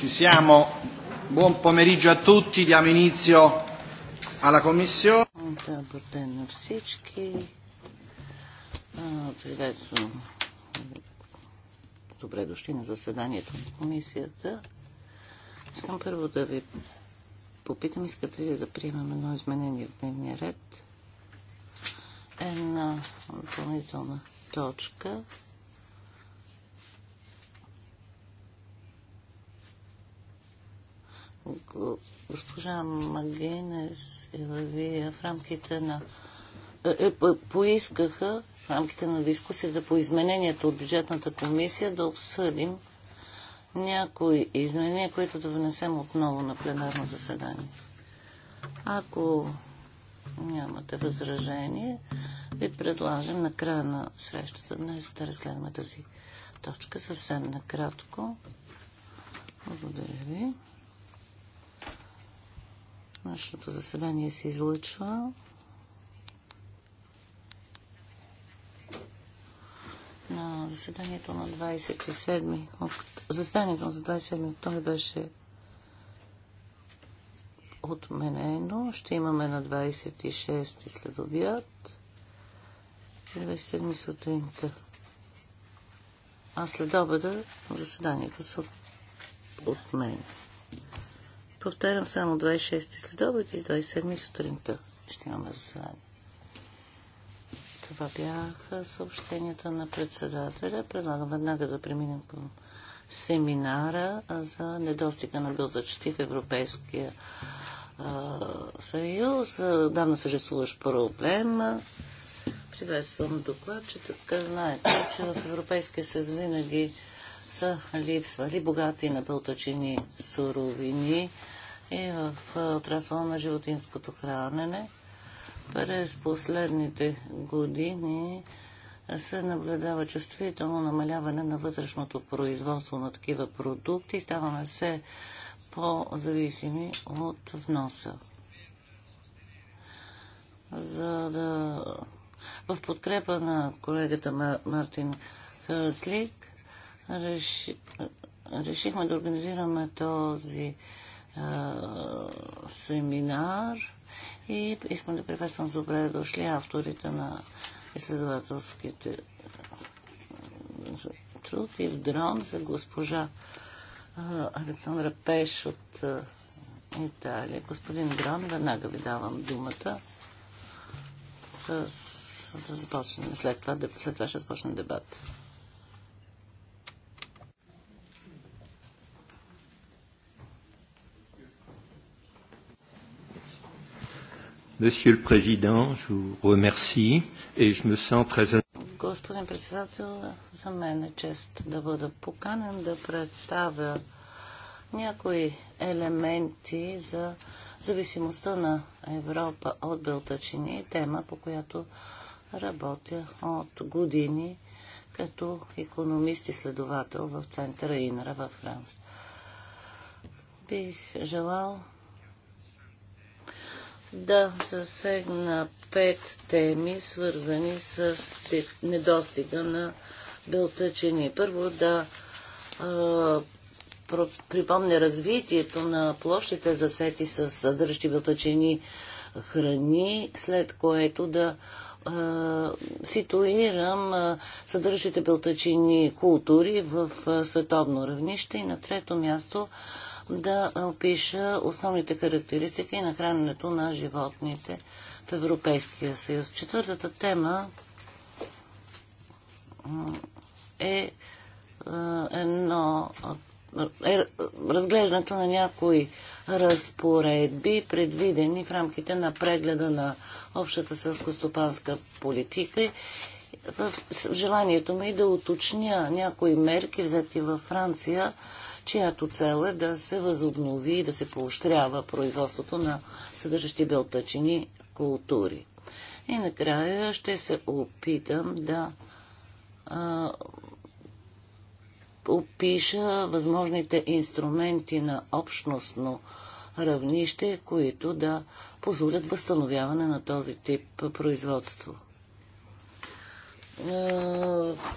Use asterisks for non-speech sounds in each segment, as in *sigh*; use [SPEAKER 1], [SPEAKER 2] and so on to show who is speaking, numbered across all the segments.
[SPEAKER 1] Ci siamo. Buon pomeriggio a tutti. Diamo inizio alla Commissione.
[SPEAKER 2] Добре дошли на заседанието на комисията. Искам първо да ви попитам, искате ли да приемем едно изменение в дневния ред? Една допълнителна точка госпожа Магенес и Лавия в рамките на е, е, поискаха в рамките на дискусията по измененията от бюджетната комисия да обсъдим някои изменения, които да внесем отново на пленарно заседание. Ако нямате възражение, ви предлагам на края на срещата днес да разгледаме тази точка съвсем накратко. Благодаря ви. Нашето заседание се излъчва. На заседанието на 27 заседанието за 27 октомври беше отменено. Ще имаме на 26 след обяд. 27 сутринта. А след обеда заседанието се отменя. Повтарям само 26 обед и 27 сутринта ще имаме заседание. Това бяха съобщенията на председателя. Предлагам веднага да преминем към семинара за недостига на билтъчети в Европейския съюз. Давна съществуваш проблем. Приветствам доклад, че така знаете, че в Европейския съюз винаги са липсвали богати на пълтачени суровини и в отрасъл на животинското хранене. През последните години се наблюдава чувствително намаляване на вътрешното производство на такива продукти и ставаме все по-зависими от вноса. За да... В подкрепа на колегата Мартин Хъслик реши, решихме да организираме този а, семинар и искам да приветствам с добре дошли авторите на изследователските труд и в дрон за госпожа а, Александра Пеш от а, Италия. Господин Дрон, веднага ви давам думата. С, с, да започнем. След това, след това ще започнем дебат.
[SPEAKER 3] Monsieur le Président, je vous remercie et je me sens très
[SPEAKER 2] Господин председател, за мен е чест да бъда поканен да представя някои елементи за зависимостта на Европа от белтъчини, тема по която работя от години като економист и следовател в центъра Инра във Франция. Бих желал да засегна пет теми, свързани с недостига на белтъчини. Първо да а, припомня развитието на площите за сети с съдържащи белтъчини храни, след което да а, ситуирам а, съдържащите белтъчини култури в а, световно равнище и на трето място а, да опиша основните характеристики на храненето на животните в Европейския съюз. Четвъртата тема е, е едно е разглеждането на някои разпоредби, предвидени в рамките на прегледа на общата сълско-стопанска политика. В желанието ми да уточня някои мерки, взети във Франция, чиято цел е да се възобнови и да се поощрява производството на съдържащи белтъчени култури. И накрая ще се опитам да а, опиша възможните инструменти на общностно равнище, които да позволят възстановяване на този тип производство.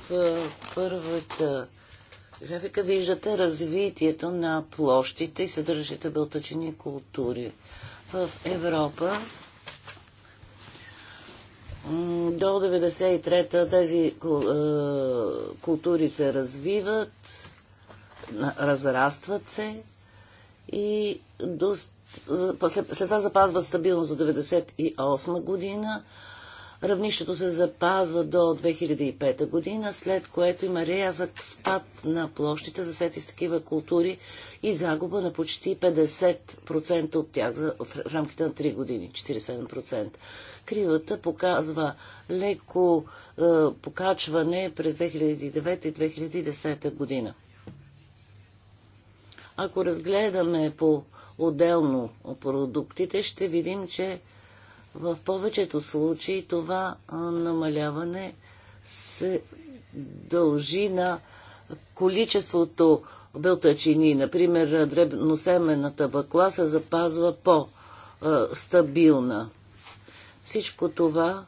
[SPEAKER 2] В първата графика виждате развитието на площите и съдържащите белтъчени култури. В Европа до 93-та тези е, култури се развиват, разрастват се и до, след, това запазва стабилност до 98 година, Равнището се запазва до 2005 година, след което има рязък спад на площите, засети с такива култури и загуба на почти 50% от тях за, в рамките на 3 години, 47%. Кривата показва леко е, покачване през 2009 и 2010 година. Ако разгледаме по отделно продуктите, ще видим, че в повечето случаи това намаляване се дължи на количеството белтачини. Например, дребносемената бъкла се запазва по-стабилна. Всичко това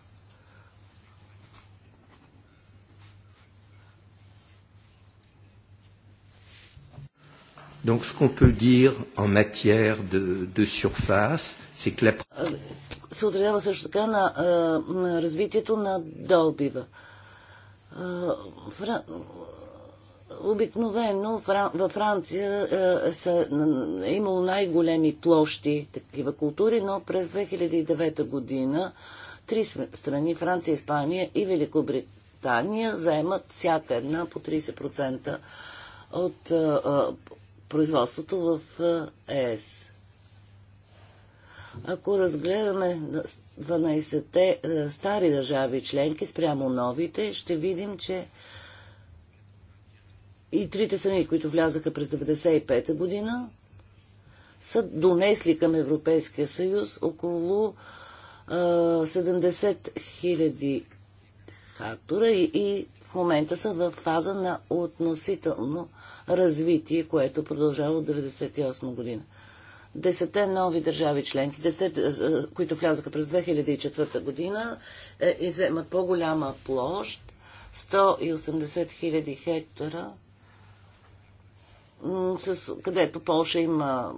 [SPEAKER 3] Donc ce qu'on peut dire en matière de, de surface, c'est que la... Euh,
[SPEAKER 2] се отразява също така на, на развитието на долбива. Фра... Обикновено Фран... във Франция е, са... е имало най-големи площи такива култури, но през 2009 година три страни Франция, Испания и Великобритания заемат всяка една по 30% от е, производството в ЕС. Ако разгледаме 12-те е, стари държави членки спрямо новите, ще видим, че и трите страни, които влязаха през 1995 година, са донесли към Европейския съюз около 70 е, хиляди хактора и, и в момента са в фаза на относително развитие, което продължава от 1998 година. Десете нови държави членки, десете, които влязаха през 2004 година е, и вземат по-голяма площ, 180 000 хектара, с, където Полша има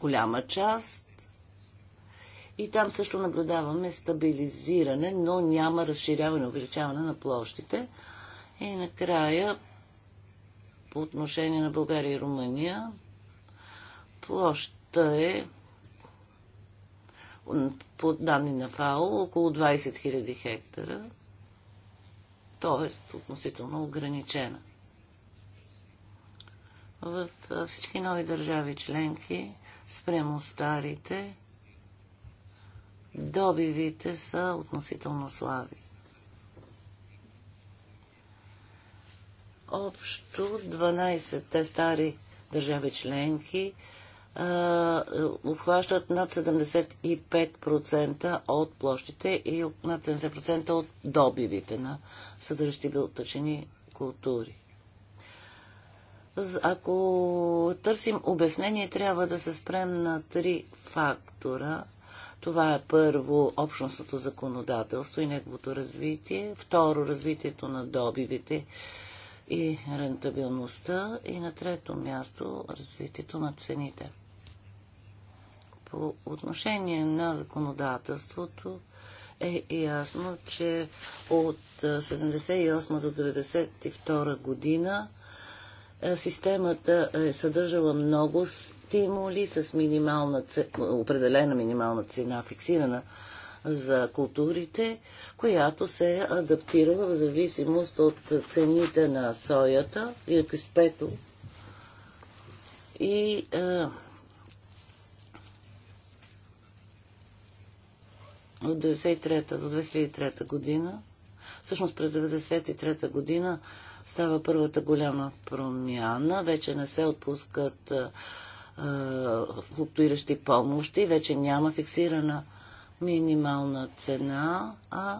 [SPEAKER 2] голяма част. И там също наблюдаваме стабилизиране, но няма разширяване, увеличаване на площите. И накрая, по отношение на България и Румъния, площ е по данни на ФАО около 20 000 хектара, т.е. относително ограничена. В всички нови държави членки, спрямо старите, добивите са относително слаби. Общо 12-те стари държави членки обхващат над 75% от площите и над 70% от добивите на съдържащи билтъчени култури. Ако търсим обяснение, трябва да се спрем на три фактора. Това е първо общностното законодателство и неговото развитие, второ развитието на добивите и рентабилността и на трето място развитието на цените. По отношение на законодателството е ясно, че от 1978 до 1992 година системата е съдържала много стимули с минимална, определена минимална цена, фиксирана за културите, която се е адаптирала в зависимост от цените на соята и от И от 1993 до 2003 година, всъщност през 1993 година става първата голяма промяна. Вече не се отпускат а, флуктуиращи помощи, вече няма фиксирана минимална цена, а,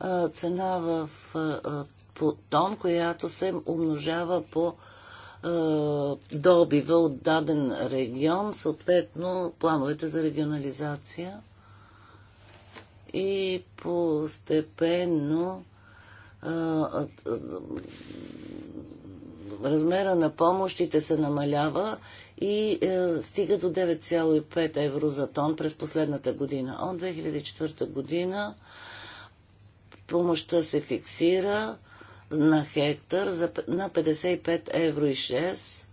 [SPEAKER 2] а цена в а, по тон, която се умножава по добива от даден регион, съответно плановете за регионализация и постепенно а, размера на помощите се намалява и а, е, стига до 9,5 евро за тон през последната година. От 2004 година помощта се фиксира на хектар за, на 55 евро и 6.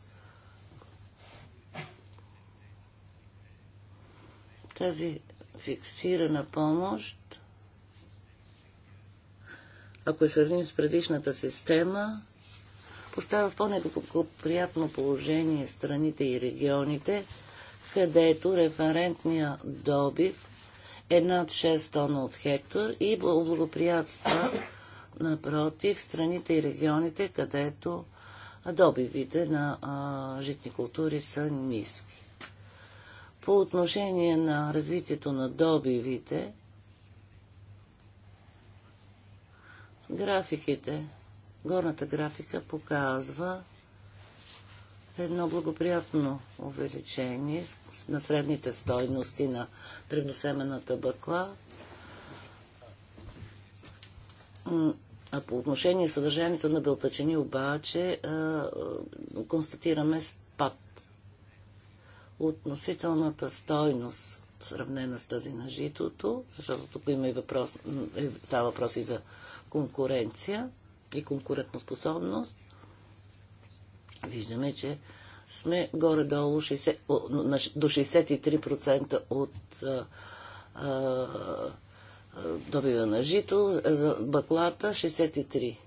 [SPEAKER 2] Тази фиксирана помощ, ако я е сравним с предишната система, поставя в по-неблагоприятно положение страните и регионите, където референтния добив е над 6 тона от хектар и благоприятства напротив страните и регионите, където добивите на житни култури са ниски. По отношение на развитието на добивите, графиките, горната графика показва едно благоприятно увеличение на средните стойности на древносемената бъкла. А по отношение съдържанието на белтъчени обаче констатираме спад относителната стойност, сравнена с тази на житото, защото тук има и въпрос, е, става въпрос и за конкуренция и конкурентоспособност, виждаме, че сме горе-долу 60, до 63% от а, а, добива на жито, за баклата 63%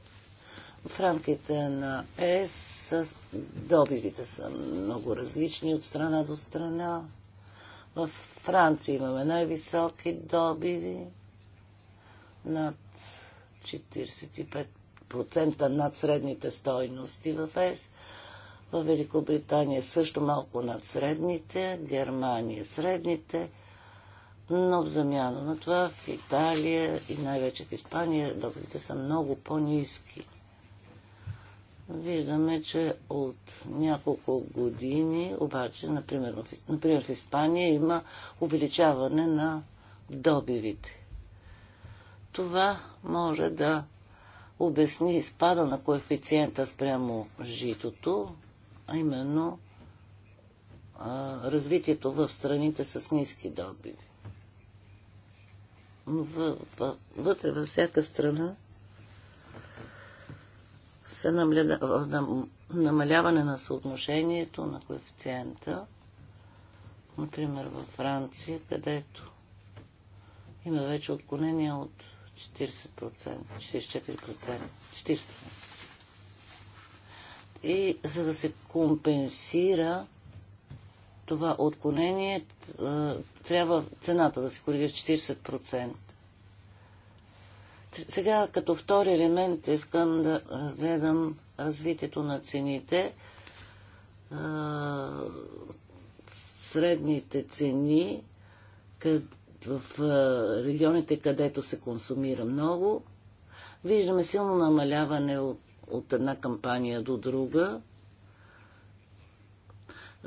[SPEAKER 2] в рамките на ЕС добивите са много различни от страна до страна. В Франция имаме най-високи добиви над 45% над средните стойности в ЕС. В Великобритания също малко над средните, Германия средните, но в замяна на това в Италия и най-вече в Испания добрите са много по-низки. Виждаме, че от няколко години, обаче, например в, например в Испания има увеличаване на добивите. Това може да обясни спада на коефициента спрямо житото, а именно а, развитието в страните с ниски добиви. В, в, вътре във всяка страна се намаляване на съотношението на коефициента, например във Франция, където има вече отклонения от 40%, 44%, 40%. И за да се компенсира това отклонение, трябва цената да се коригира с 40%. Сега като втори елемент искам да разгледам развитието на цените, средните цени в регионите, където се консумира много. Виждаме силно намаляване от една кампания до друга.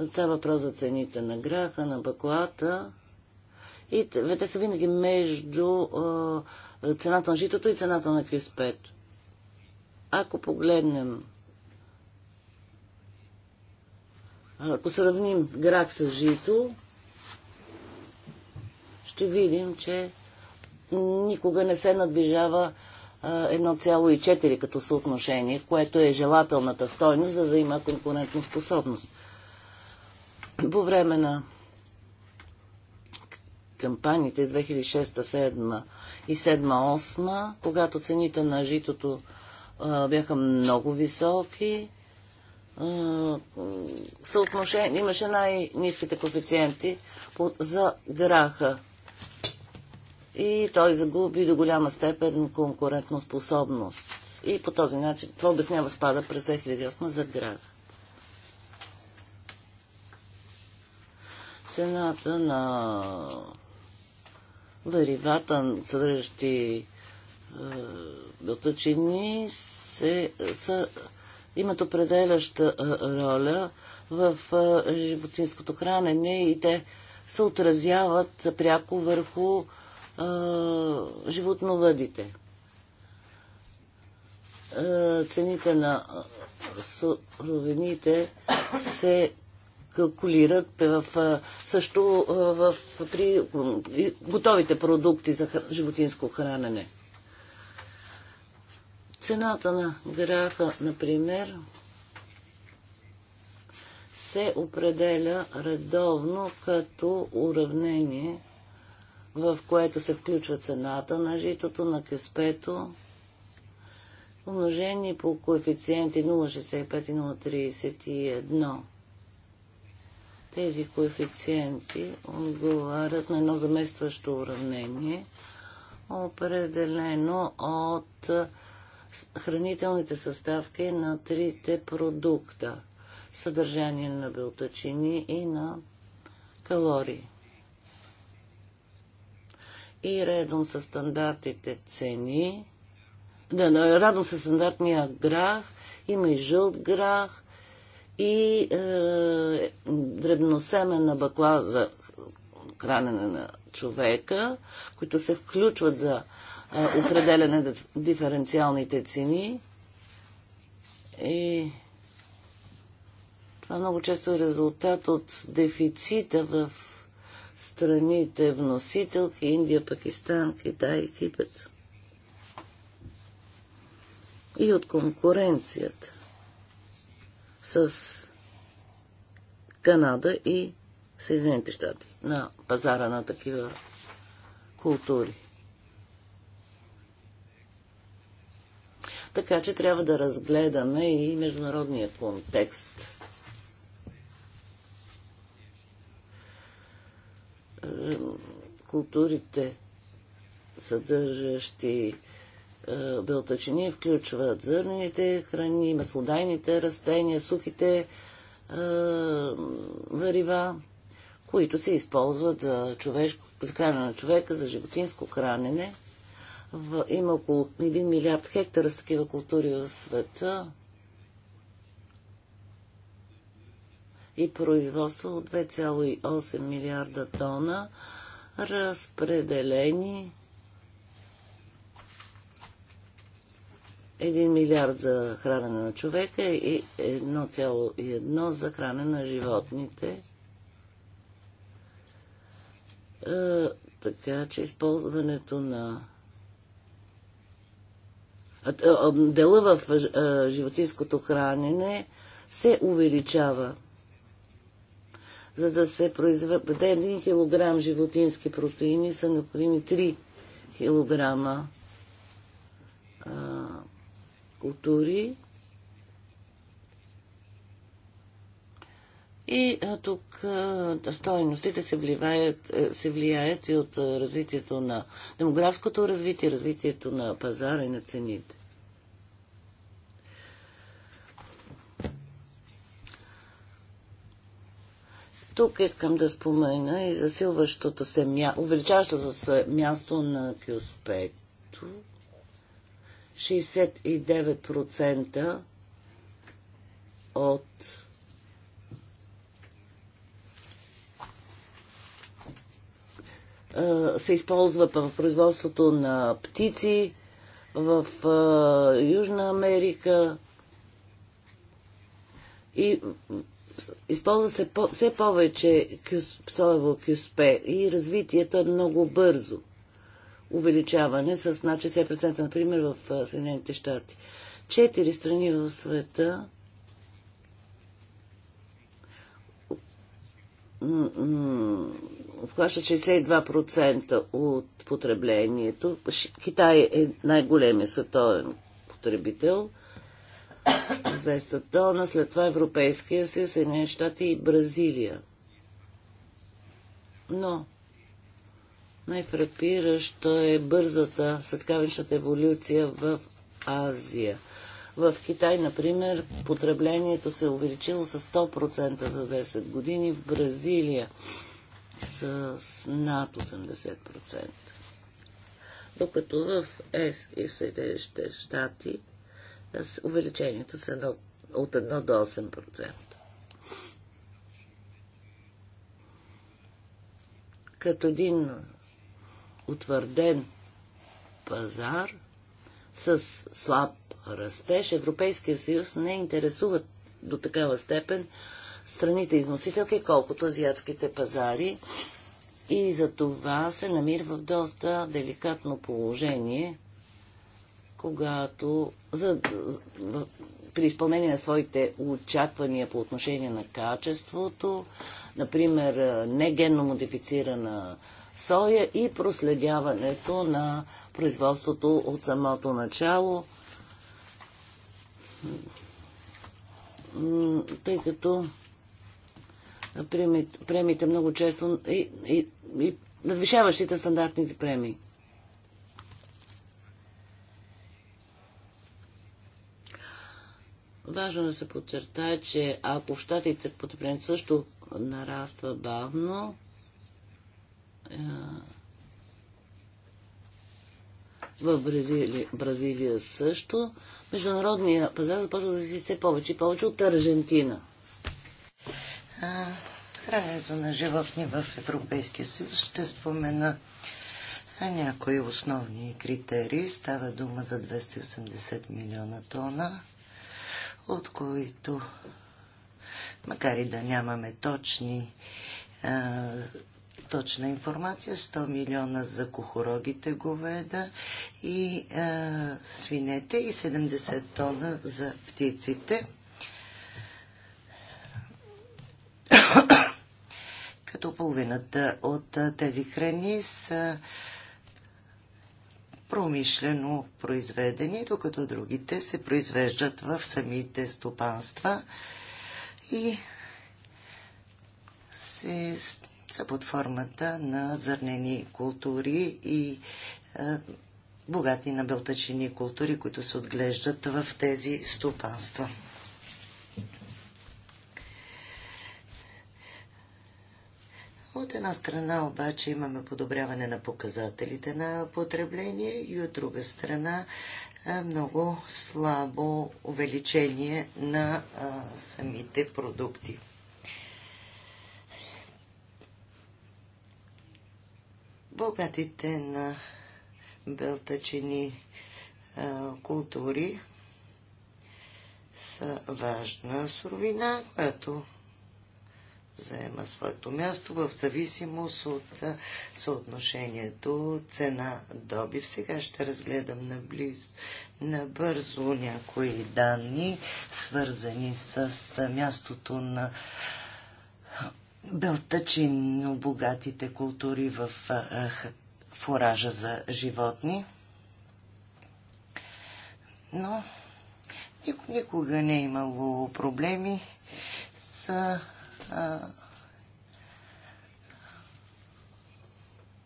[SPEAKER 2] Става въпрос за цените на граха, на баклата. И те са винаги между цената на житото и цената на криспето. Ако погледнем, ако сравним грак с жито, ще видим, че никога не се надвижава 1,4 като съотношение, което е желателната стойност, за да има конкурентна способност. По време на кампаниите 2006-2007 2007-2008, когато цените на житото а, бяха много високи. А, съотношение, имаше най-низките коефициенти за граха. И той загуби до голяма степен конкурентоспособност. И по този начин това обяснява спада през 2008 за грах. Цената на Деривата, съдържащи белтъчини, се, са, имат определяща роля в животинското хранене и те се отразяват пряко върху животновъдите. цените на суровините се калкулират в, също в, при готовите продукти за животинско хранене. Цената на графа, например, се определя редовно като уравнение, в което се включва цената на житото, на кюспето, умножени по коефициенти 0,65 и 0,31. Тези коефициенти отговарят на едно заместващо уравнение, определено от хранителните съставки на трите продукта съдържание на белтачини и на калории. И редом с стандартните цени, да, радом с стандартния грах, има и жълт грах, и е, дребносемена бакла за хранене на човека, които се включват за е, на диференциалните цени. И това много често е резултат от дефицита в страните вносителки Индия, Пакистан, Китай, Египет. И от конкуренцията с Канада и Съединените щати на пазара на такива култури. Така че трябва да разгледаме и международния контекст. Е, културите, съдържащи е, белтъчини включват зърнените храни, маслодайните растения, сухите е, варива, които се използват за, човешко, за хранене на човека, за животинско хранене. има около 1 милиард хектара с такива култури в света и производство от 2,8 милиарда тона, разпределени 1 милиард за хранене на човека и 1,1 за хранене на животните. Е, така че използването на е, е, дела в животинското хранене се увеличава. За да се произведе 1 кг животински протеини са необходими 3 килограма култури. И а, тук а, стоеностите се, вливаят, се влияят и от а, развитието на демографското развитие, развитието на пазара и на цените. Тук искам да спомена и засилващото се, мя... увеличаващото се място на Кюспето 69% от се използва в производството на птици в Южна Америка и използва се все повече соево кюспе и развитието е много бързо увеличаване с над 60%, например, в Съединените щати. Четири страни в света обхваща 62% от потреблението. Китай е най-големия световен потребител с 200 тона, след това Европейския съюз, Съединените щати и Бразилия. Но най-фрапираща е бързата светкавичната еволюция в Азия. В Китай, например, потреблението се е увеличило с 100% за 10 години, в Бразилия с над 80%. Докато в ЕС и в Съединените щати увеличението се от 1 до 8%. Като един утвърден пазар с слаб растеж, Европейския съюз не интересува до такава степен страните износителки, колкото азиатските пазари. И за това се намира в доста деликатно положение, когато за, в, при изпълнение на своите очаквания по отношение на качеството, например, негенно модифицирана соя и проследяването на производството от самото начало, тъй като премиите много често и, и, и надвишаващите стандартните премии. Важно е да се подчертае, че ако в щатите потреблението също нараства бавно, е, в Бразилия, Бразилия също. Международния пазар започва да си все повече и повече от Аржентина.
[SPEAKER 1] А, храненето на животни в Европейския съюз ще спомена а някои основни критерии. Става дума за 280 милиона тона, от които, макар и да нямаме точни а, точна информация. 100 милиона за кухорогите говеда и а, свинете и 70 тона за птиците. *coughs* Като половината от тези храни са промишлено произведени, докато другите се произвеждат в самите стопанства и се са под формата на зърнени култури и е, богати на белтъчени култури, които се отглеждат в тези стопанства. От една страна обаче имаме подобряване на показателите на потребление и от друга страна е, много слабо увеличение на а, е, самите продукти. богатите на белтачини култури са важна суровина, която заема своето място в зависимост от съотношението цена-добив. Сега ще разгледам наблизо, набързо някои данни, свързани с мястото на белтъчинно богатите култури в фуража за животни. Но никога не е имало проблеми с а,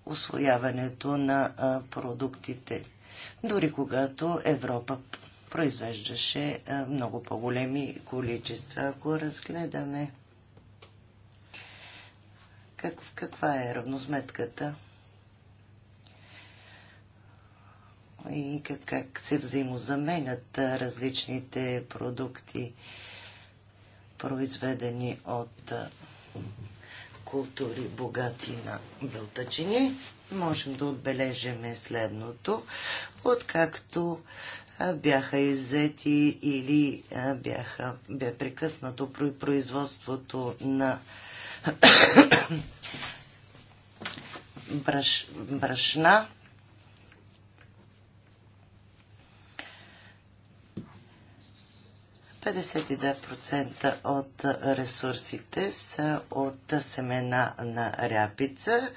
[SPEAKER 1] освояването на а, продуктите. Дори когато Европа произвеждаше а, много по-големи количества. Ако разгледаме как, каква е равносметката? И как, как се взаимозаменят различните продукти, произведени от култури, богати на бълтачини, можем да отбележим следното. Откакто бяха иззети или бяха, бе прекъснато при производството на браш, брашна. процента от ресурсите са от семена на ряпица,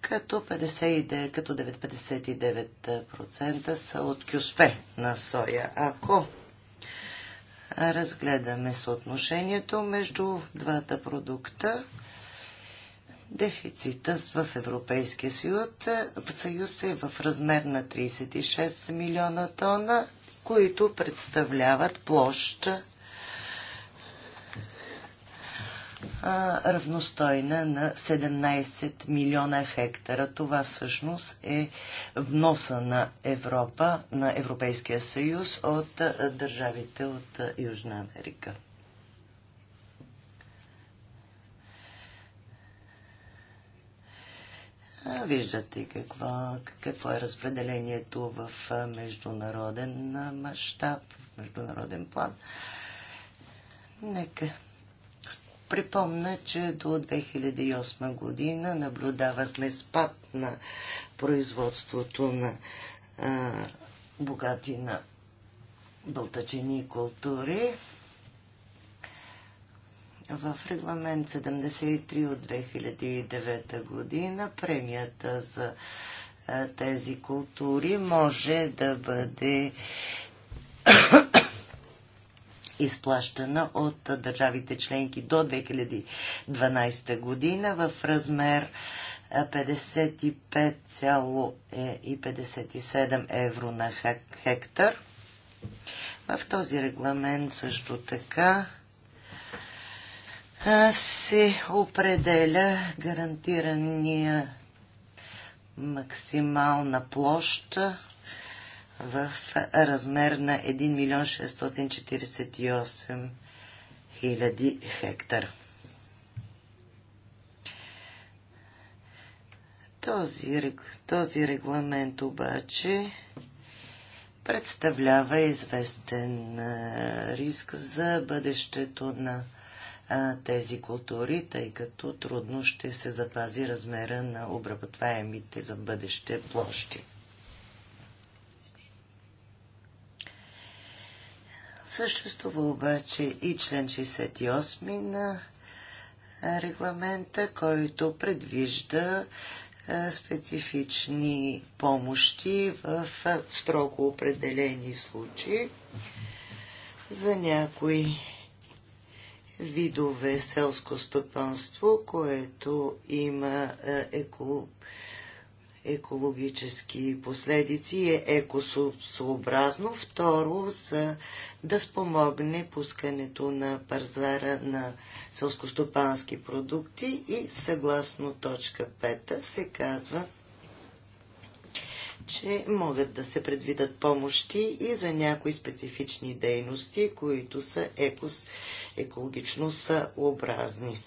[SPEAKER 1] като, 59, като 59% са от кюспе на соя. Ако разгледаме съотношението между двата продукта, Дефицитът в Европейския съюз, е- съюз е в размер на 36 милиона тона, които представляват площ равностойна на 17 милиона хектара. Това всъщност е вноса на Европа, на Европейския съюз от държавите от Южна Америка. Виждате какво, какво е разпределението в международен мащаб, в международен план. Нека припомня, че до 2008 година наблюдавахме спад на производството на а, богати на бълтачени култури. В регламент 73 от 2009 година премията за е, тези култури може да бъде *coughs* изплащана от държавите членки до 2012 година в размер 55,57 е, евро на хектар. В този регламент също така се определя гарантирания максимална площ в размер на 1 милион 648 хиляди хектар. Този, този регламент обаче представлява известен риск за бъдещето на а, тези култури, тъй като трудно ще се запази размера на обработваемите за бъдеще площи. Съществува обаче и член 68 на регламента, който предвижда специфични помощи в строго определени случаи за някои видове селско стопанство, което има е, екологически последици, е екосообразно. Второ, за да спомогне пускането на пазара на селскостопански продукти и съгласно точка 5 се казва, че могат да се предвидат помощи и за някои специфични дейности, които са екос, екологично съобразни.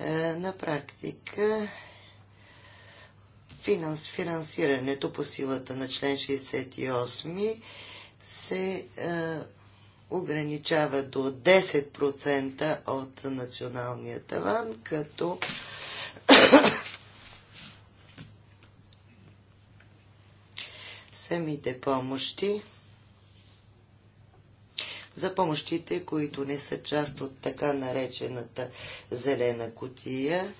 [SPEAKER 1] Е, на практика финанс, финансирането по силата на член 68 се е, ограничава до 10% от националния таван, като е, Самите помощи за помощите, които не са част от така наречената зелена котия,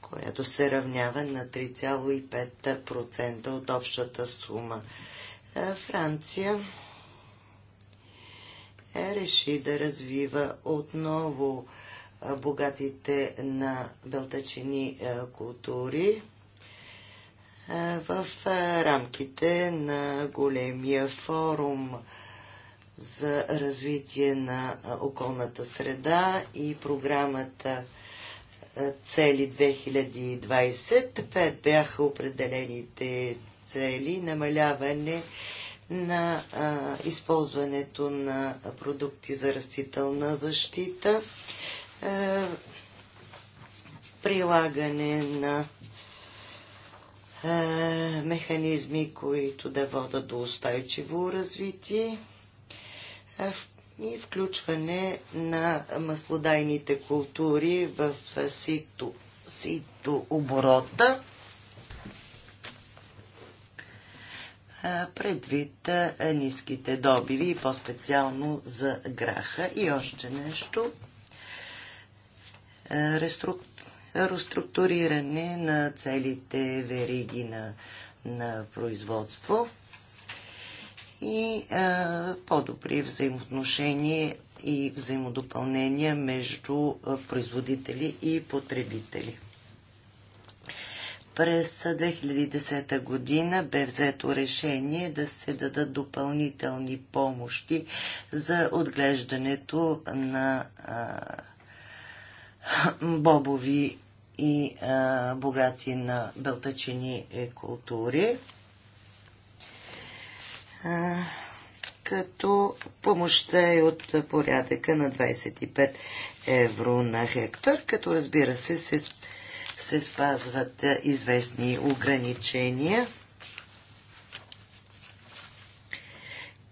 [SPEAKER 1] която се равнява на 3,5% от общата сума. Е, Франция е реши да развива отново богатите на белтачени е, култури е, в е, рамките на големия форум за развитие на околната среда и програмата Цели 2020. Пет бяха определените цели намаляване на а, използването на продукти за растителна защита, е, прилагане на е, механизми, които да водат до устойчиво развитие е, и включване на маслодайните култури в сито, сито оборота. Е, предвид е, ниските добиви и по-специално за граха. И още нещо реструктуриране на целите вериги на, на производство и по-добри взаимоотношения и взаимодопълнения между производители и потребители. През 2010 година бе взето решение да се дадат допълнителни помощи за отглеждането на а, бобови и а, богати на белтъчени е, култури. А, като помощта е от порядъка на 25 евро на хектар, като разбира се се, се спазват известни ограничения.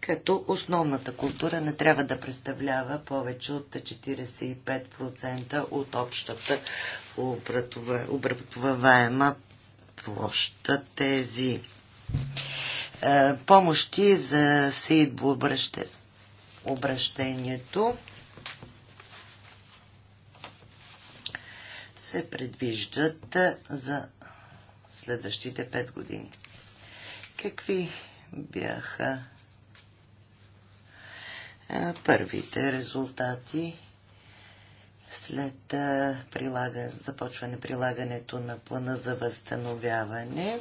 [SPEAKER 1] като основната култура не трябва да представлява повече от 45% от общата обработваема площ. Тези е, помощи за сейдбо обращението се предвиждат е, за следващите 5 години. Какви бяха първите резултати след прилага, започване прилагането на плана за възстановяване.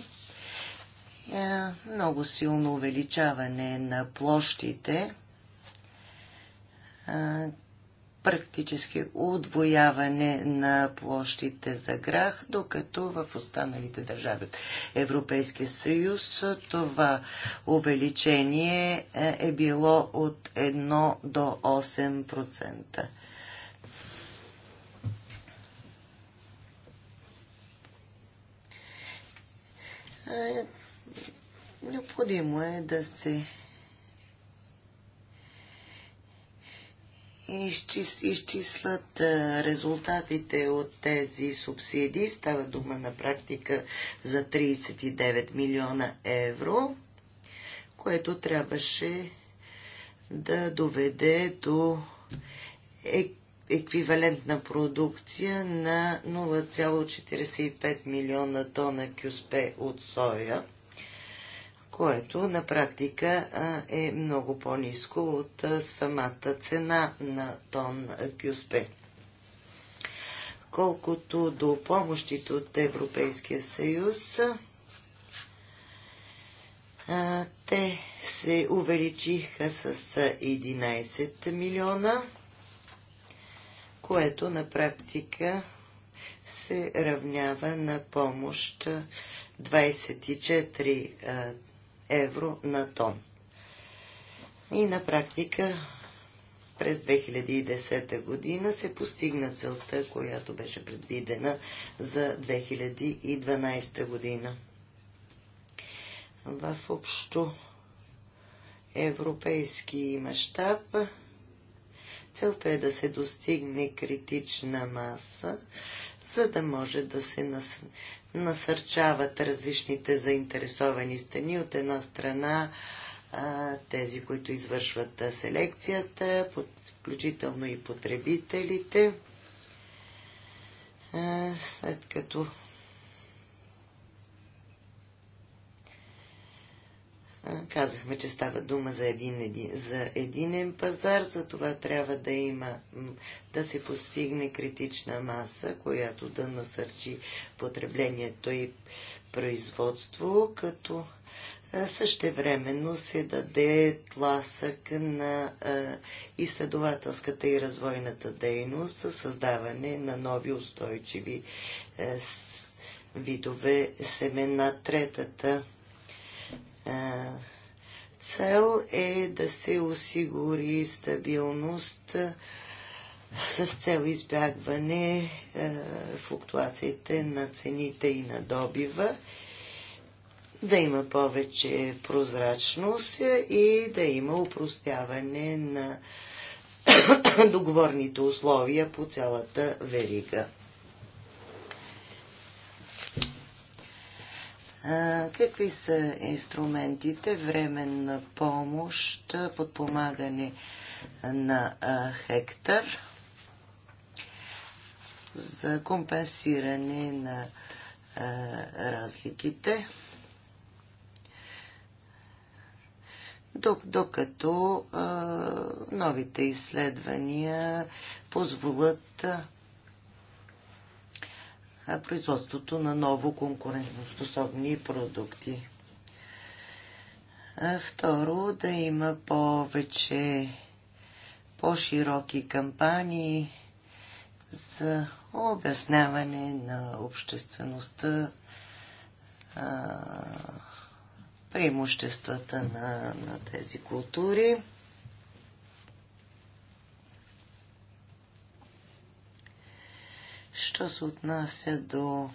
[SPEAKER 1] Много силно увеличаване на площите, практически удвояване на площите за грах, докато в останалите държави от Европейския съюз това увеличение е, е било от 1 до 8%. Е, необходимо е да се изчис, изчислят резултатите от тези субсидии. Става дума на практика за 39 милиона евро, което трябваше да доведе до еквивалентна продукция на 0,45 милиона тона кюспе от соя което на практика е много по-низко от самата цена на тон Кюспе. Колкото до помощите от Европейския съюз, те се увеличиха с 11 милиона, което на практика се равнява на помощ 24 евро на тон. И на практика през 2010 година се постигна целта, която беше предвидена за 2012 година. В общо европейски мащаб целта е да се достигне критична маса, за да може да се насърчават различните заинтересовани страни. От една страна тези, които извършват селекцията, включително и потребителите, след като казахме, че става дума за един, един, за единен пазар, за това трябва да има, да се постигне критична маса, която да насърчи потреблението и производство, като същевременно се даде тласък на изследователската и развойната дейност за създаване на нови устойчиви е, видове семена. Третата цел е да се осигури стабилност с цел избягване флуктуациите на цените и на добива, да има повече прозрачност и да има упростяване на *coughs* договорните условия по цялата верига. Какви са инструментите? Временна помощ, подпомагане на хектар за компенсиране на разликите. докато новите изследвания позволят производството на ново конкурентоспособни продукти. Второ, да има повече по-широки кампании за обясняване на обществеността преимуществата на, на тези култури. Що се отнася до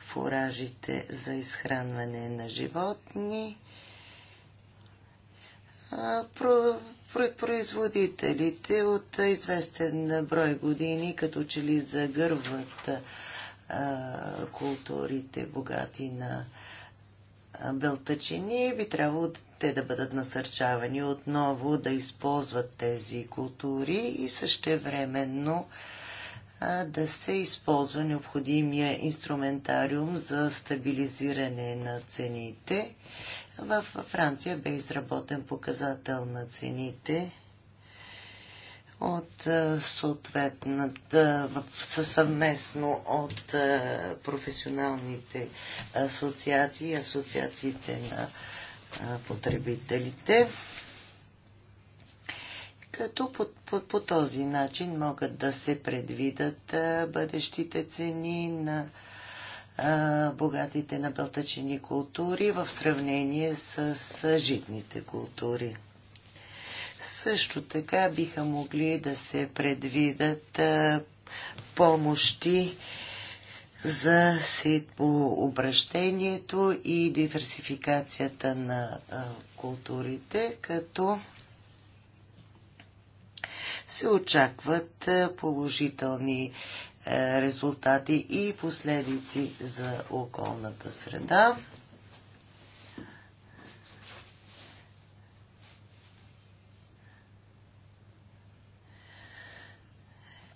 [SPEAKER 1] фуражите за изхранване на животни, производителите от известен брой години, като че ли загърват културите богати на белтъчини, би трябвало те да бъдат насърчавани отново да използват тези култури и същевременно временно да се използва необходимия инструментариум за стабилизиране на цените. В Франция бе изработен показател на цените от съответната, съвместно от професионалните асоциации и асоциациите на потребителите като по, по, по този начин могат да се предвидат а, бъдещите цени на а, богатите на бълтъчени култури в сравнение с, с житните култури. Също така биха могли да се предвидат а, помощи за обращението и диверсификацията на а, културите, като се очакват е, положителни е, резултати и последици за околната среда.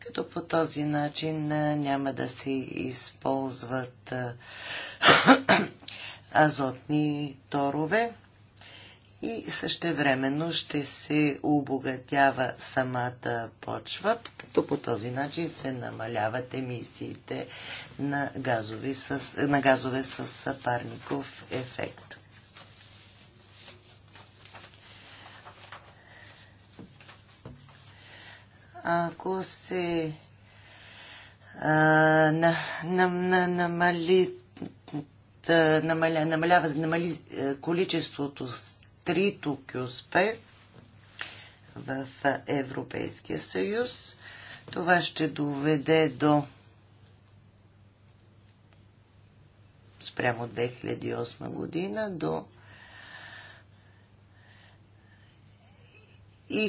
[SPEAKER 1] като по този начин е, няма да се използват *coughs* азотни торове и същевременно ще се обогатява самата почва, като по този начин се намаляват емисиите на, газови с, на газове с парников ефект. Ако се а, на, на, на, намали, намаля, намалява, намали е, количеството трито кюспе е в Европейския съюз. Това ще доведе до спрямо 2008 година до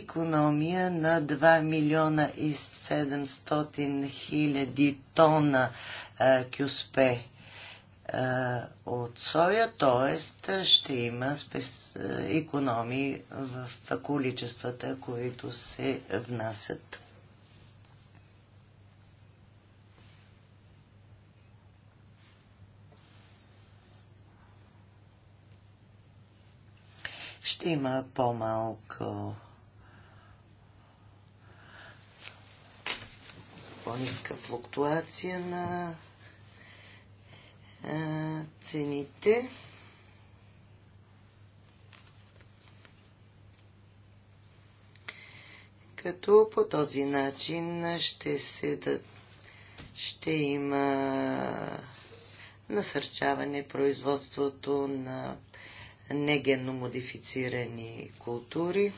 [SPEAKER 1] економия на 2 милиона и 700 хиляди тона е, кюспе от соя, т.е. ще има спес... економии в количествата, които се внасят. Ще има по-малко по-ниска флуктуация на цените. Като по този начин ще се да, ще има насърчаване производството на негенно модифицирани култури.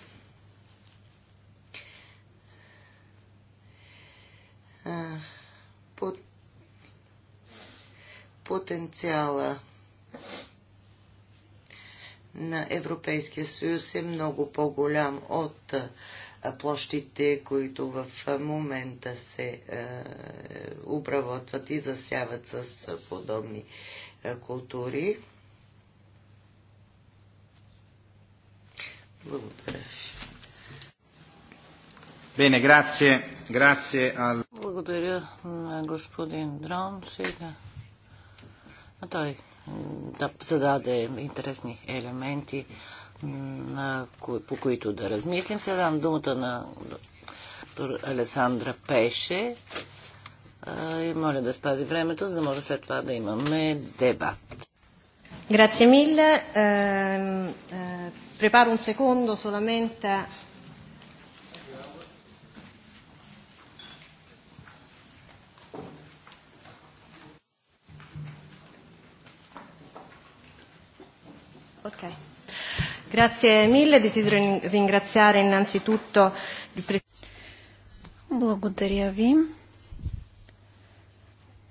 [SPEAKER 1] Под потенциала на Европейския съюз е много по-голям от площите, които в момента се обработват и засяват с подобни култури. Благодаря Bene, grazie,
[SPEAKER 2] grazie al... Благодаря на господин Дрон. Сега а той да зададе интересни елементи, на, по които да размислим. Сега дам думата на доктор Алесандра Пеше и моля да спази времето, за да може след това да имаме дебат.
[SPEAKER 3] Grazie mille. Eh, eh, preparo un secondo solamente Ok. Grazie mille. Desidero ringraziare innanzitutto il Presidente. Благодаря ви.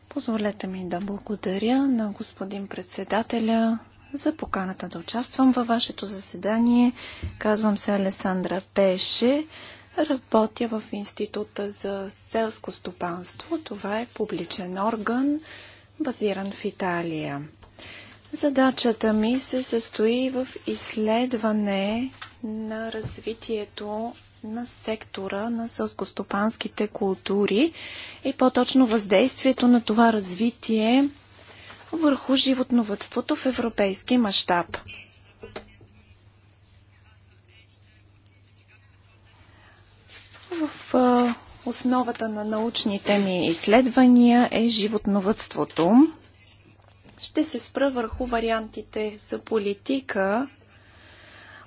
[SPEAKER 3] Позволете ми да благодаря на господин председателя за поканата да участвам във вашето заседание. Казвам се Алесандра Пеше. Работя в Института за селско стопанство. Това е публичен орган, базиран в Италия. Задачата ми се състои в изследване на развитието на сектора на сълскостопанските култури и по-точно въздействието на това развитие върху животновътството в европейски мащаб. В основата на научните ми изследвания е животновътството. Ще се спра върху вариантите за политика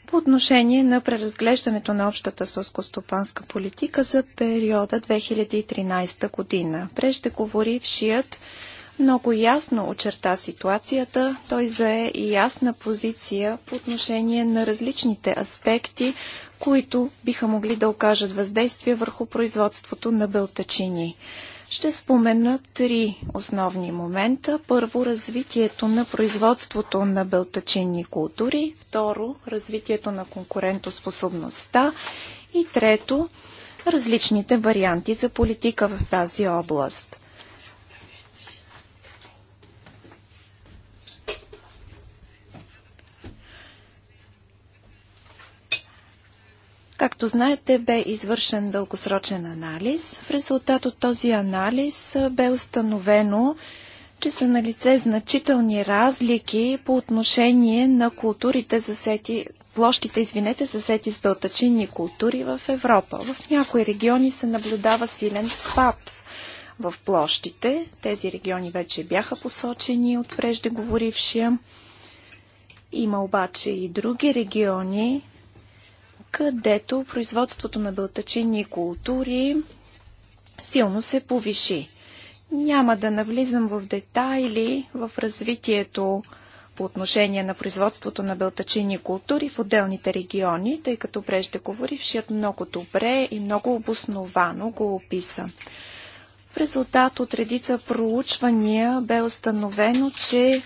[SPEAKER 3] по отношение на преразглеждането на общата сълскостопанска политика за периода 2013 година. Преждеговорившият много ясно очерта ситуацията. Той зае и ясна позиция по отношение на различните аспекти, които биха могли да окажат въздействие върху производството на белтачини. Ще спомена три основни момента. Първо, развитието на производството на белтачинни култури. Второ, развитието на конкурентоспособността. И трето, различните варианти за политика в тази област. Както знаете, бе извършен дългосрочен анализ. В резултат от този анализ бе установено, че са на лице значителни разлики по отношение на културите засети, площите, извинете, засети с дълтачини култури в Европа. В някои региони се наблюдава силен спад в площите. Тези региони вече бяха посочени от преждеговорившия. Има обаче и други региони, където производството на белтачини култури силно се повиши. Няма да навлизам в детайли в развитието по отношение на производството на белтачини култури в отделните региони, тъй като преждеговорившият много добре и много обосновано го описа. В резултат от редица проучвания бе установено, че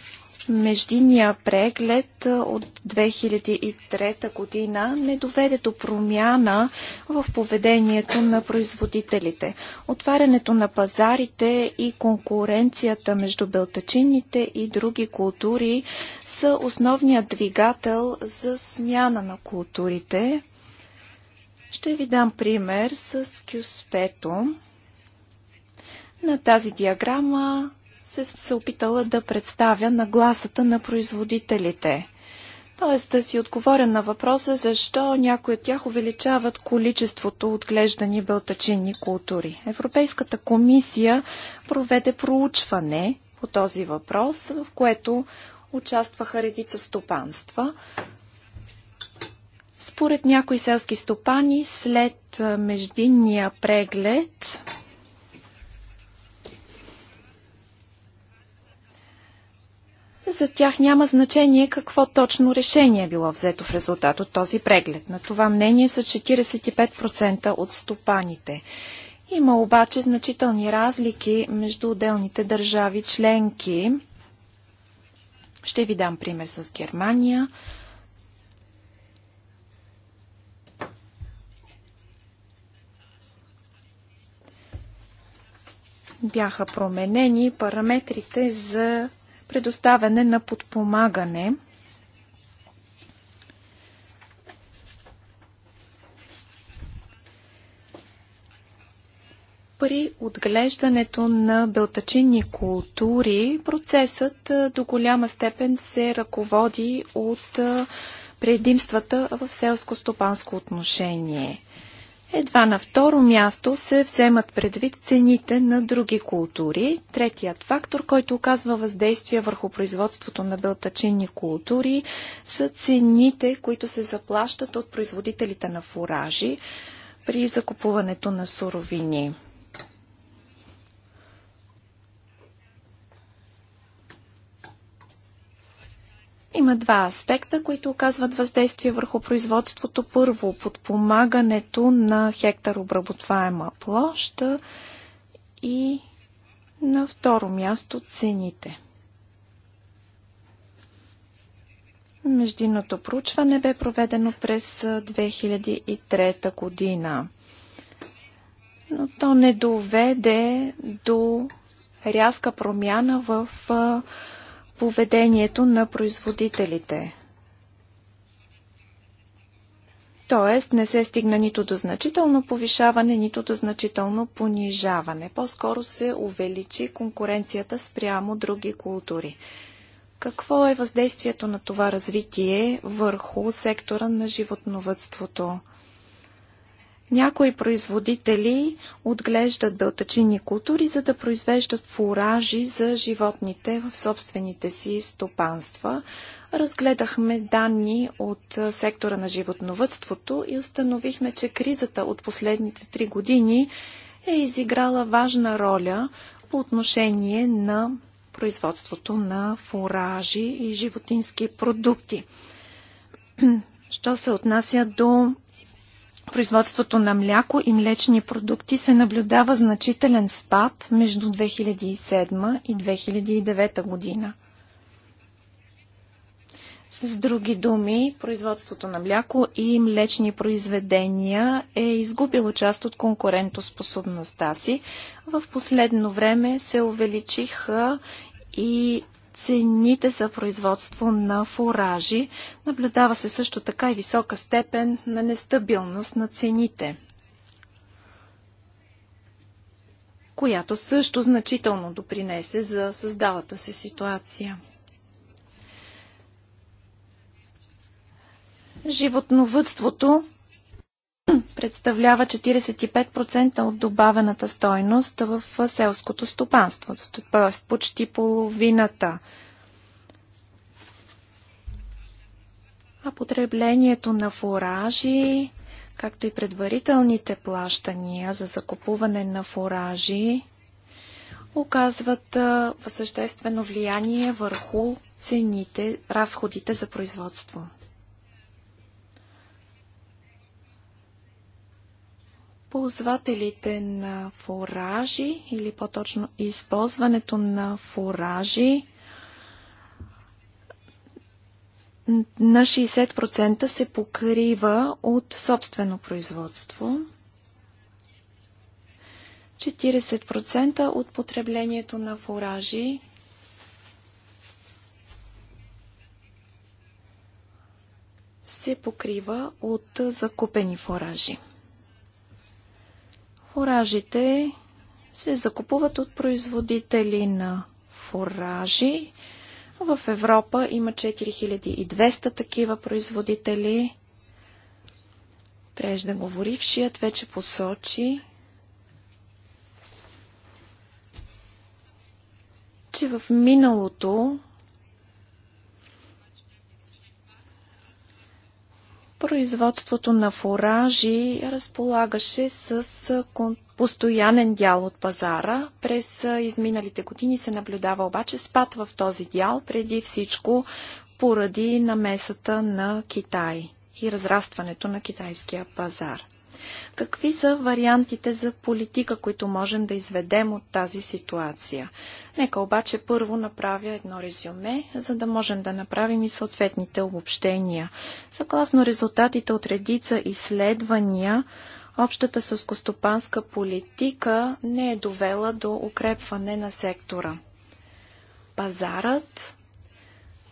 [SPEAKER 3] Междиния преглед от 2003 година не доведе до промяна в поведението на производителите. Отварянето на пазарите и конкуренцията между белтачините и други култури са основният двигател за смяна на културите. Ще ви дам пример с кюспето. На тази диаграма се, се опитала да представя нагласата на производителите. Тоест да си отговоря на въпроса защо някои от тях увеличават количеството отглеждани белтачинни култури. Европейската комисия проведе проучване по този въпрос, в което участваха редица стопанства. Според някои селски стопани, след междинния преглед За тях няма значение какво точно решение е било взето в резултат от този преглед. На това мнение са 45% от стопаните. Има обаче значителни разлики между отделните държави членки. Ще ви дам пример с Германия. Бяха променени параметрите за предоставяне на подпомагане. при отглеждането на белтачинни култури процесът до голяма степен се ръководи от предимствата в селско-стопанско отношение. Едва на второ място се вземат предвид цените на други култури. Третият фактор, който оказва въздействие върху производството на белтачинни култури, са цените, които се заплащат от производителите на фуражи при закупуването на суровини. Има два аспекта, които оказват въздействие върху производството. Първо, подпомагането на хектар обработваема площ и на второ място цените. Междинното проучване бе проведено през 2003 година, но то не доведе до рязка промяна в поведението на производителите. Тоест не се стигна нито до значително повишаване, нито до значително понижаване. По-скоро се увеличи конкуренцията спрямо други култури. Какво е въздействието на това развитие върху сектора на животновътството? Някои производители отглеждат белтачини култури, за да произвеждат фуражи за животните в собствените си стопанства. Разгледахме данни от сектора на животновътството и установихме, че кризата от последните три години е изиграла важна роля по отношение на производството на фуражи и животински продукти. *clears throat* Що се отнася до производството на мляко и млечни продукти се наблюдава значителен спад между 2007 и 2009 година. С други думи, производството на мляко и млечни произведения е изгубило част от конкурентоспособността си. В последно време се увеличиха и цените за производство на фуражи. Наблюдава се също така и висока степен на нестабилност на цените, която също значително допринесе за създалата се ситуация. Животновътството представлява 45% от добавената стойност в селското стопанство, т.е. почти половината. А потреблението на фуражи, както и предварителните плащания за закупуване на фуражи, оказват съществено влияние върху цените, разходите за производство. ползвателите на фуражи или по-точно използването на фуражи на 60% се покрива от собствено производство. 40% от потреблението на фуражи се покрива от закупени фуражи. Фуражите се закупуват от производители на фуражи. В Европа има 4200 такива производители. говорившият, вече посочи, че в миналото производството на фуражи разполагаше с постоянен дял от пазара. През изминалите години се наблюдава обаче спад в този дял, преди всичко поради намесата на Китай и разрастването на китайския пазар. Какви са вариантите за политика, които можем да изведем от тази ситуация? Нека обаче първо направя едно резюме, за да можем да направим и съответните обобщения. Съгласно резултатите от редица изследвания, общата съскостопанска политика не е довела до укрепване на сектора. Пазарът,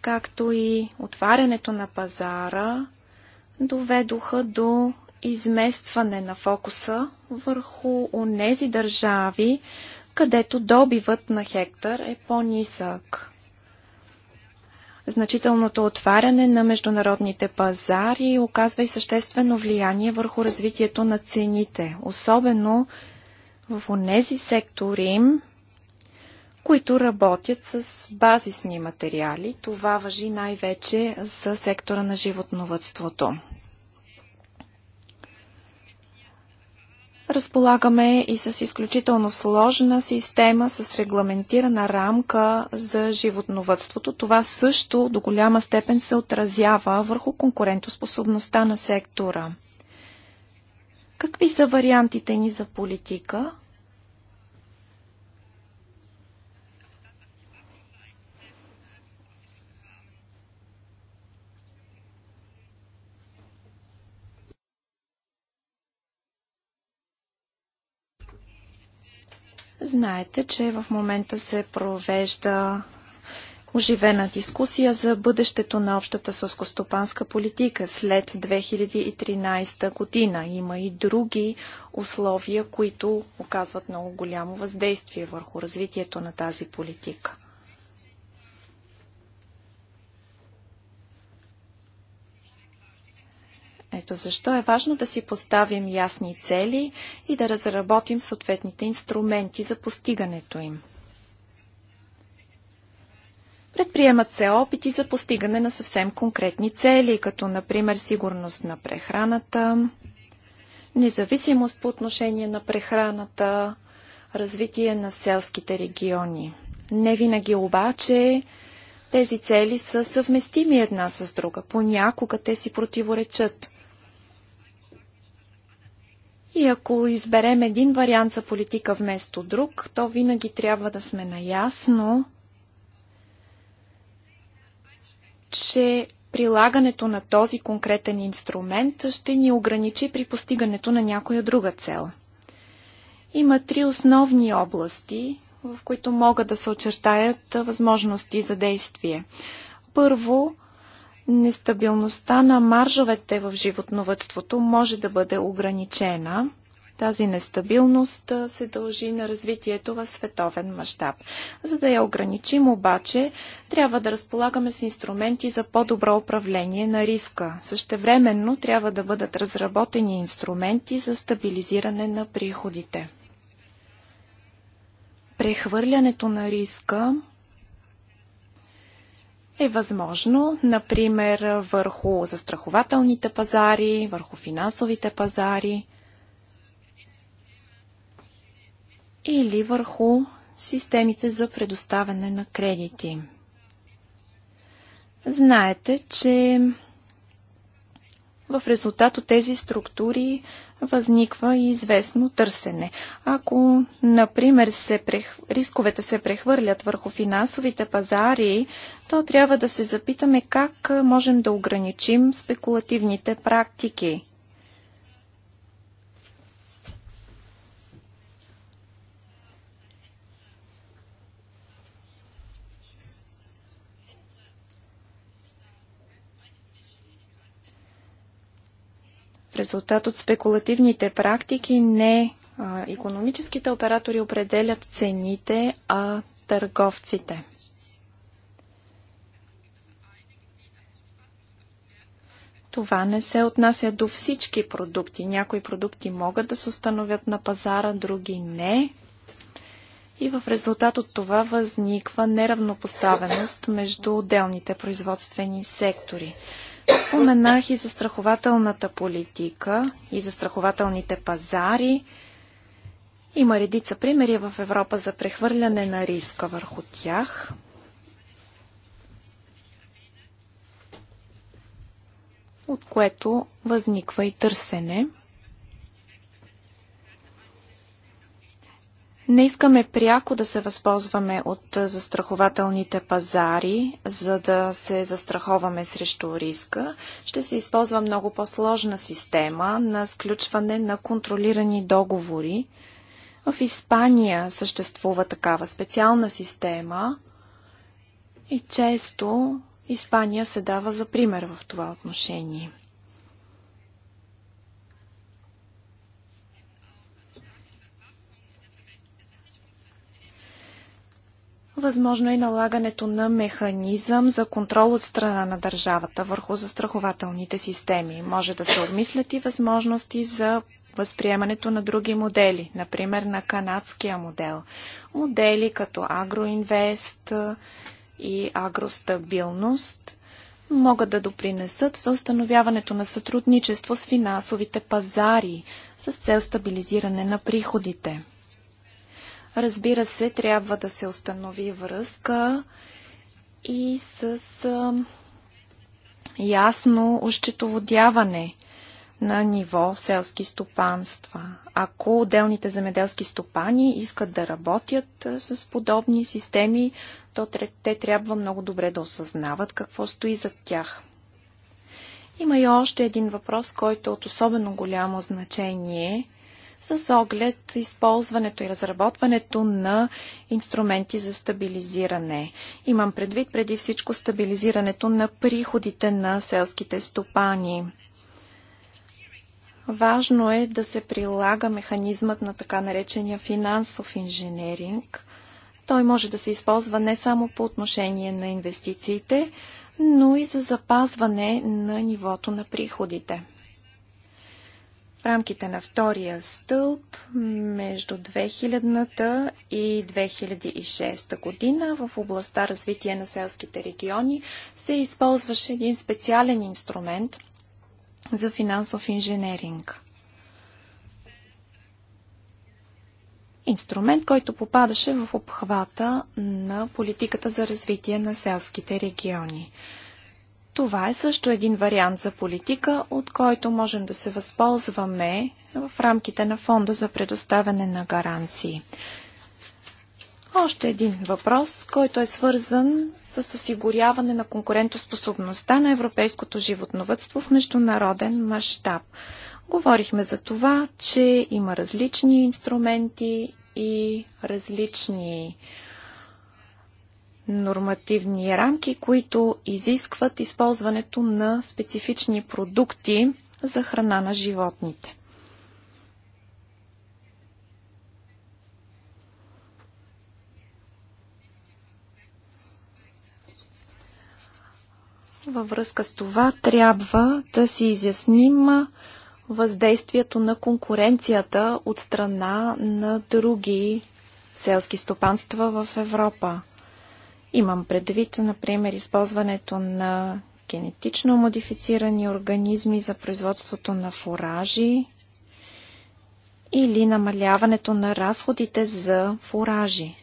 [SPEAKER 3] както и отварянето на пазара, доведоха до изместване на фокуса върху онези държави, където добивът на хектар е по-нисък. Значителното отваряне на международните пазари оказва и съществено влияние върху развитието на цените, особено в онези сектори, които работят с базисни материали. Това въжи най-вече за сектора на животновътството. Разполагаме и с изключително сложна система, с регламентирана рамка за животновътството. Това също до голяма степен се отразява върху конкурентоспособността на сектора. Какви са вариантите ни за политика? Знаете, че в момента се провежда оживена дискусия за бъдещето на общата сълскостопанска политика след 2013 година. Има и други условия, които оказват много голямо въздействие върху развитието на тази политика. Ето защо е важно да си поставим ясни цели и да разработим съответните инструменти за постигането им. Предприемат се опити за постигане на съвсем конкретни цели, като например сигурност на прехраната, независимост по отношение на прехраната, развитие на селските региони. Не винаги обаче тези цели са съвместими една с друга. Понякога те си противоречат. И ако изберем един вариант за политика вместо друг, то винаги трябва да сме наясно, че прилагането на този конкретен инструмент ще ни ограничи при постигането на някоя друга цел. Има три основни области, в които могат да се очертаят възможности за действие. Първо, Нестабилността на маржовете в животновътството може да бъде ограничена. Тази нестабилност се дължи на развитието в световен мащаб. За да я ограничим обаче, трябва да разполагаме с инструменти за по-добро управление на риска. Същевременно трябва да бъдат разработени инструменти за стабилизиране на приходите. Прехвърлянето на риска е възможно, например, върху застрахователните пазари, върху финансовите пазари или върху системите за предоставяне на кредити. Знаете, че в резултат от тези структури възниква и известно търсене. Ако, например, се прех... рисковете се прехвърлят върху финансовите пазари, то трябва да се запитаме как можем да ограничим спекулативните практики. В резултат от спекулативните практики не а, економическите оператори определят цените, а търговците. Това не се отнася до всички продукти. Някои продукти могат да се установят на пазара, други не. И в резултат от това възниква неравнопоставеност между отделните производствени сектори. Споменах и застрахователната политика, и застрахователните пазари. Има редица примери в Европа за прехвърляне на риска върху тях. от което възниква и търсене – Не искаме пряко да се възползваме от застрахователните пазари, за да се застраховаме срещу риска. Ще се използва много по-сложна система на сключване на контролирани договори. В Испания съществува такава специална система и често Испания се дава за пример в това отношение. Възможно е налагането на механизъм за контрол от страна на държавата върху застрахователните системи. Може да се обмислят и възможности за възприемането на други модели, например на канадския модел. Модели като агроинвест и агростабилност могат да допринесат за установяването на сътрудничество с финансовите пазари с цел стабилизиране на приходите. Разбира се, трябва да се установи връзка и с ясно ощетоводяване на ниво селски стопанства. Ако отделните земеделски стопани искат да работят с подобни системи, то те трябва много добре да осъзнават какво стои зад тях. Има и още един въпрос, който е от особено голямо значение – с оглед използването и разработването на инструменти за стабилизиране. Имам предвид преди всичко стабилизирането на приходите на селските стопани. Важно е да се прилага механизмът на така наречения финансов инженеринг. Той може да се използва не само по отношение на инвестициите, но и за запазване на нивото на приходите в рамките на втория стълб между 2000-та и 2006 година в областта развитие на селските региони се използваше един специален инструмент за финансов инженеринг. Инструмент, който попадаше в обхвата на политиката за развитие на селските региони. Това е също един вариант за политика, от който можем да се възползваме в рамките на фонда за предоставяне на гаранции. Още един въпрос, който е свързан с осигуряване на конкурентоспособността на европейското животновътство в международен мащаб. Говорихме за това, че има различни инструменти и различни нормативни рамки, които изискват използването на специфични продукти за храна на животните. Във връзка с това трябва да си изясним въздействието на конкуренцията от страна на други селски стопанства в Европа. Имам предвид, например, използването на генетично модифицирани организми за производството на фуражи или намаляването на разходите за фуражи.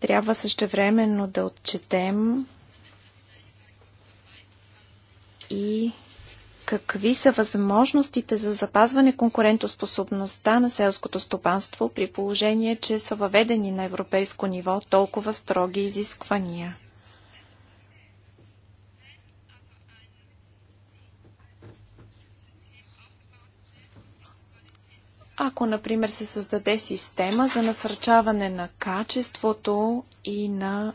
[SPEAKER 3] Трябва същевременно да отчетем и какви са възможностите за запазване конкурентоспособността на селското стопанство при положение, че са въведени на европейско ниво толкова строги изисквания? Ако, например, се създаде система за насърчаване на качеството и на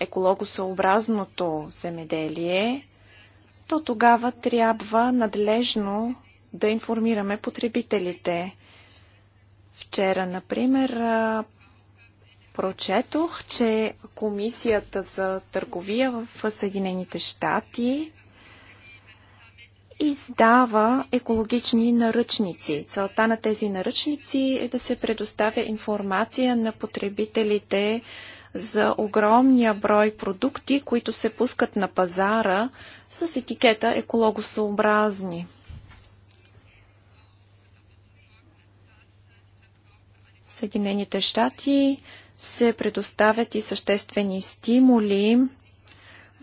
[SPEAKER 3] екологосъобразното земеделие, то тогава трябва надлежно да информираме потребителите. Вчера, например, прочетох, че Комисията за търговия в Съединените щати издава екологични наръчници. Целта на тези наръчници е да се предоставя информация на потребителите за огромния брой продукти, които се пускат на пазара с етикета екологосъобразни. В Съединените щати се предоставят и съществени стимули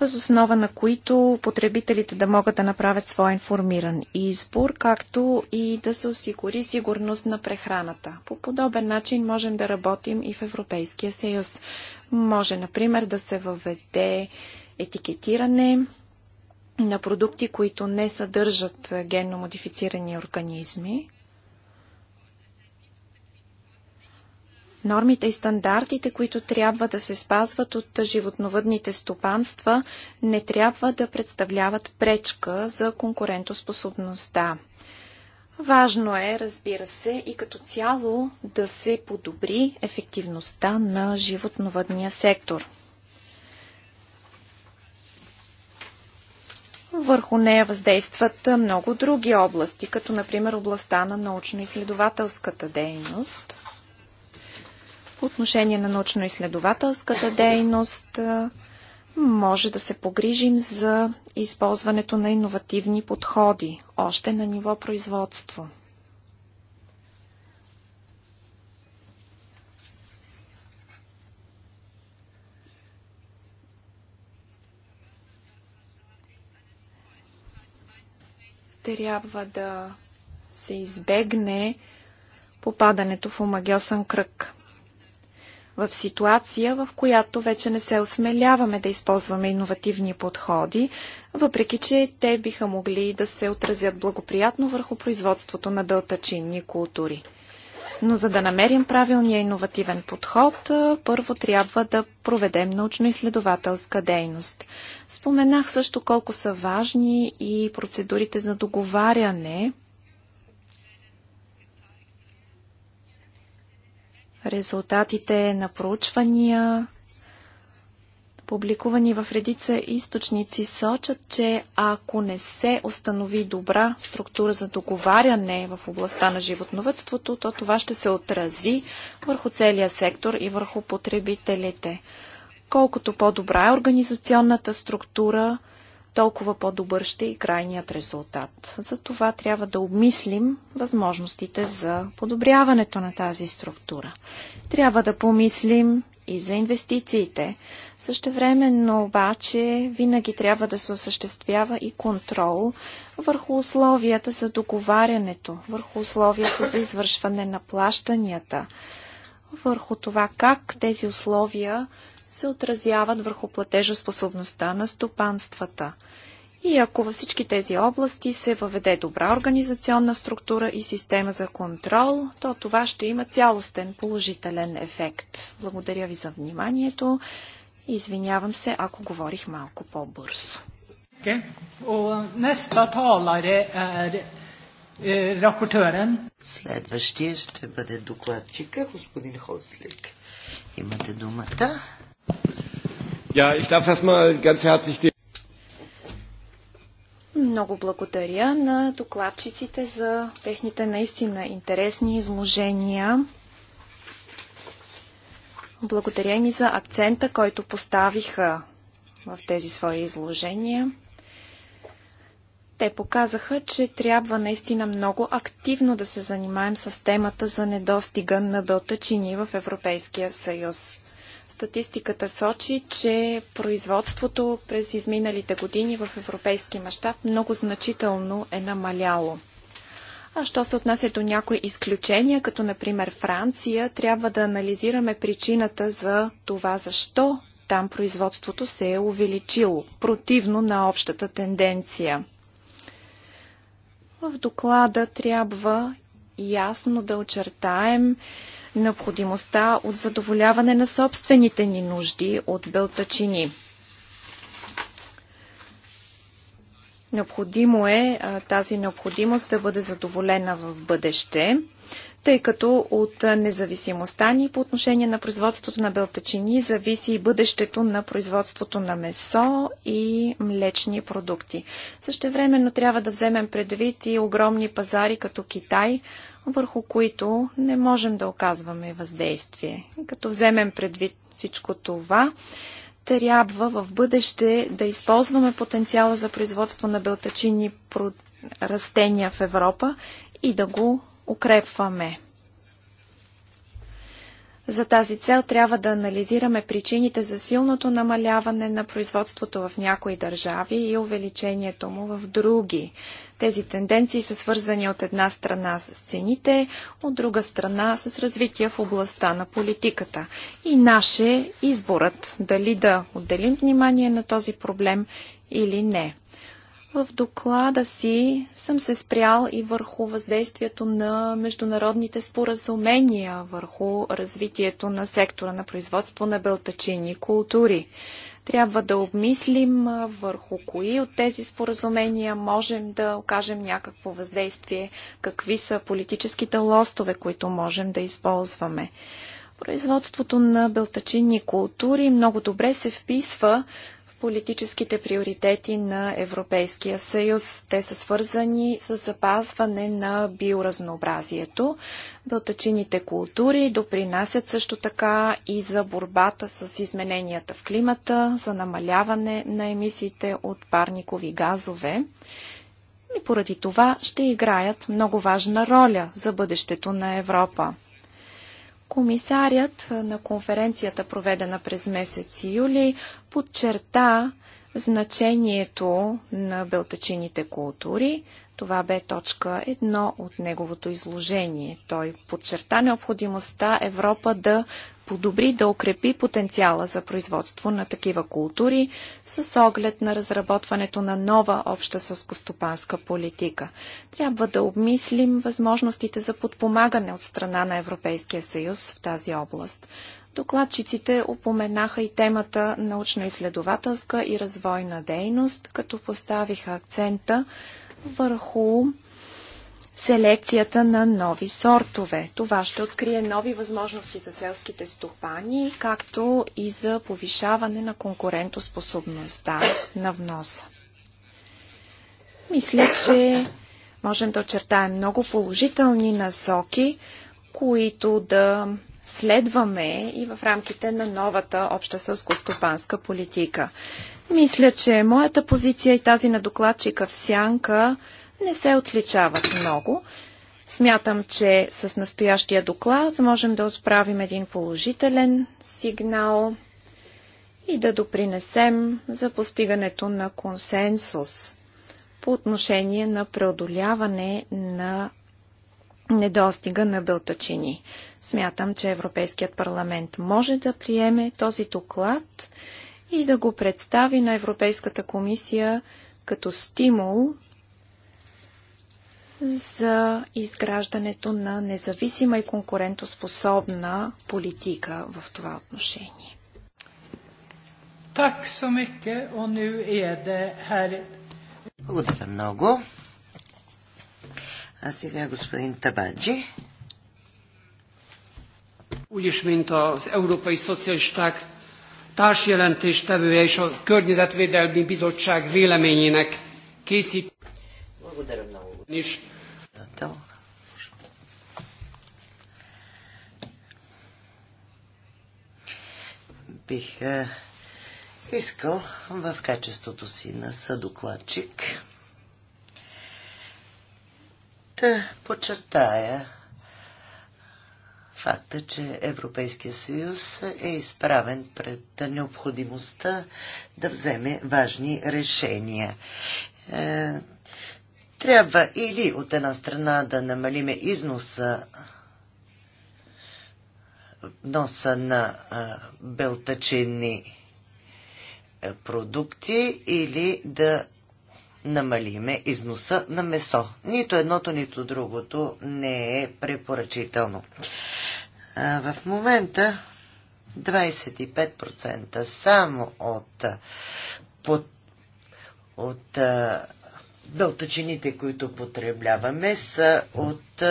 [SPEAKER 3] въз основа на които потребителите да могат да направят своя информиран избор, както и да се осигури сигурност на прехраната. По подобен начин можем да работим и в Европейския съюз. Може, например, да се въведе етикетиране на продукти, които не съдържат генно модифицирани организми. Нормите и стандартите, които трябва да се спазват от животновъдните стопанства, не трябва да представляват пречка за конкурентоспособността. Важно е, разбира се, и като цяло да се подобри ефективността на животновъдния сектор. Върху нея въздействат много други области, като например областта на научно-изследователската дейност – по отношение на научно-изследователската дейност може да се погрижим за използването на иновативни подходи, още на ниво производство. трябва да се избегне попадането в омагиосен кръг в ситуация, в която вече не се осмеляваме да използваме иновативни подходи, въпреки че те биха могли да се отразят благоприятно върху производството на белтачинни култури. Но за да намерим правилния иновативен подход, първо трябва да проведем научно-изследователска дейност. Споменах също колко са важни и процедурите за договаряне резултатите на проучвания, публикувани в редица източници, сочат, че ако не се установи добра структура за договаряне в областта на животновътството, то това ще се отрази върху целия сектор и върху потребителите. Колкото по-добра е организационната структура, толкова по-добър ще и крайният резултат. За това трябва да обмислим възможностите за подобряването на тази структура. Трябва да помислим и за инвестициите. Същевременно обаче винаги трябва да се осъществява и контрол върху условията за договарянето, върху условията за извършване на плащанията, върху това как тези условия се отразяват върху платежоспособността на стопанствата. И ако във всички тези области се въведе добра организационна структура и система за контрол, то това ще има цялостен положителен ефект. Благодаря ви за вниманието. Извинявам се, ако говорих малко по-бързо. Eh,
[SPEAKER 1] Следващия ще бъде докладчика, господин Хослик. Имате думата. Ja, ich darf erstmal ganz herzlich
[SPEAKER 3] много благодаря на докладчиците за техните наистина интересни изложения. Благодаря ми за акцента, който поставиха в тези свои изложения. Те показаха, че трябва наистина много активно да се занимаем с темата за недостига на белтъчини в Европейския съюз. Статистиката сочи, че производството през изминалите години в европейски мащаб много значително е намаляло. А що се отнася до някои изключения, като например Франция, трябва да анализираме причината за това защо там производството се е увеличило, противно на общата тенденция. В доклада трябва ясно да очертаем необходимостта от задоволяване на собствените ни нужди от белтачини. Необходимо е тази необходимост да бъде задоволена в бъдеще, тъй като от независимостта ни по отношение на производството на белтачини зависи и бъдещето на производството на месо и млечни продукти. Същевременно трябва да вземем предвид и огромни пазари като Китай, върху които не можем да оказваме въздействие. Като вземем предвид всичко това, трябва в бъдеще да използваме потенциала за производство на белтачини растения в Европа и да го укрепваме. За тази цел трябва да анализираме причините за силното намаляване на производството в някои държави и увеличението му в други. Тези тенденции са свързани от една страна с цените, от друга страна с развитие в областта на политиката. И наше изборът дали да отделим внимание на този проблем или не. В доклада си съм се спрял и върху въздействието на международните споразумения върху развитието на сектора на производство на белтачини култури. Трябва да обмислим върху кои от тези споразумения можем да окажем някакво въздействие, какви са политическите лостове, които можем да използваме. Производството на белтачинни култури много добре се вписва политическите приоритети на Европейския съюз. Те са свързани с запазване на биоразнообразието. Бълтачините култури допринасят също така и за борбата с измененията в климата, за намаляване на емисиите от парникови газове и поради това ще играят много важна роля за бъдещето на Европа. Комисарят на конференцията, проведена през месец юли, подчерта значението на белтачините култури. Това бе точка едно от неговото изложение. Той подчерта необходимостта Европа да подобри, да укрепи потенциала за производство на такива култури с оглед на разработването на нова обща съскостопанска политика. Трябва да обмислим възможностите за подпомагане от страна на Европейския съюз в тази област. Докладчиците упоменаха и темата научно-изследователска и развойна дейност, като поставиха акцента върху селекцията на нови сортове. Това ще открие нови възможности за селските стопани, както и за повишаване на конкурентоспособността на вноса. Мисля, че можем да очертаем много положителни насоки, които да следваме и в рамките на новата обща сълско-стопанска политика. Мисля, че моята позиция и тази на докладчика в Сянка – не се отличават много. Смятам, че с настоящия доклад можем да отправим един положителен сигнал и да допринесем за постигането на консенсус по отношение на преодоляване на недостига на белтачини. Смятам, че Европейският парламент може да приеме този доклад и да го представи на Европейската комисия като стимул за изграждането на независима и конкурентоспособна политика в това отношение. Так
[SPEAKER 2] о ню еде хари.
[SPEAKER 1] Благодаря много. А сега господин Табаджи.
[SPEAKER 2] Úgy is, mint az európai szocialisták társjelentéstevője és a Környezetvédelmi Bizottság véleményének készít.
[SPEAKER 1] Благодаря много. Ниш. Бих е, искал в качеството си на съдокладчик да подчертая факта, че Европейския съюз е изправен пред необходимостта да вземе важни решения. Е, трябва или от една страна да намалиме износа носа на а, продукти или да намалиме износа на месо. Нито едното, нито другото не е препоръчително. А, в момента 25% само от, под, от а, Белтачините, които потребляваме, са от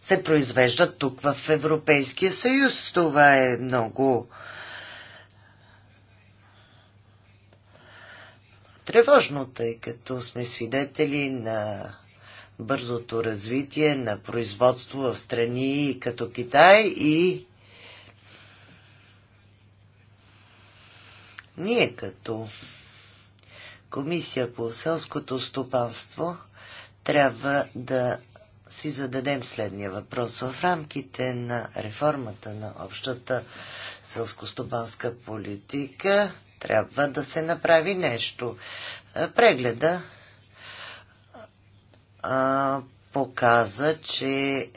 [SPEAKER 1] се произвеждат тук в Европейския съюз. Това е много тревожно, тъй като сме свидетели на бързото развитие на производство в страни като Китай и ние като комисия по селското стопанство трябва да си зададем следния въпрос. В рамките на реформата на общата селскостопанска политика трябва да се направи нещо. Е, прегледа а, показа, че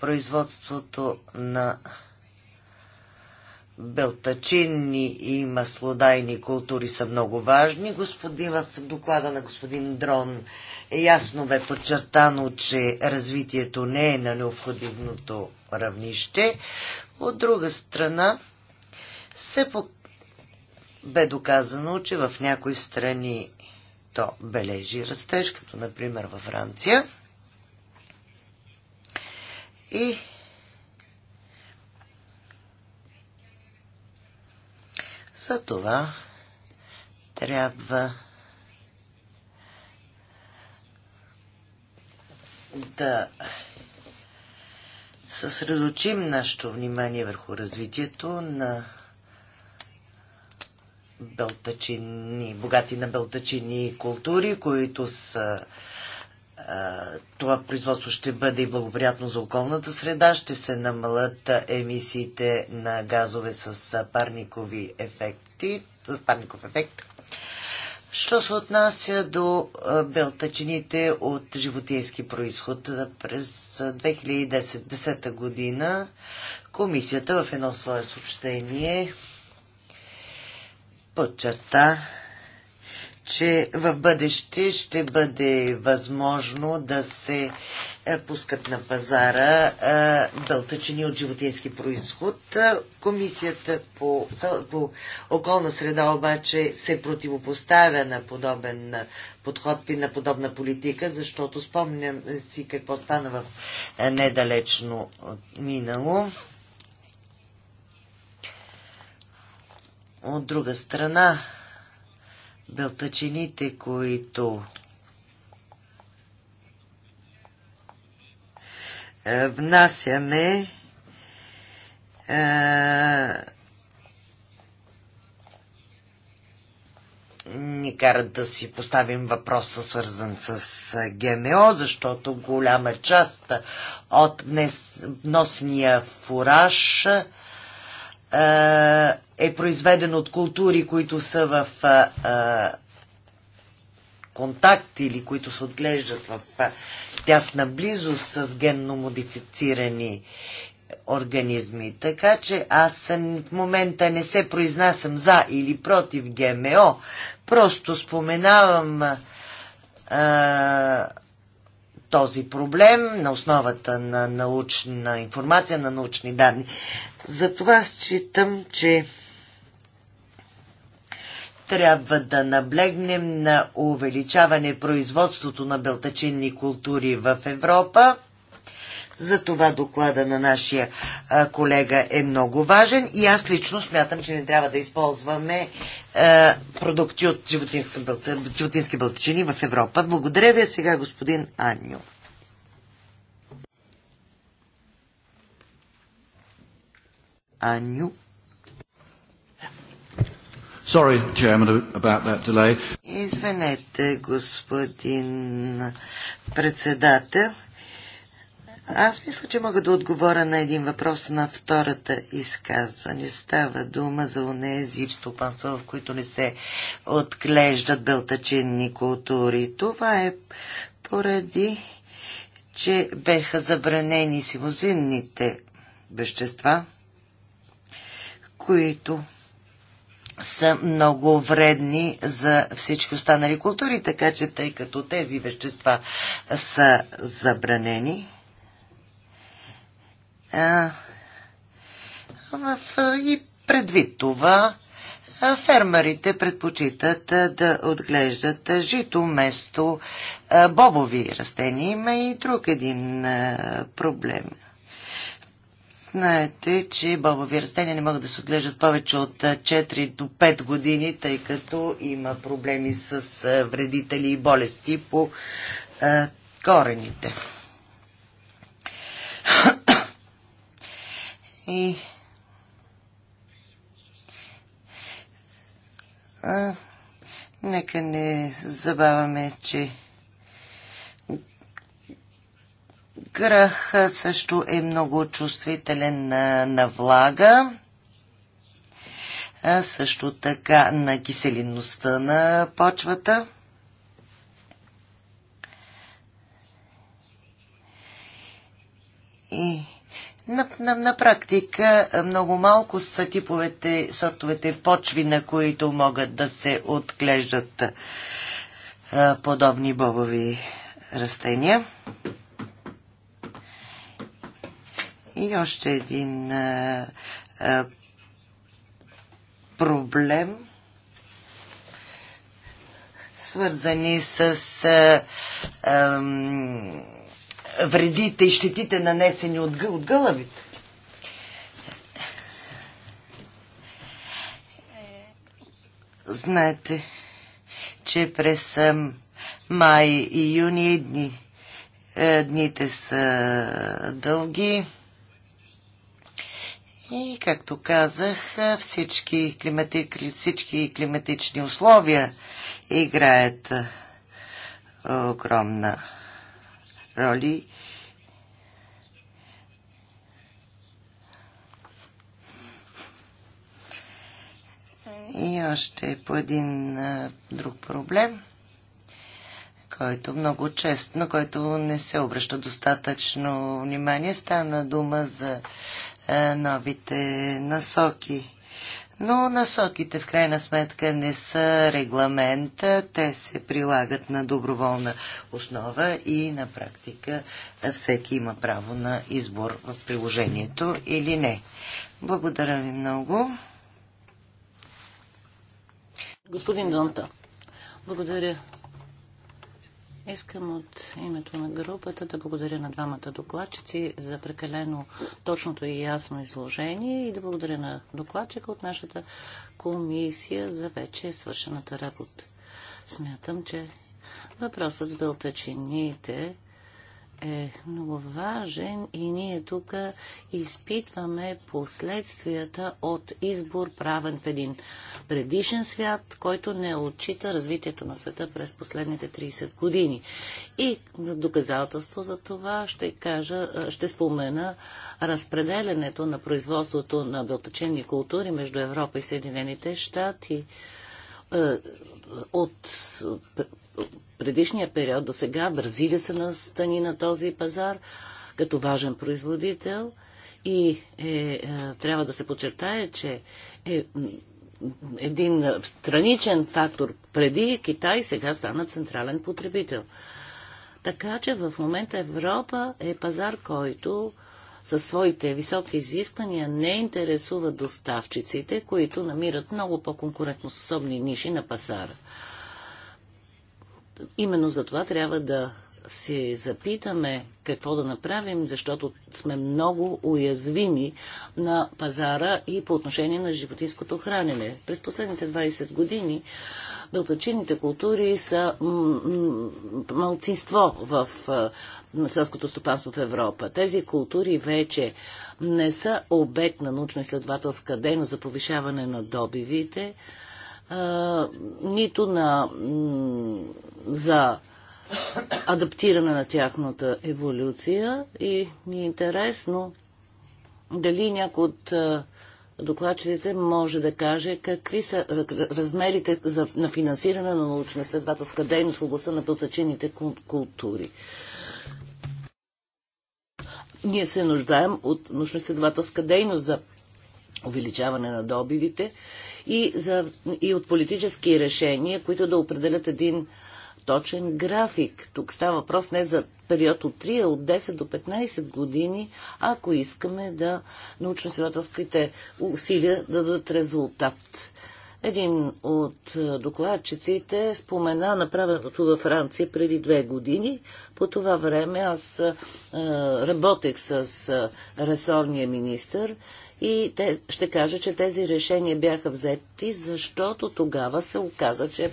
[SPEAKER 1] производството на белтачинни и маслодайни култури са много важни. Господин, в доклада на господин Дрон е ясно бе подчертано, че развитието не е на необходимото равнище. От друга страна, се бе доказано, че в някои страни то бележи растеж, като например във Франция. И За това трябва да съсредочим нашето внимание върху развитието на белтачини, богати на белтачини култури, които са това производство ще бъде и благоприятно за околната среда, ще се намалят емисиите на газове с парникови ефекти, с парников ефект. Що се отнася до белтачините от животински происход, през 2010 година комисията в едно свое съобщение подчерта, че в бъдеще ще бъде възможно да се е, пускат на пазара бълтъчени е, от животински происход. Е, комисията по, по околна среда обаче се противопоставя на подобен подход и на подобна политика, защото спомням си какво стана в недалечно минало. От друга страна, белтачините, които е, внасяме е, ни карат да си поставим въпроса, свързан с е, ГМО, защото голяма част от внес, носния фураж е, е произведен от култури, които са в а, а, контакт или които се отглеждат в а, тясна близост с генно модифицирани организми. Така че аз в момента не се произнасям за или против ГМО. Просто споменавам а, този проблем на основата на научна информация, на научни данни. Затова считам, че трябва да наблегнем на увеличаване производството на белтачинни култури в Европа. За това доклада на нашия колега е много важен и аз лично смятам, че не трябва да използваме продукти от животински бълтачини в Европа. Благодаря ви сега, господин Аню. Аню.
[SPEAKER 3] Sorry, Chairman, about that delay.
[SPEAKER 1] Извинете, господин председател. Аз мисля, че мога да отговоря на един въпрос на втората изказване. Става дума за онези стопанства, в които не се отглеждат белтачинни култури. Това е поради, че беха забранени симозинните вещества, които са много вредни за всички останали култури, така че тъй като тези вещества са забранени, а, в, и предвид това, фермерите предпочитат да отглеждат жито место бобови растения. Има и друг един проблем – Знаете, че бобови растения не могат да се отглеждат повече от 4 до 5 години, тъй като има проблеми с вредители и болести по а, корените. *clears throat* И а, нека не забавяме, че Грах също е много чувствителен на, на влага, а също така на киселинността на почвата. И на, на, на практика много малко са типовете, сортовете почви, на които могат да се отглеждат а, подобни бобови растения. И още един а, а, проблем, свързани с а, а, вредите и щетите, нанесени от, от гълъбите. Знаете, че през май и юни дни, е, дните са дълги. И, както казах, всички, климати, всички климатични условия играят огромна роли. И още по един а, друг проблем, който много често, който не се обръща достатъчно внимание, стана дума за е, новите насоки. Но насоките в крайна сметка не са регламента, те се прилагат на доброволна основа и на практика всеки има право на избор в приложението или не. Благодаря ви много. Господин Донта, благодаря.
[SPEAKER 2] Искам от името на групата да благодаря на двамата докладчици за прекалено точното и ясно изложение и да благодаря на докладчика от нашата комисия за вече свършената работа. Смятам, че въпросът с белтъчините е много важен и ние тук изпитваме последствията от избор правен в един предишен свят, който не отчита развитието на света през последните 30 години. И доказателство за това ще, кажа, ще спомена разпределенето на производството на белтъчени култури между Европа и Съединените щати е, от предишния период до сега Бразилия се настани на този пазар като важен производител и е, е, трябва да се подчертае, че е, един страничен фактор преди Китай сега стана централен потребител. Така че в момента Европа е пазар, който със своите високи изисквания не интересуват доставчиците, които намират много по конкурентноспособни ниши на пазара. Именно за това трябва да се запитаме какво да направим, защото сме много уязвими на пазара и по отношение на животинското хранене. През последните 20 години белтачините култури са малцинство в на селското стопанство в Европа. Тези култури вече не са обект на научно-изследователска дейност за повишаване на добивите, а, нито на, за адаптиране на тяхната еволюция. И ми е интересно дали някой от докладчиците може да каже какви са размерите за, на финансиране на научно-изследователска дейност в областта на пълтачените култури. Ние се нуждаем от научно-изследователска дейност за увеличаване на добивите и, за, и от политически решения, които да определят един точен график. Тук става въпрос не за период от 3, а от 10 до 15 години, ако искаме да научно-изследователските усилия да дадат резултат. Един от е, докладчиците спомена направеното във Франция преди две години. По това време аз е, работех с е, ресорния министр и те, ще кажа, че тези решения бяха взети, защото тогава се оказа, че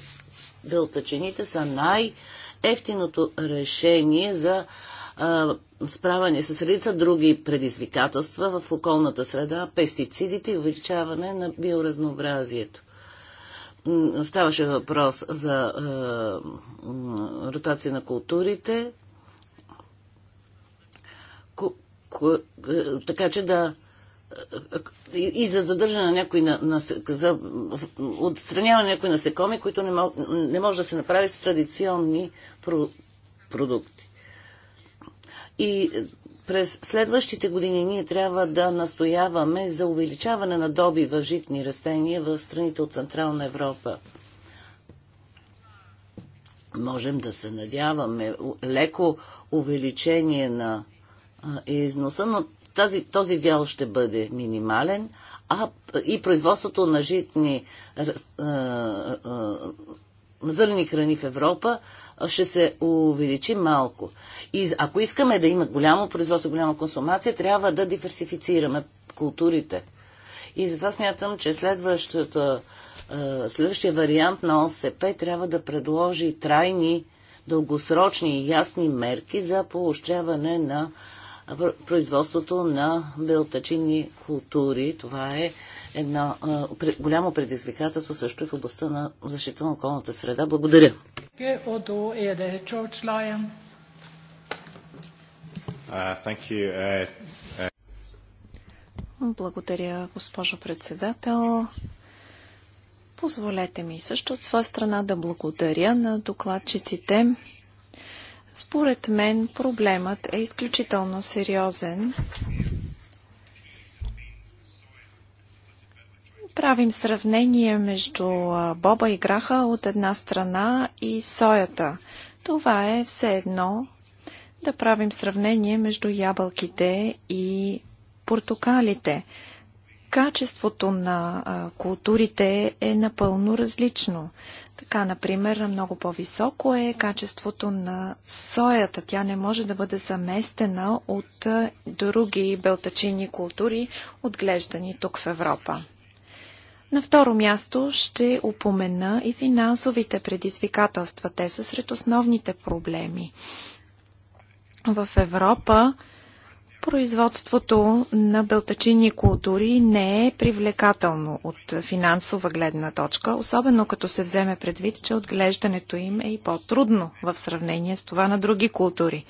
[SPEAKER 2] белтъчените са най-ефтиното решение за справяне с редица други предизвикателства в околната среда, пестицидите и увеличаване на биоразнообразието. Ставаше въпрос за е, ротация на културите, е, така че да е, и за задържане на някои на, за отстраняване на някои насекоми, които не, не може да се направи с традиционни продукти. И през следващите години ние трябва да настояваме за увеличаване на доби в житни растения в страните от Централна Европа. Можем да се надяваме леко увеличение на износа, но тази, този дял ще бъде минимален, а и производството на житни зърни храни в Европа ще се увеличи малко. И ако искаме да има голямо производство, голяма консумация, трябва да диверсифицираме културите. И затова смятам, че следващата, следващия вариант на ОСП трябва да предложи трайни, дългосрочни и ясни мерки за поощряване на производството на белтачинни култури. Това е едно голямо предизвикателство също и е в областта на защита на околната среда. Благодаря.
[SPEAKER 3] Благодаря, госпожо председател. Позволете ми също от своя страна да благодаря на докладчиците. Според мен проблемът е изключително сериозен Правим сравнение между боба и граха от една страна и соята. Това е все едно да правим сравнение между ябълките и портокалите. Качеството на културите е напълно различно. Така, например, много по-високо е качеството на соята. Тя не може да бъде заместена от други белтачини култури, отглеждани тук в Европа. На второ място ще упомена и финансовите предизвикателства. Те са сред основните проблеми. В Европа производството на белтачини култури не е привлекателно от финансова гледна точка, особено като се вземе предвид, че отглеждането им е и по-трудно в сравнение с това на други култури.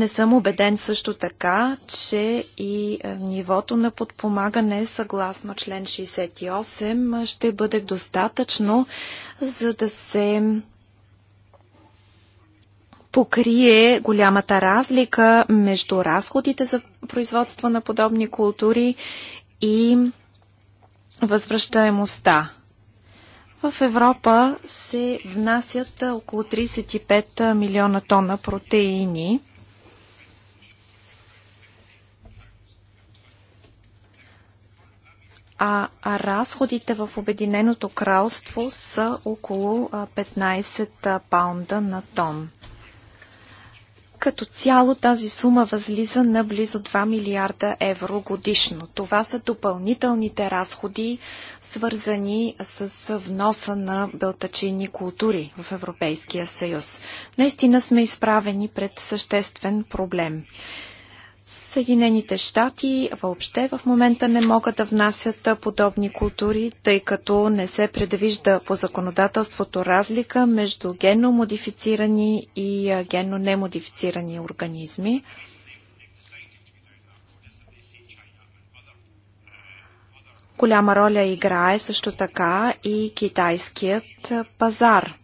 [SPEAKER 3] Не съм убеден също така, че и е, нивото на подпомагане съгласно член 68 е, ще бъде достатъчно, за да се покрие голямата разлика между разходите за производство на подобни култури и възвръщаемостта. В Европа се внасят е, около 35 милиона тона протеини. а разходите в Обединеното кралство са около 15 паунда на тон. Като цяло тази сума възлиза на близо 2 милиарда евро годишно. Това са допълнителните разходи, свързани с вноса на белтачини култури в Европейския съюз. Наистина сме изправени пред съществен проблем. Съединените щати въобще в момента не могат да внасят подобни култури, тъй като не се предвижда по законодателството разлика между генно модифицирани и генно немодифицирани организми. Голяма роля играе също така и китайският пазар.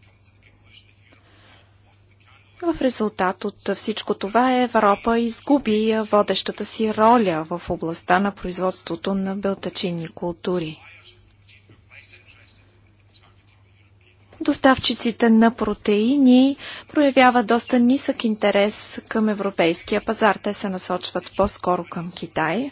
[SPEAKER 3] В резултат от всичко това Европа изгуби водещата си роля в областта на производството на белтачини култури. Доставчиците на протеини проявяват доста нисък интерес към европейския пазар. Те се насочват по-скоро към Китай.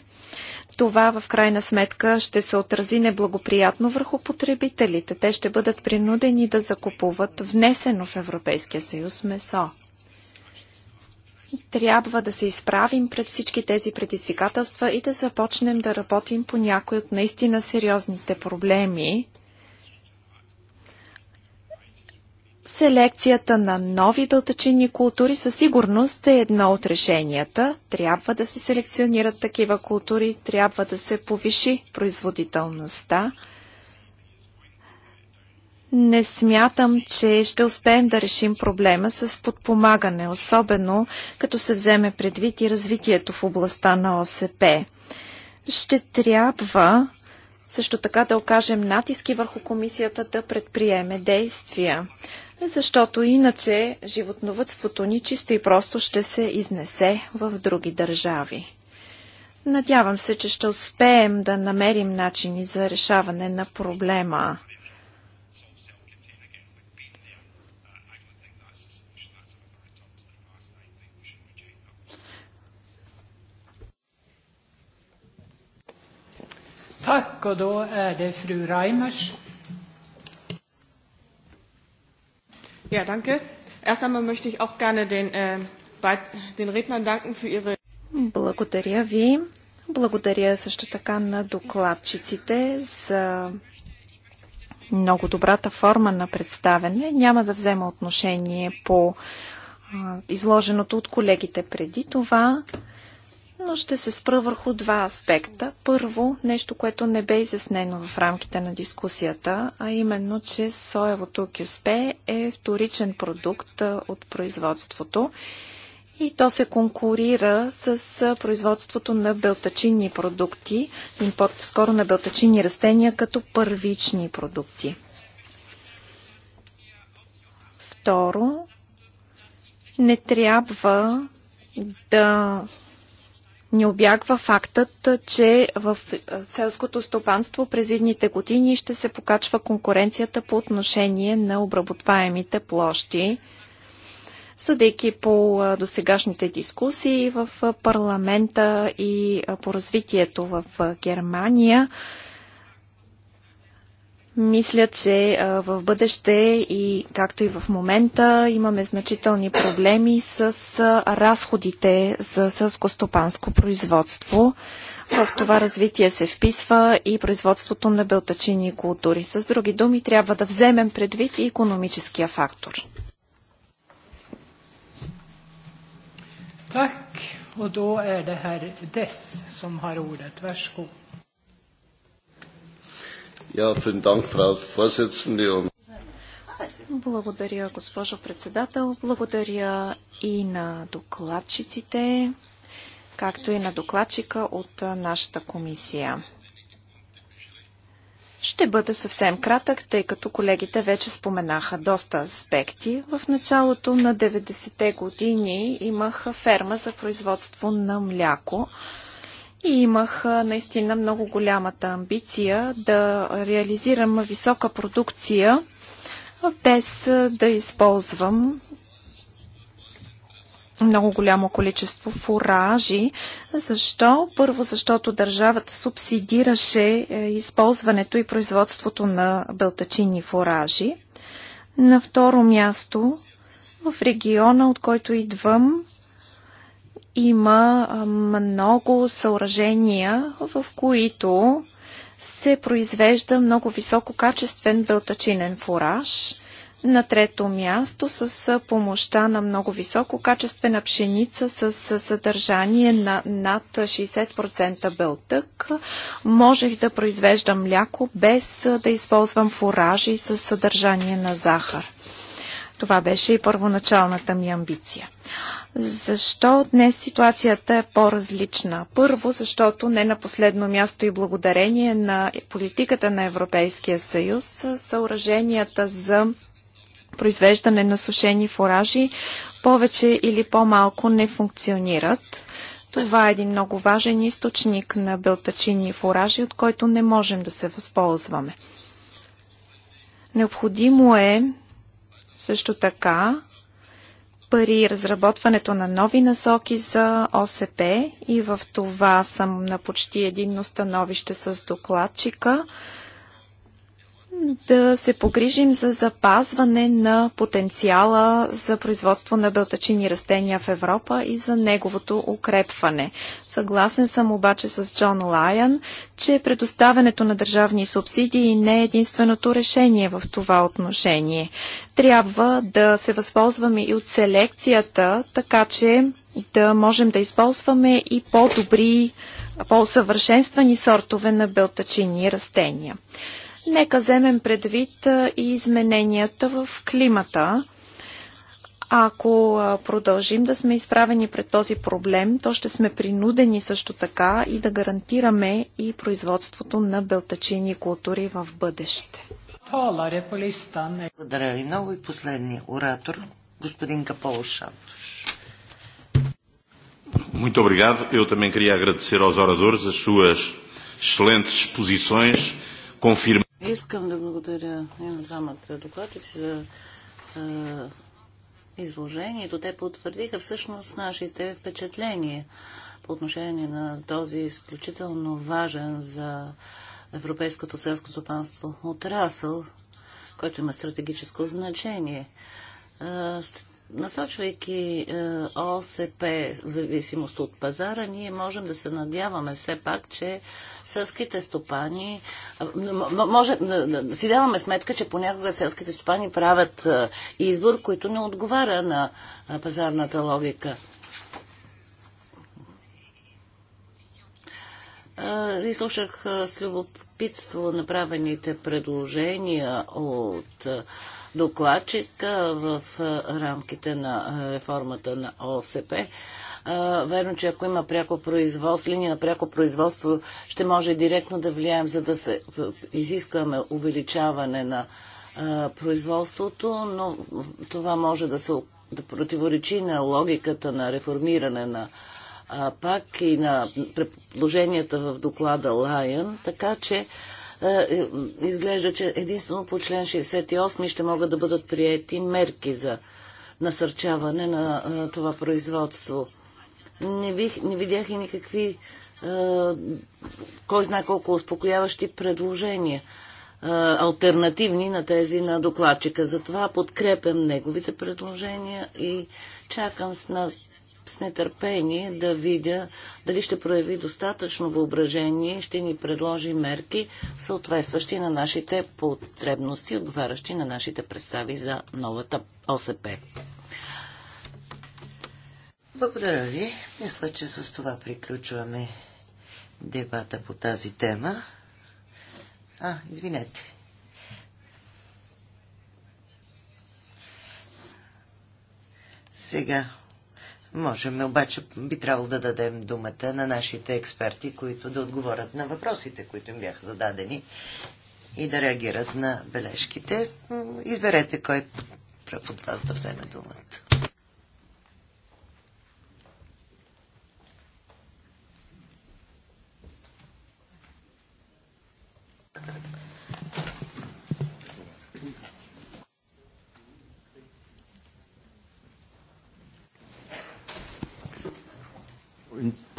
[SPEAKER 3] Това в крайна сметка ще се отрази неблагоприятно върху потребителите. Те ще бъдат принудени да закупуват внесено в Европейския съюз месо. Трябва да се изправим пред всички тези предизвикателства и да започнем да работим по някои от наистина сериозните проблеми. Селекцията на нови белтъчинни култури със сигурност е едно от решенията. Трябва да се селекционират такива култури, трябва да се повиши производителността. Не смятам, че ще успеем да решим проблема с подпомагане, особено като се вземе предвид и развитието в областта на ОСП. Ще трябва също така да окажем натиски върху комисията да предприеме действия, защото иначе животновътството ни чисто и просто ще се изнесе в други държави. Надявам се, че ще успеем да намерим начини за решаване на проблема. Tack, och då är er det fru Reimers. Ja, danke. Erst einmal möchte ich auch gerne den, äh, den Rednern danken für ihre... Благодаря ви. Благодаря също така на докладчиците за много добрата форма на представене. Няма да взема отношение по изложеното от колегите преди това но ще се спра върху два аспекта. Първо, нещо, което не бе изяснено в рамките на дискусията, а именно, че соевото кюспе е вторичен продукт от производството и то се конкурира с производството на белтачинни продукти, и по-скоро на белтачинни растения като първични продукти. Второ, не трябва да не обягва фактът, че в селското стопанство през едните години ще се покачва конкуренцията по отношение на обработваемите площи. Съдейки по досегашните дискусии в парламента и по развитието в Германия, мисля, че в бъдеще и както и в момента имаме значителни проблеми с разходите за сълскостопанско производство. В това развитие се вписва и производството на белтачини култури. С други думи, трябва да вземем предвид и економическия фактор.
[SPEAKER 2] Так, и då е дес, som har ordet.
[SPEAKER 3] Благодаря, госпожо председател. Благодаря и на докладчиците, както и на докладчика от нашата комисия. Ще бъда съвсем кратък, тъй като колегите вече споменаха доста аспекти. В началото на 90-те години имах ферма за производство на мляко и имах наистина много голямата амбиция да реализирам висока продукция, без да използвам много голямо количество фуражи. Защо? Първо, защото държавата субсидираше е, използването и производството на белтачини фуражи. На второ място, в региона, от който идвам, има много съоръжения, в които се произвежда много висококачествен белтачинен фураж. На трето място с помощта на много висококачествена пшеница с съдържание на над 60% белтък. Можех да произвеждам мляко без да използвам фуражи с съдържание на захар. Това беше и първоначалната ми амбиция. Защо днес ситуацията е по-различна? Първо, защото не на последно място и благодарение на политиката на Европейския съюз, съоръженията за произвеждане на сушени фуражи повече или по-малко не функционират. Това е един много важен източник на белтачини и фуражи, от който не можем да се възползваме. Необходимо е също така пари, разработването на нови насоки за ОСП и в това съм на почти единно становище с докладчика – да се погрижим за запазване на потенциала за производство на белтачини растения в Европа и за неговото укрепване. Съгласен съм обаче с Джон Лайън, че предоставянето на държавни субсидии не е единственото решение в това отношение. Трябва да се възползваме и от селекцията, така че да можем да използваме и по-добри, по-усъвършенствани сортове на белтачини растения. Нека вземем предвид и измененията в климата. Ако продължим да сме изправени пред този проблем, то ще сме принудени също така и да гарантираме и производството на белтачини култури в бъдеще.
[SPEAKER 1] Благодаря ви много и последния оратор, господин Капол Шантош. Muito obrigado. Eu também queria agradecer aos oradores as suas excelentes exposições, confirmando
[SPEAKER 2] Искам да благодаря и на двамата докладчици за изложението. Те потвърдиха всъщност нашите впечатления по отношение на този изключително важен за европейското селско стопанство отрасъл, който има стратегическо значение. Насочвайки е, ОСП в зависимост от пазара, ние можем да се надяваме все пак, че селските стопани е, може си даваме сметка, че понякога селските стопани правят е, избор, който не отговаря на пазарната логика. Изслушах с любопитство направените предложения от докладчик в рамките на реформата на ОСП. Верно, че ако има пряко производство, линия на пряко производство, ще може директно да влияем, за да се изискваме увеличаване на производството, но това може да се да противоречи на логиката на реформиране на а, пак и на предложенията в доклада Лайън, така че е, е, изглежда, че единствено по член 68 ще могат да бъдат приети мерки за насърчаване на е, това производство. Не, бих, не видях и никакви кой знае колко успокояващи предложения, альтернативни на тези на докладчика. Затова подкрепям неговите предложения и чакам с с нетърпение да видя дали ще прояви достатъчно въображение и ще ни предложи мерки, съответстващи на нашите потребности, отговарящи на нашите представи за новата ОСП.
[SPEAKER 1] Благодаря ви. Мисля, че с това приключваме дебата по тази тема. А, извинете. Сега Можем, обаче би трябвало да дадем думата на нашите експерти, които да отговорят на въпросите, които им бяха зададени и да реагират на бележките. Изберете кой прав от вас да вземе думата.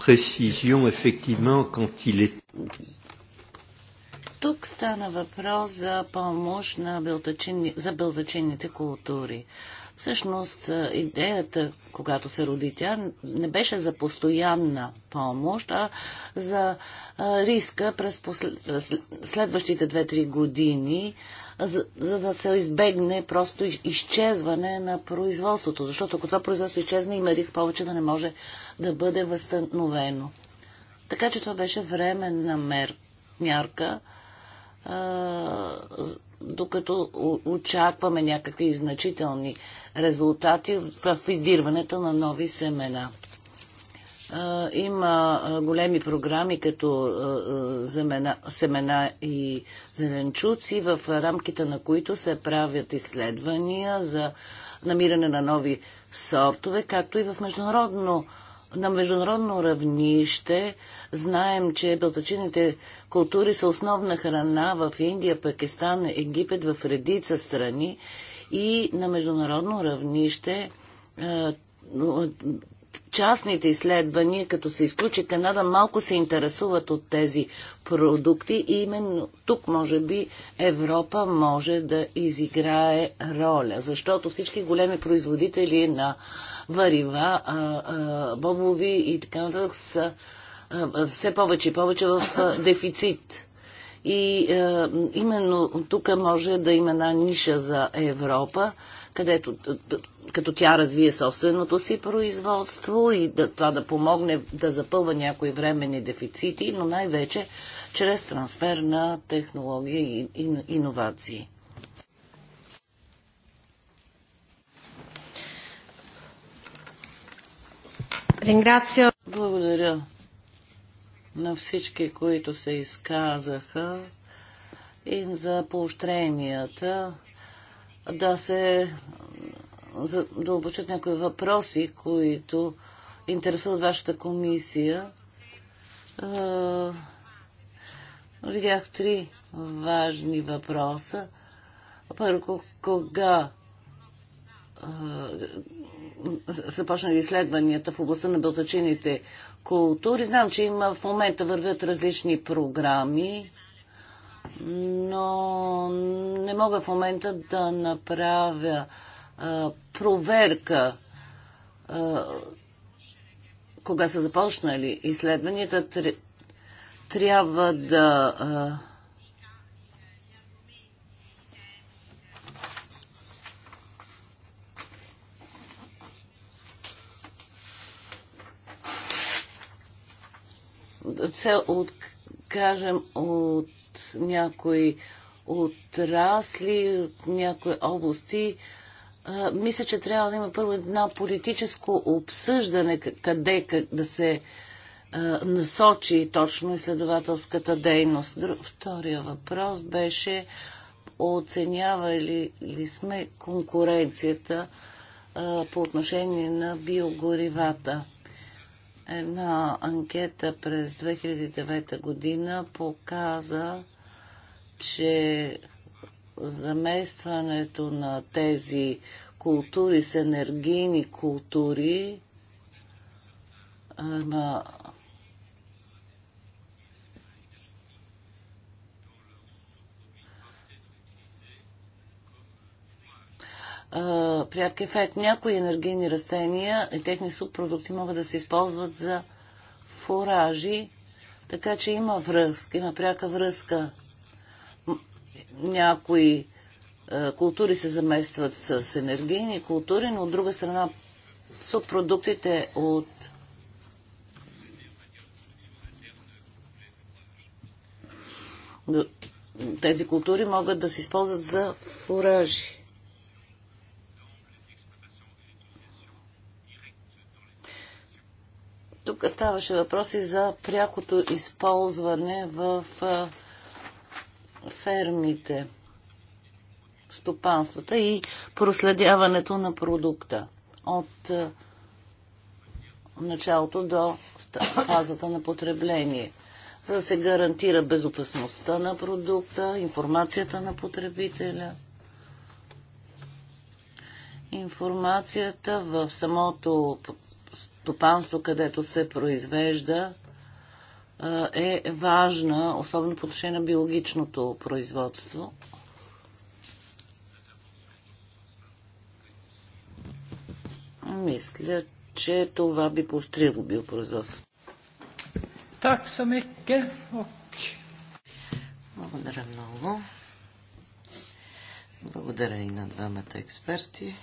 [SPEAKER 3] précision, effectivement, quand il est...
[SPEAKER 2] Тук стана въпрос за помощ на бълтачини, за бълтачинните култури. Всъщност е, идеята, когато се роди тя, не беше за постоянна помощ, а за е, риска през следващите 2-3 години, за, за да се избегне просто изчезване на производството. Защото ако това производство изчезне, има риск повече да не може да бъде възстановено. Така че това беше временна мер... мярка е, докато очакваме някакви значителни резултати в издирването на нови семена. Има големи програми като земена, семена и зеленчуци, в рамките на които се правят изследвания за намиране на нови сортове, както и в международно на международно равнище знаем, че белтачините култури са основна храна в Индия, Пакистан, Египет, в редица страни и на международно равнище е, частните изследвания, като се изключи Канада, малко се интересуват от тези продукти и именно тук, може би, Европа може да изиграе роля, защото всички големи производители на варива, бобови и така нататък са все повече и повече в дефицит. И е, именно тук може да има една ниша за Европа, където е, като тя развие собственото си производство и да, това да помогне да запълва някои временни дефицити, но най-вече чрез трансфер на технология и иновации. Благодаря на всички, които се изказаха и за поощренията да се задълбочат някои въпроси, които интересуват вашата комисия. Видях три важни въпроса. Първо, кога започнали изследванията в областта на белтачините култури. Знам, че има в момента вървят различни програми, но не мога в момента да направя а, проверка а, кога са започнали изследванията. Трябва да а, се откажем от някои отрасли, от някои области, мисля, че трябва да има първо една политическо обсъждане къде как да се насочи точно изследователската дейност. Втория въпрос беше оценявали ли сме конкуренцията по отношение на биогоривата. Една анкета през 2009 година показа, че заместването на тези култури с енергийни култури Приятки, ефект. Някои енергийни растения и техни субпродукти могат да се използват за фуражи, така че има връзка, има пряка връзка. Някои култури се заместват с енергийни култури, но от друга страна субпродуктите от тези култури могат да се използват за фуражи. Тук ставаше въпроси за прякото използване в фермите, стопанствата и проследяването на продукта от началото до фазата на потребление, за да се гарантира безопасността на продукта, информацията на потребителя. Информацията в самото стопанство, където се произвежда, е важна, особено по отношение на биологичното производство. Мисля, че това би поощрило биопроизводство. Так, самике.
[SPEAKER 1] Благодаря много. Благодаря и на двамата експерти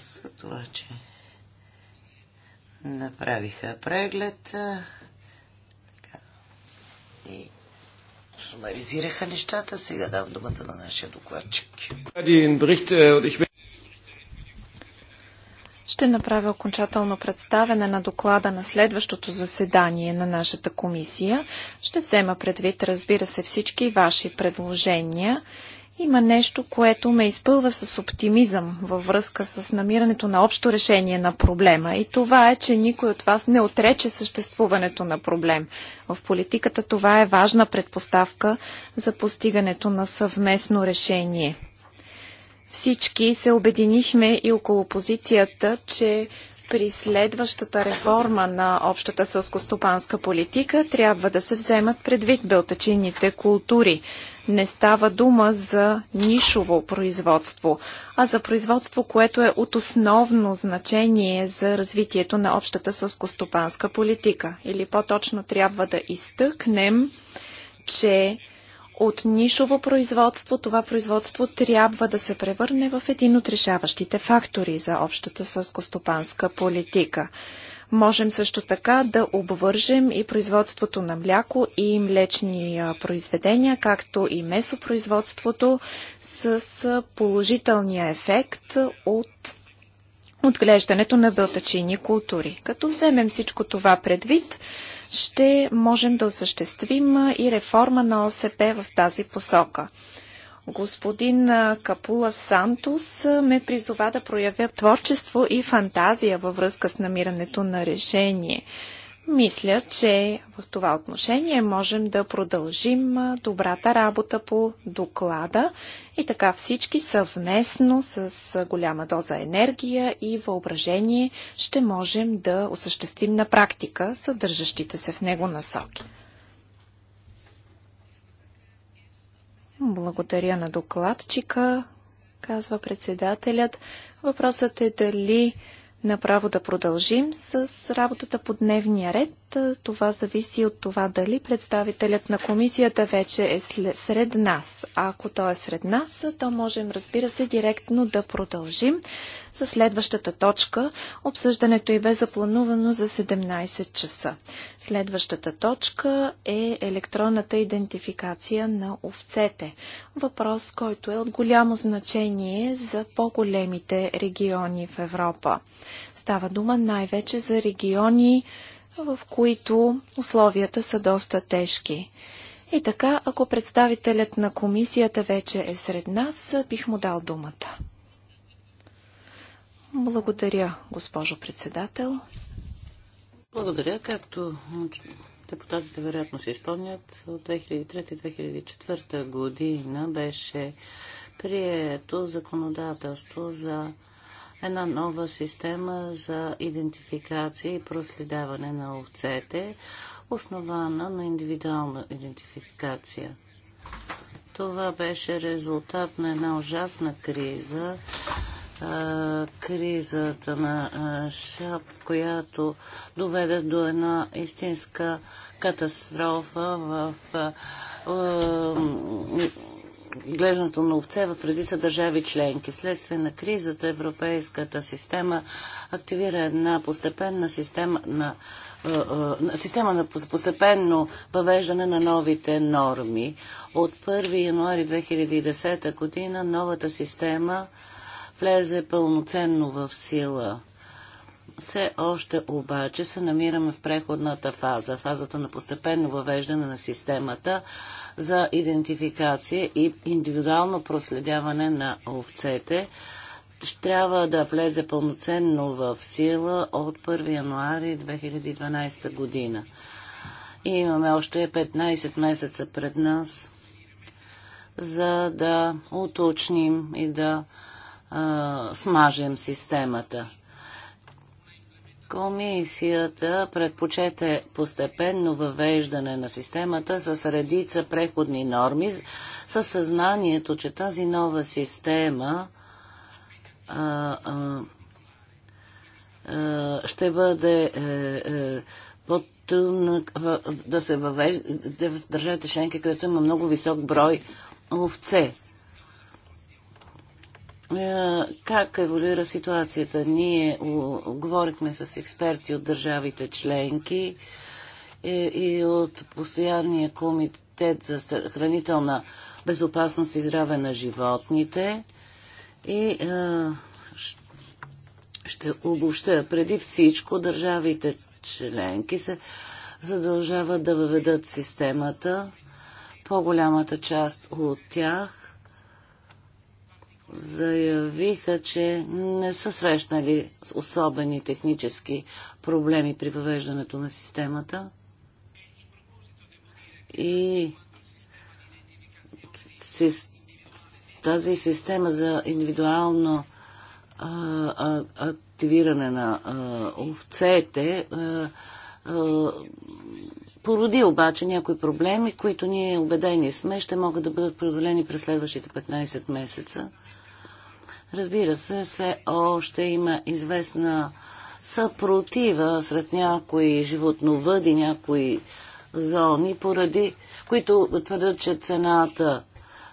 [SPEAKER 1] за това, че направиха преглед така, и сумаризираха нещата. Сега давам думата на нашия докладчик.
[SPEAKER 3] Е, Ще направя окончателно представене на доклада на следващото заседание на нашата комисия. Ще взема предвид, разбира се, всички ваши предложения. Има нещо, което ме изпълва с оптимизъм във връзка с намирането на общо решение на проблема. И това е, че никой от вас не отрече съществуването на проблем. В политиката това е важна предпоставка за постигането на съвместно решение. Всички се обединихме и около позицията, че при следващата реформа на общата сълскостопанска политика трябва да се вземат предвид белтачинните култури не става дума за нишово производство, а за производство, което е от основно значение за развитието на общата съскостопанска политика. Или по-точно трябва да изтъкнем, че от нишово производство това производство трябва да се превърне в един от решаващите фактори за общата съскостопанска политика. Можем също така да обвържем и производството на мляко и млечни произведения, както и месопроизводството с положителния ефект от отглеждането на белтачини култури. Като вземем всичко това предвид, ще можем да осъществим и реформа на ОСП в тази посока. Господин Капула Сантус ме призова да проявя творчество и фантазия във връзка с намирането на решение. Мисля, че в това отношение можем да продължим добрата работа по доклада и така всички съвместно с голяма доза енергия и въображение ще можем да осъществим на практика съдържащите се в него насоки. Благодаря на докладчика, казва председателят. Въпросът е дали направо да продължим с работата по дневния ред това зависи от това дали представителят на комисията вече е сред нас. А ако той е сред нас, то можем, разбира се, директно да продължим с следващата точка. Обсъждането и бе запланувано за 17 часа. Следващата точка е електронната идентификация на овцете. Въпрос, който е от голямо значение за по-големите региони в Европа. Става дума най-вече за региони, в които условията са доста тежки. И така, ако представителят на комисията вече е сред нас, бих му дал думата. Благодаря, госпожо председател.
[SPEAKER 2] Благодаря, както депутатите вероятно се изпълнят. От 2003-2004 година беше прието законодателство за една нова система за идентификация и проследяване на овцете, основана на индивидуална идентификация. Това беше резултат на една ужасна криза, кризата на Шап, която доведе до една истинска катастрофа в отглеждането на овце в редица държави членки. Следствие на кризата европейската система активира една постепенна система на е, е, система на постепенно въвеждане на новите норми. От 1 януари 2010 година новата система влезе пълноценно в сила все още обаче се намираме в преходната фаза, фазата на постепенно въвеждане на системата за идентификация и индивидуално проследяване на овцете. Трябва да влезе пълноценно в сила от 1 януари 2012 година. И имаме още 15 месеца пред нас, за да уточним и да а, смажем системата. Комисията предпочете постепенно въвеждане на системата с редица преходни норми, със съзнанието, че тази нова система а, а, а, ще бъде е, е, под да се въвежда държавите членки, където има много висок брой овце. Е, как еволюира ситуацията? Ние говорихме с експерти от държавите членки е, и от постоянния комитет за хранителна безопасност и здраве на животните. И е, ще обобща. Преди всичко държавите членки се задължават да въведат системата. По-голямата част от тях заявиха, че не са срещнали особени технически проблеми при въвеждането на системата. И тази система за индивидуално активиране на овцете породи обаче някои проблеми, които ние убедени сме, ще могат да бъдат преодолени през следващите 15 месеца. Разбира се, все още има известна съпротива сред някои животновъди, някои зони, поради които твърдят, че цената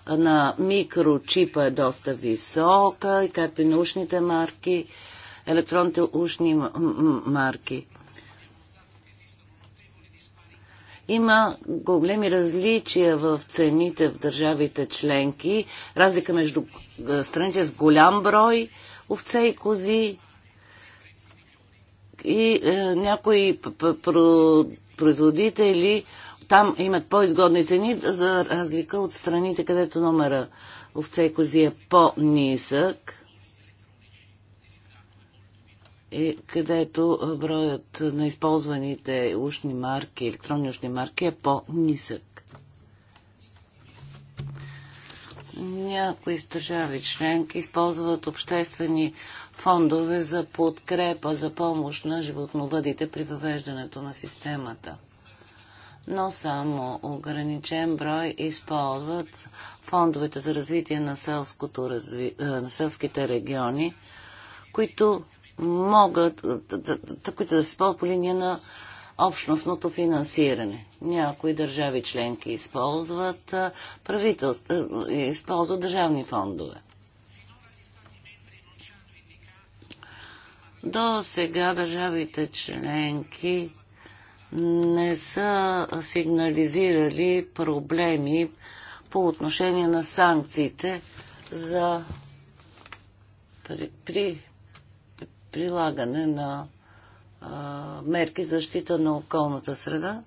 [SPEAKER 2] на микрочипа е доста висока, както и научните марки, електронните ушни марки. Има големи различия в цените в държавите членки, разлика между страните с голям брой овце и кози и е, някои производители там имат по-изгодни цени, за разлика от страните, където номера овце и кози е по-нисък. Е където броят на използваните ушни марки, електронни ушни марки е по-нисък. Някои държави членки използват обществени фондове за подкрепа, за помощ на животновъдите при въвеждането на системата. Но само ограничен брой използват фондовете за развитие на, е, на селските региони, които могат, които да се използват по линия на общностното финансиране. Някои държави членки използват правителства, използват държавни фондове. До сега държавите членки не са сигнализирали проблеми по отношение на санкциите за при, при прилагане на мерки за защита на околната среда,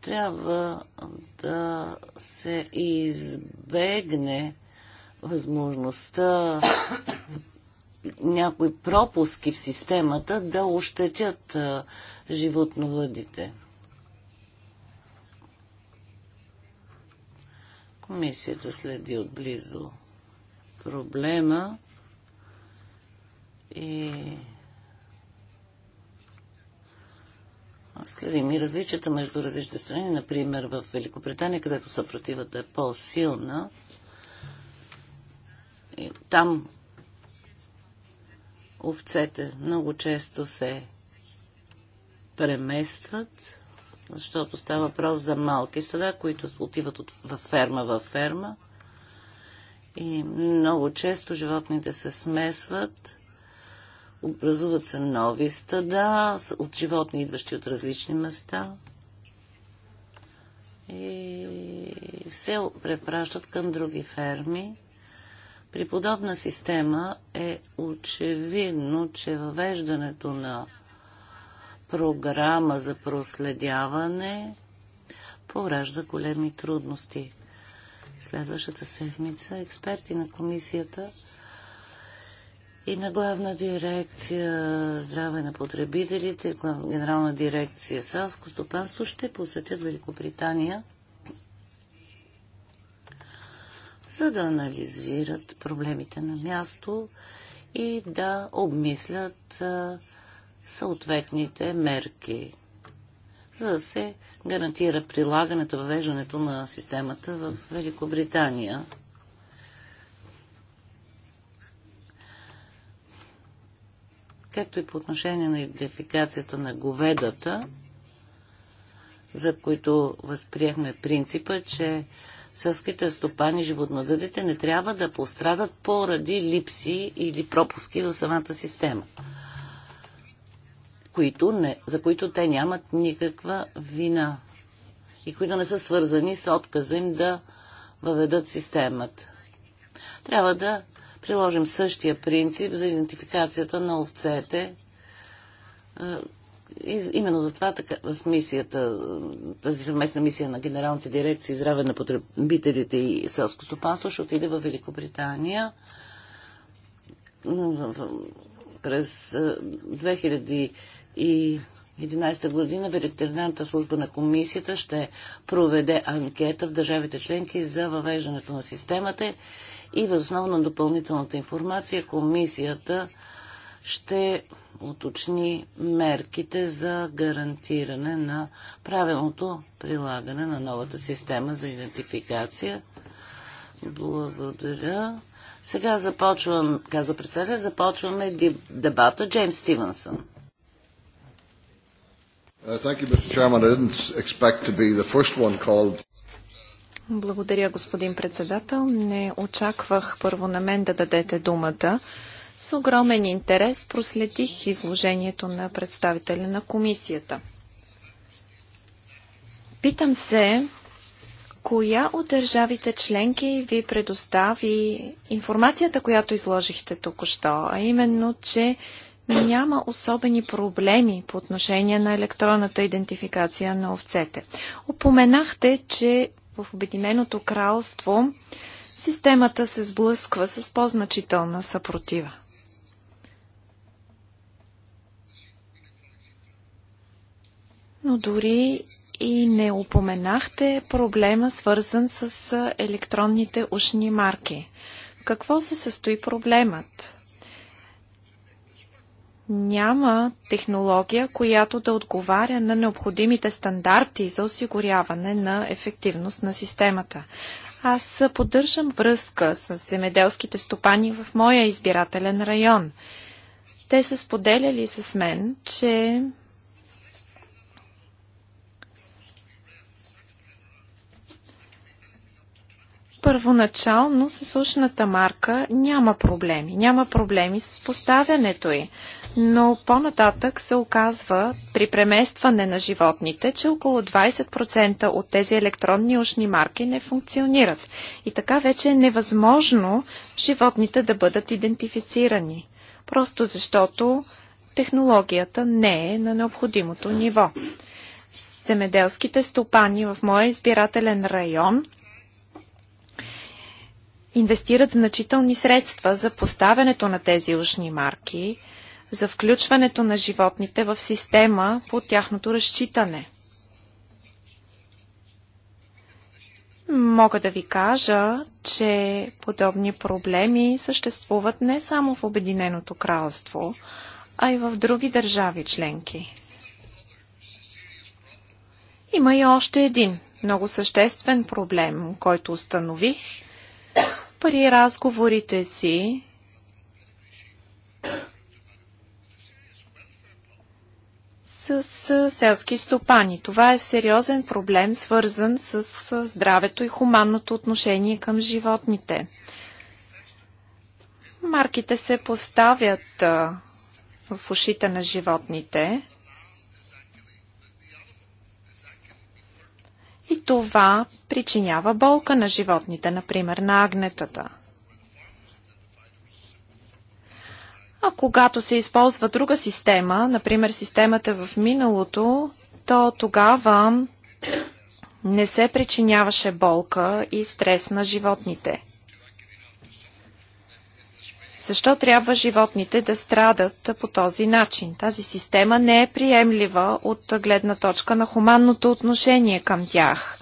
[SPEAKER 2] трябва да се избегне възможността някои пропуски в системата да ощетят животновъдите. Комисията следи отблизо проблема и следим и различията между различни страни. Например, в Великобритания, където съпротивата е по-силна, там овцете много често се преместват, защото става въпрос за малки стада, които отиват от, във ферма във ферма. И много често животните се смесват образуват се нови стада от животни, идващи от различни места и се препращат към други ферми. При подобна система е очевидно, че въвеждането на програма за проследяване поражда големи трудности. Следващата седмица експерти на комисията и на главна дирекция здраве на потребителите, генерална дирекция селско стопанство ще посетят Великобритания, за да анализират проблемите на място и да обмислят съответните мерки, за да се гарантира прилагането, въвеждането на системата в Великобритания. както и по отношение на идентификацията на говедата, за които възприехме принципа, че сълските стопани, животновъдите не трябва да пострадат поради липси или пропуски в самата система, които не, за които те нямат никаква вина и които не са свързани с отказа им да въведат системата. Трябва да приложим същия принцип за идентификацията на овцете. И именно за това така, с мисията, тази съвместна мисия на генералните дирекции здраве на потребителите и селско стопанство ще отиде в Великобритания през 2000 и 2011 година ветеринарната служба на комисията ще проведе анкета в държавите членки за въвеждането на системата и възоснова на допълнителната информация комисията ще уточни мерките за гарантиране на правилното прилагане на новата система за идентификация. Благодаря. Сега започвам, казва председател, започваме дебата Джеймс Стивенсън.
[SPEAKER 3] Благодаря, господин председател. Не очаквах първо на мен да дадете думата. С огромен интерес проследих изложението на представителя на комисията. Питам се, коя от държавите членки ви предостави информацията, която изложихте току-що, а именно, че няма особени проблеми по отношение на електронната идентификация на овцете. Опоменахте, че в Обединеното кралство системата се сблъсква с по-значителна съпротива. Но дори и не упоменахте проблема, свързан с електронните ушни марки. Какво се състои проблемът? няма технология, която да отговаря на необходимите стандарти за осигуряване на ефективност на системата. Аз поддържам връзка с земеделските стопани в моя избирателен район. Те са споделяли с мен, че първоначално с сушната марка няма проблеми. Няма проблеми с поставянето й но по-нататък се оказва при преместване на животните, че около 20% от тези електронни ушни марки не функционират. И така вече е невъзможно животните да бъдат идентифицирани, просто защото технологията не е на необходимото ниво. Земеделските стопани в моя избирателен район инвестират значителни средства за поставянето на тези ушни марки – за включването на животните в система по тяхното разчитане. Мога да ви кажа, че подобни проблеми съществуват не само в Обединеното кралство, а и в други държави членки. Има и още един много съществен проблем, който установих при разговорите си с селски стопани. Това е сериозен проблем, свързан с здравето и хуманното отношение към животните. Марките се поставят в ушите на животните, И това причинява болка на животните, например на агнетата. А когато се използва друга система, например системата в миналото, то тогава не се причиняваше болка и стрес на животните. Защо трябва животните да страдат по този начин? Тази система не е приемлива от гледна точка на хуманното отношение към тях.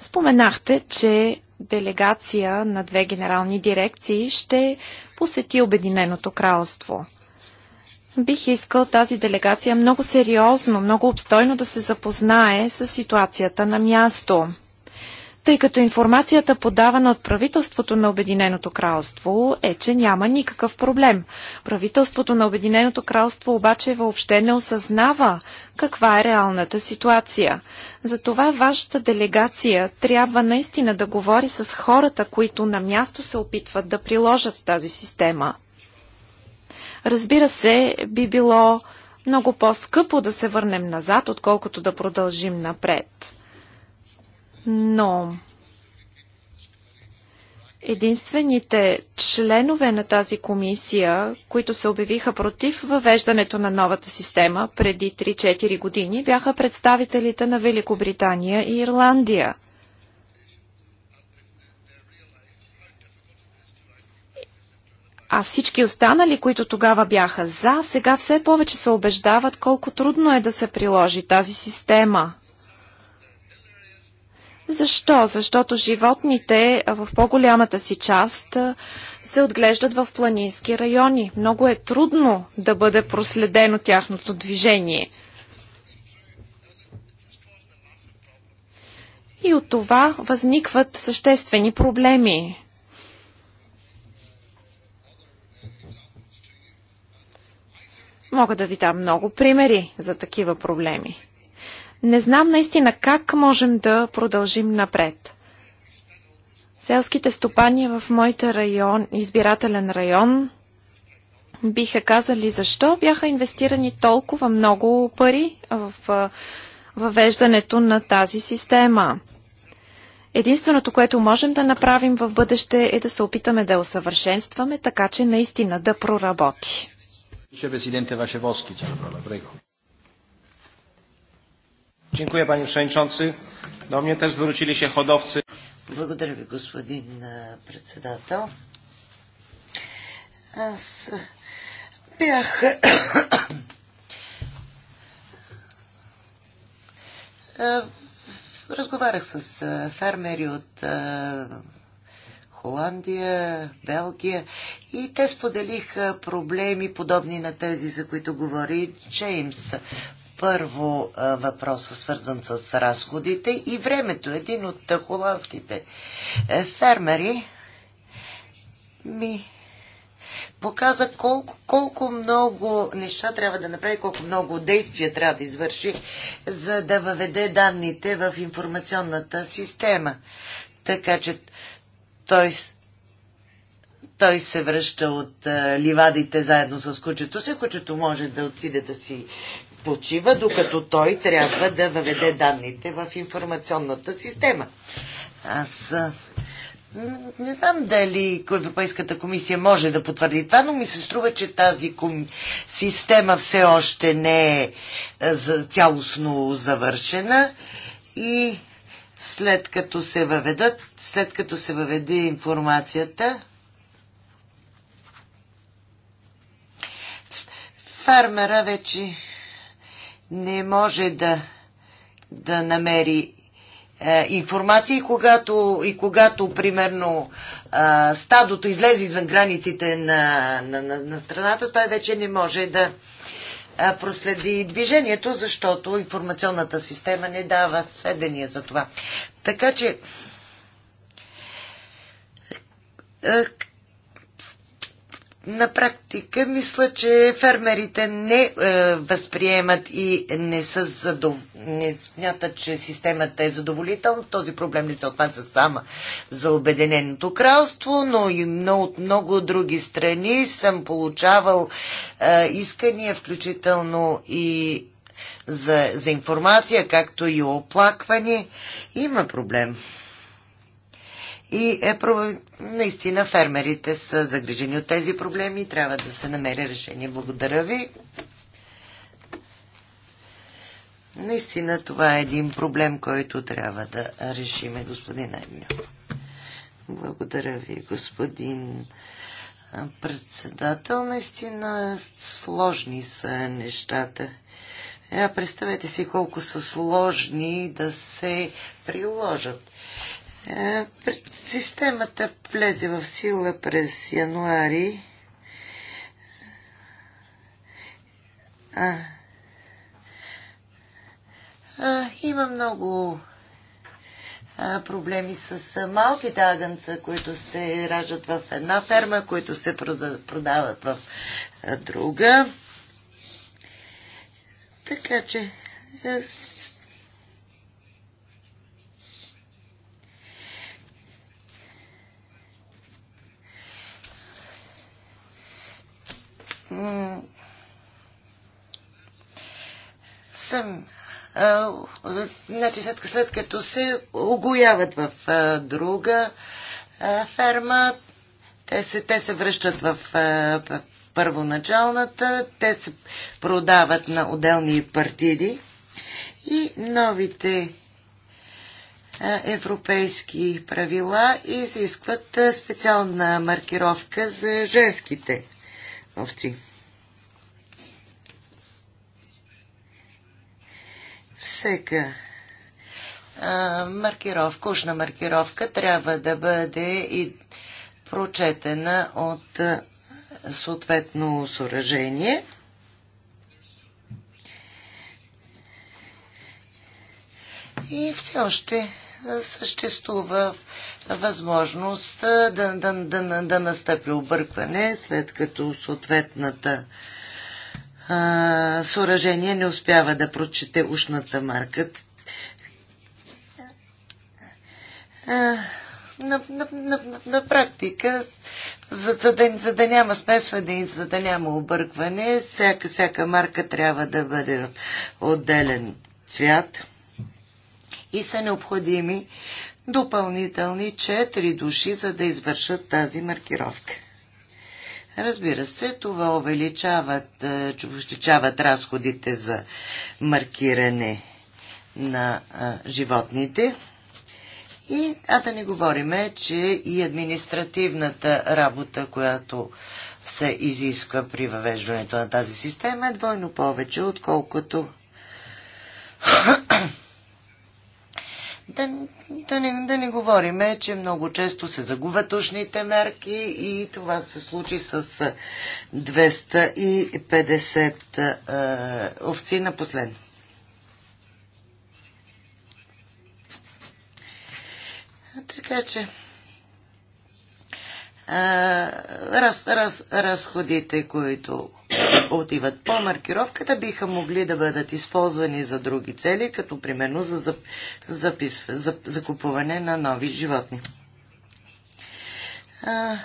[SPEAKER 3] Споменахте, че делегация на две генерални дирекции ще посети Обединеното кралство. Бих искал тази делегация много сериозно, много обстойно да се запознае с ситуацията на място тъй като информацията подавана от правителството на Обединеното кралство е, че няма никакъв проблем. Правителството на Обединеното кралство обаче въобще не осъзнава каква е реалната ситуация. Затова вашата делегация трябва наистина да говори с хората, които на място се опитват да приложат тази система. Разбира се, би било много по-скъпо да се върнем назад, отколкото да продължим напред но единствените членове на тази комисия, които се обявиха против въвеждането на новата система преди 3-4 години, бяха представителите на Великобритания и Ирландия. А всички останали, които тогава бяха за, сега все повече се убеждават колко трудно е да се приложи тази система – защо? Защото животните в по-голямата си част се отглеждат в планински райони. Много е трудно да бъде проследено тяхното движение. И от това възникват съществени проблеми. Мога да ви дам много примери за такива проблеми. Не знам наистина как можем да продължим напред. Селските стопани в моите район, избирателен район биха казали защо бяха инвестирани толкова много пари в въвеждането на тази система. Единственото, което можем да направим в бъдеще е да се опитаме да усъвършенстваме, така че наистина да проработи.
[SPEAKER 1] Dziękuję, panie przewodniczący. Do mnie też zwrócili się hodowcy. Благодаря ви, господин председател. Аз бях Разговарях с фермери от Холандия, Белгия и те споделиха проблеми подобни на тези, за които говори Джеймс първо въпроса, свързан с разходите и времето. Един от холандските е, фермери ми показа колко, колко много неща трябва да направи, колко много действия трябва да извърши, за да въведе данните в информационната система. Така че той, той се връща от ливадите заедно с кучето си. Кучето може да отиде да си почива, докато той трябва да въведе данните в информационната система. Аз не знам дали Европейската комисия може да потвърди това, но ми се струва, че тази ком... система все още не е цялостно завършена и след като се въведат, след като се въведе информацията, фармера вече не може да, да намери е, информация и когато, и когато примерно е, стадото излезе извън границите на, на, на, на страната, той вече не може да е, проследи движението, защото информационната система не дава сведения за това. Така че е, на практика мисля, че фермерите не е, възприемат и не, са задов... не смятат, че системата е задоволителна. Този проблем не се отнася само за Обединеното кралство, но и много, от много други страни съм получавал е, искания, включително и за, за информация, както и оплакване. Има проблем. И е, наистина фермерите са загрижени от тези проблеми и трябва да се намери решение. Благодаря ви. Наистина това е един проблем, който трябва да решиме, господин Агньо. Благодаря ви, господин председател. Наистина сложни са нещата. Представете си колко са сложни да се приложат. Е, системата влезе в сила през януари. А, а, има много а, проблеми с а, малките агънца, които се раждат в една ферма, които се продават в а, друга. Така че е, съм значи след, след като се огояват в а, друга а, ферма, те се, те се връщат в, а, в първоначалната, те се продават на отделни партиди и новите европейски правила изискват специална маркировка за женските овци. Всека а, маркировка, ушна маркировка трябва да бъде и прочетена от съответно съоръжение. И все още съществува възможност да, да, да, да настъпи объркване, след като съответната а, съоръжение не успява да прочете ушната марка. На, на, на, на, на практика, за, за, да, за да няма смесване и за да няма объркване, всяка, всяка марка трябва да бъде отделен цвят и са необходими допълнителни 4 души, за да извършат тази маркировка. Разбира се, това увеличават, е, увеличават разходите за маркиране на е, животните. И, а да не говориме, че и административната работа, която се изисква при въвеждането на тази система е двойно повече, отколкото да, да, не, да не говориме, че много често се загубят ушните мерки и това се случи с 250 е, овци на последно. Така че раз, раз, разходите, които отиват по маркировката, биха могли да бъдат използвани за други цели, като примерно за закупуване на нови животни. А,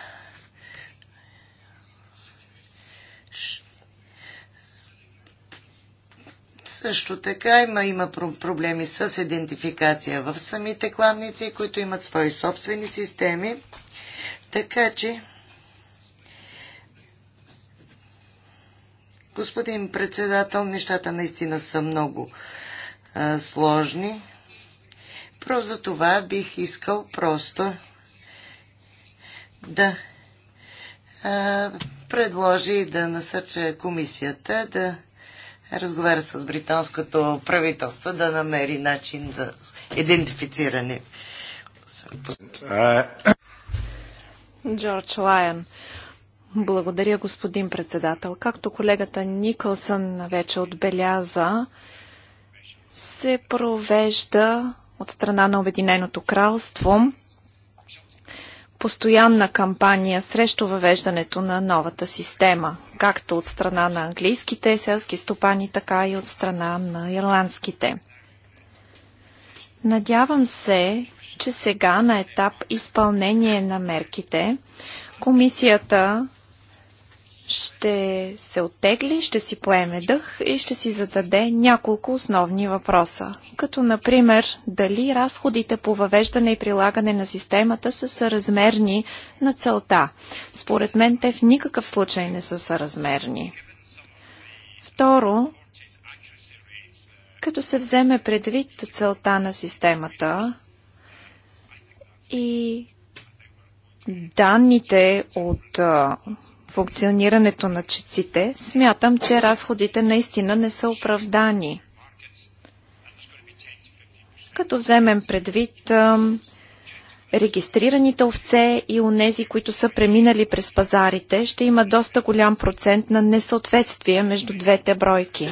[SPEAKER 1] Също така има, има проблеми с идентификация в самите кладници, които имат свои собствени системи. Така че Господин председател, нещата наистина са много а, сложни. Про за това бих искал просто да а, предложи и да насърча комисията да разговаря с британското правителство, да намери начин за идентифициране.
[SPEAKER 3] Джордж Лайон. Благодаря, господин председател. Както колегата Никълсън вече отбеляза, се провежда от страна на Обединеното кралство постоянна кампания срещу въвеждането на новата система, както от страна на английските селски стопани, така и от страна на ирландските. Надявам се, че сега на етап изпълнение на мерките, комисията ще се оттегли, ще си поеме дъх и ще си зададе няколко основни въпроса. Като например, дали разходите по въвеждане и прилагане на системата са съразмерни на целта. Според мен те в никакъв случай не са съразмерни. Второ, като се вземе предвид целта на системата и данните от функционирането на чеците, смятам, че разходите наистина не са оправдани. Като вземем предвид регистрираните овце и унези, които са преминали през пазарите, ще има доста голям процент на несъответствие между двете бройки.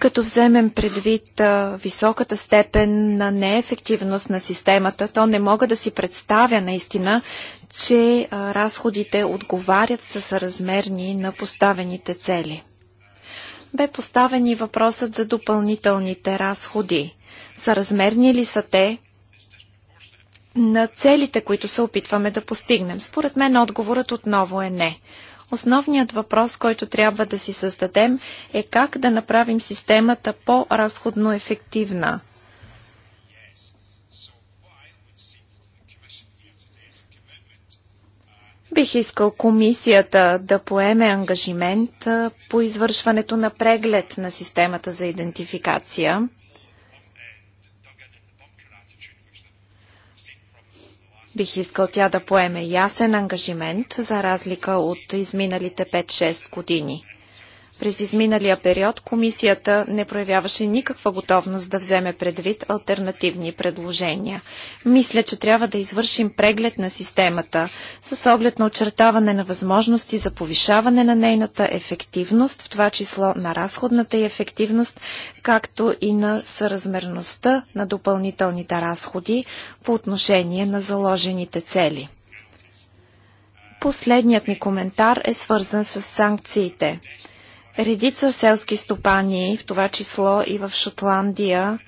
[SPEAKER 3] Като вземем предвид високата степен на неефективност на системата, то не мога да си представя наистина, че разходите отговарят с размерни на поставените цели. Бе поставен и въпросът за допълнителните разходи. Съразмерни ли са те на целите, които се опитваме да постигнем? Според мен отговорът отново е не. Основният въпрос, който трябва да си създадем е как да направим системата по-разходно ефективна. Бих искал комисията да поеме ангажимент по извършването на преглед на системата за идентификация. Бих искал тя да поеме ясен ангажимент, за разлика от изминалите 5-6 години – през изминалия период комисията не проявяваше никаква готовност да вземе предвид альтернативни предложения. Мисля, че трябва да извършим преглед на системата с оглед на очертаване на възможности за повишаване на нейната ефективност, в това число на разходната и ефективност, както и на съразмерността на допълнителните разходи по отношение на заложените цели. Последният ми коментар е свързан с санкциите. Редица селски стопани, в това число и в Шотландия,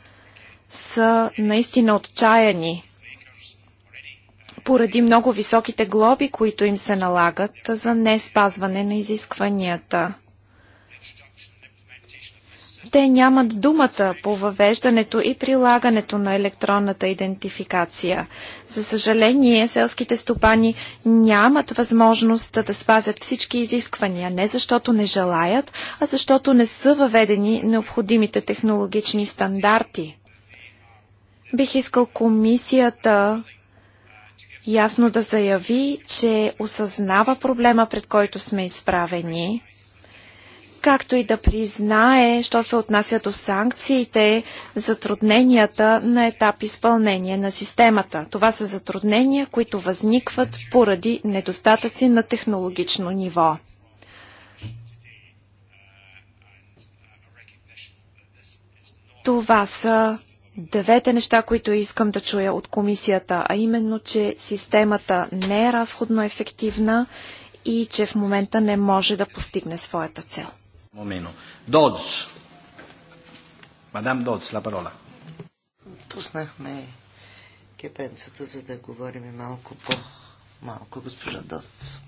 [SPEAKER 3] са наистина отчаяни поради много високите глоби, които им се налагат за не спазване на изискванията. Те нямат думата по въвеждането и прилагането на електронната идентификация. За съжаление, селските стопани нямат възможност да спазят всички изисквания, не защото не желаят, а защото не са въведени необходимите технологични стандарти. Бих искал комисията ясно да заяви, че осъзнава проблема, пред който сме изправени както и да признае, що се отнася до санкциите, затрудненията на етап изпълнение на системата. Това са затруднения, които възникват поради недостатъци на технологично ниво. Това са двете неща, които искам да чуя от комисията, а именно, че системата не е разходно ефективна и че в момента не може да постигне своята цел.
[SPEAKER 1] Пуснахме кепенцата, за да говорим малко по-малко, госпожа Доц.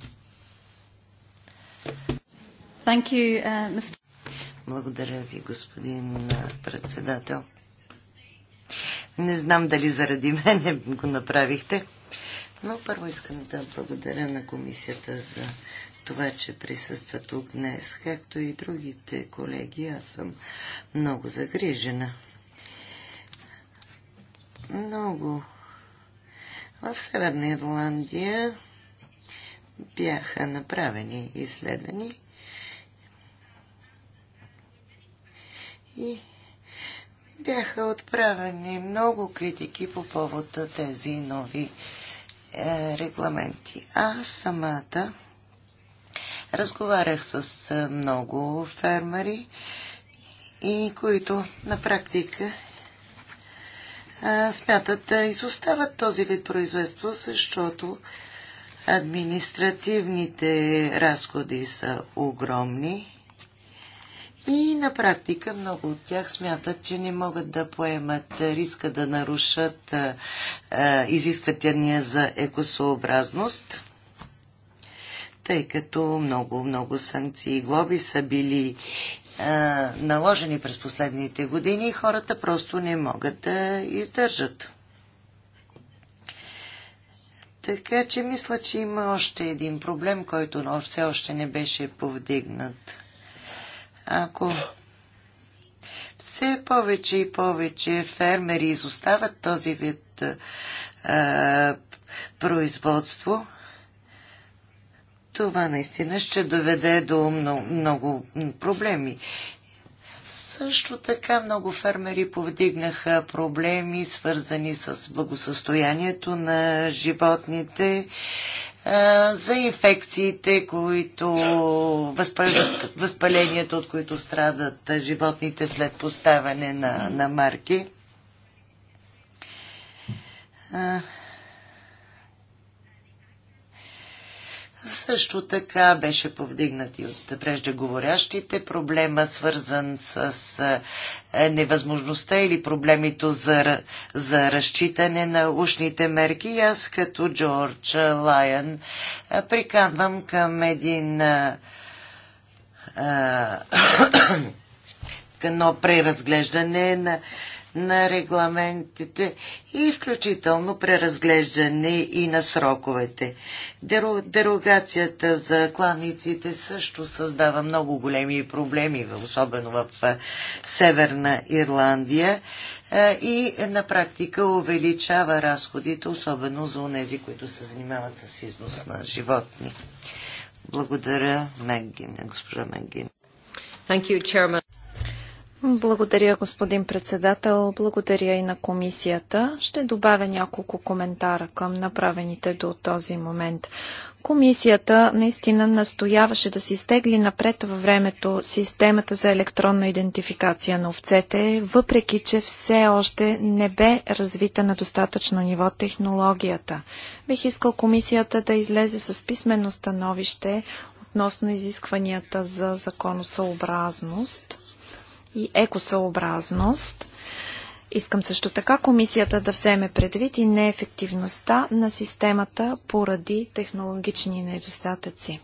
[SPEAKER 3] Thank you, uh, Mr.
[SPEAKER 1] Благодаря ви, господин uh, председател. Не знам дали заради мене го направихте, но първо искам да благодаря на комисията за това, че присъства тук днес, както и другите колеги. Аз съм много загрижена. Много. В Северна Ирландия бяха направени изследвани. и бяха отправени много критики по повод тези нови е, регламенти. А самата Разговарях с много фермери и които на практика смятат да изостават този вид производство, защото административните разходи са огромни и на практика много от тях смятат, че не могат да поемат риска да нарушат изисквания за екосообразност тъй като много-много санкции и глоби са били а, наложени през последните години и хората просто не могат да издържат. Така че мисля, че има още един проблем, който все още не беше повдигнат. Ако все повече и повече фермери изостават този вид а, производство, това наистина ще доведе до много, много проблеми. Също така много фермери повдигнаха проблеми, свързани с благосъстоянието на животните, за инфекциите, които възпалението, от които страдат животните след поставяне на, на марки. Също така беше повдигнат и от преждеговорящите проблема, свързан с е, невъзможността или проблемите за, за разчитане на ушните мерки. И аз като Джордж Лайън приканвам към един а, *coughs* едно преразглеждане на на регламентите и включително преразглеждане и на сроковете. Дерогацията за кланиците също създава много големи проблеми, особено в Северна Ирландия и на практика увеличава разходите, особено за онези, които се занимават с износ на животни. Благодаря, Мегин, госпожа Мегин. Thank you, Chairman.
[SPEAKER 3] Благодаря, господин председател. Благодаря и на комисията. Ще добавя няколко коментара към направените до този момент. Комисията наистина настояваше да се изтегли напред във времето системата за електронна идентификация на овцете, въпреки че все още не бе развита на достатъчно ниво технологията. Бих искал комисията да излезе с писменно становище относно изискванията за законосъобразност и екосъобразност. Искам също така комисията да вземе предвид и неефективността на системата поради технологични недостатъци.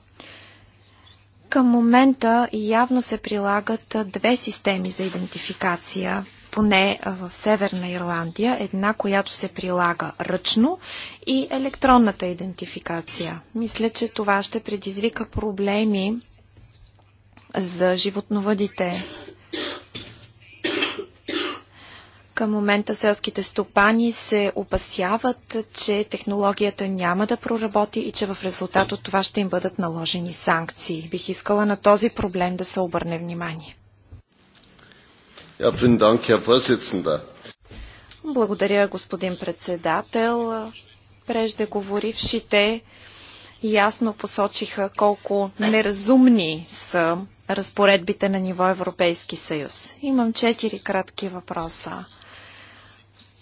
[SPEAKER 3] Към момента явно се прилагат две системи за идентификация, поне в Северна Ирландия, една, която се прилага ръчно и електронната идентификация. Мисля, че това ще предизвика проблеми за животновъдите Към момента селските стопани се опасяват, че технологията няма да проработи и че в резултат от това ще им бъдат наложени санкции. Бих искала на този проблем да се обърне внимание. Благодаря, господин председател. Преждеговорившите ясно посочиха колко неразумни са разпоредбите на ниво Европейски съюз. Имам четири кратки въпроса.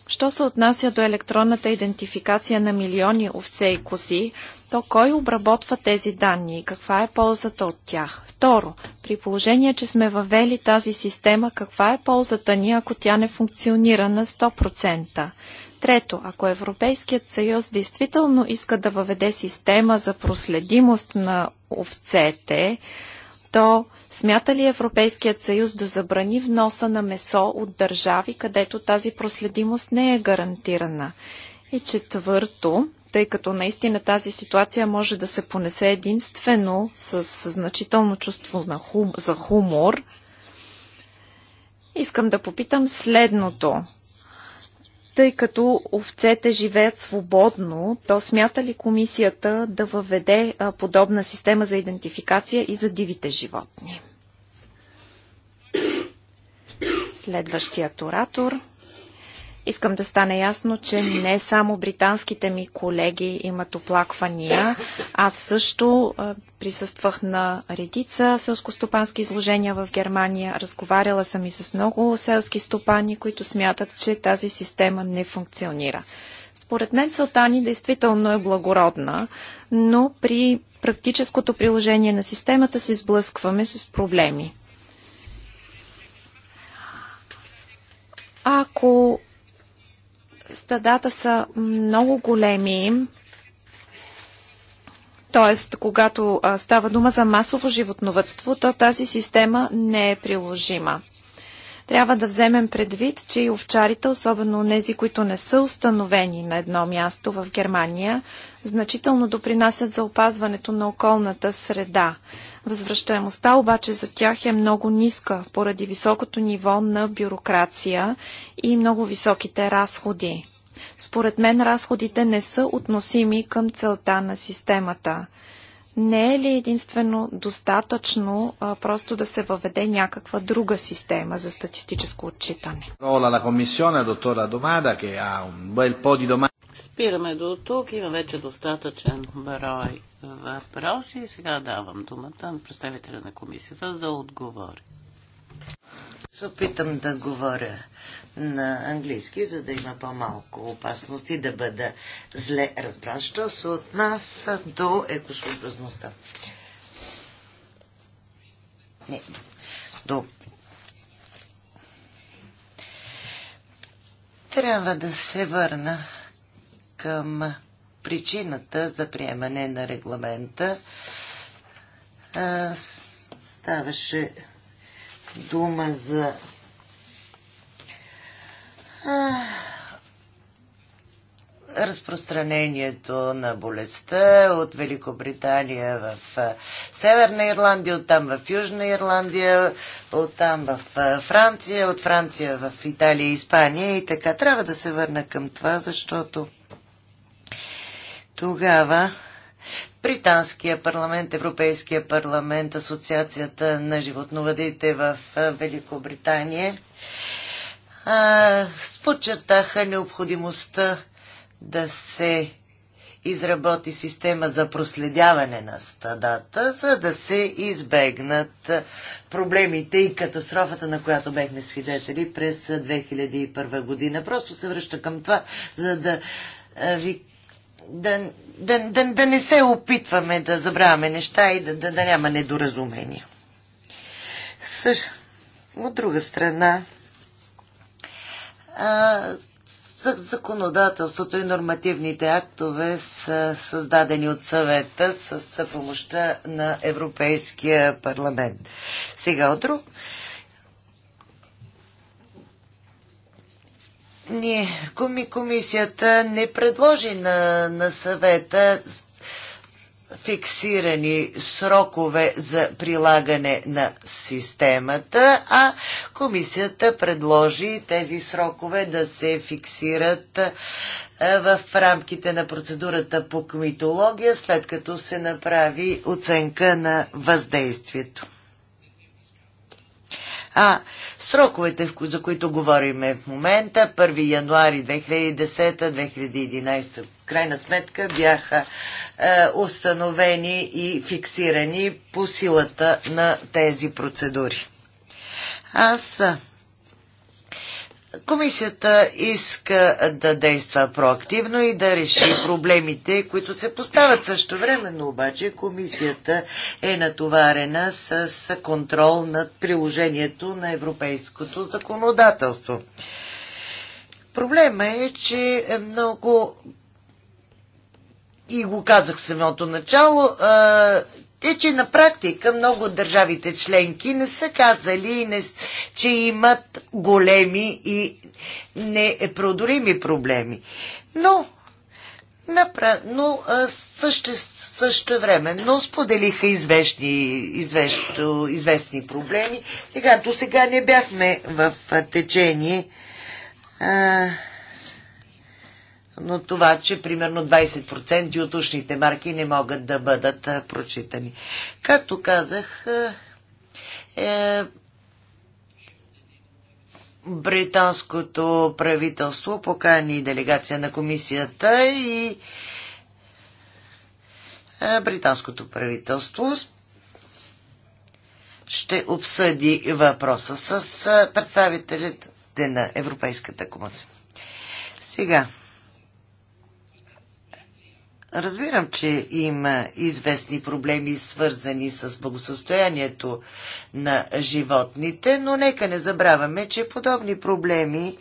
[SPEAKER 3] Що се отнася до електронната идентификация на милиони овце и коси, то кой обработва тези данни и каква е ползата от тях? Второ, при положение, че сме въвели тази система, каква е ползата ни, ако тя не функционира на 100%? Трето, ако Европейският съюз действително иска да въведе система за проследимост на овцете, то смята ли Европейският съюз да забрани вноса на месо от държави, където тази проследимост не е гарантирана? И четвърто, тъй като наистина тази ситуация може да се понесе единствено с значително чувство на хум, за хумор, искам да попитам следното. Тъй като овцете живеят свободно, то смята ли комисията да въведе подобна система за идентификация и за дивите животни? Следващият оратор. Искам да стане ясно, че не само британските ми колеги имат оплаквания. Аз също присъствах на редица селскостопански изложения в Германия. Разговаряла съм и с много селски стопани, които смятат, че тази система не функционира. Според мен целта ни действително е благородна, но при практическото приложение на системата се сблъскваме с проблеми. Ако стадата са много големи, т.е. когато става дума за масово животновътство, то тази система не е приложима. Трябва да вземем предвид, че и овчарите, особено тези, които не са установени на едно място в Германия, значително допринасят за опазването на околната среда. Възвръщаемостта обаче за тях е много ниска, поради високото ниво на бюрокрация и много високите разходи. Според мен разходите не са относими към целта на системата не е ли единствено достатъчно а, просто да се въведе някаква друга система за статистическо отчитане?
[SPEAKER 2] Спираме до тук. Има вече достатъчен брой въпроси. Сега давам думата на представителя на комисията да отговори
[SPEAKER 1] се опитам да говоря на английски, за да има по-малко опасности да бъда зле разбран. Що се от нас до екосъобразността? Не, до трябва да се върна към причината за приемане на регламента. Ставаше дума за разпространението на болестта от Великобритания в Северна Ирландия, оттам в Южна Ирландия, оттам в Франция, от Франция в Италия и Испания и така. Трябва да се върна към това, защото тогава Британския парламент, Европейския парламент, Асоциацията на животновъдите в Великобритания подчертаха необходимостта да се изработи система за проследяване на стадата, за да се избегнат проблемите и катастрофата, на която бехме свидетели през 2001 година. Просто се връща към това, за да ви да, да, да, да не се опитваме да забравяме неща и да, да, да няма недоразумения. Също, от друга страна, а, законодателството и нормативните актове са създадени от съвета с помощта на Европейския парламент. Сега от друг, коми комисията не предложи на, на съвета фиксирани срокове за прилагане на системата, а комисията предложи тези срокове да се фиксират в рамките на процедурата по комитология, след като се направи оценка на въздействието. А Сроковете, за които говорим в момента, 1 януари 2010-2011, в крайна сметка бяха е, установени и фиксирани по силата на тези процедури. Аз Комисията иска да действа проактивно и да реши проблемите, които се поставят също времено, обаче комисията е натоварена с контрол над приложението на европейското законодателство. Проблема е, че е много и го казах в самото начало, е, че на практика много от държавите членки не са казали, не, че имат големи и непродорими проблеми. Но, напра... но също, също време, но споделиха известни, известно, известни проблеми. Сега, до сега не бяхме в течение. А но това, че примерно 20% от ушните марки не могат да бъдат прочитани. Както казах, е, британското правителство покани делегация на комисията и британското правителство ще обсъди въпроса с представителите на Европейската комисия. Сега, Разбирам, че има известни проблеми, свързани с благосъстоянието на животните, но нека не забравяме, че подобни проблеми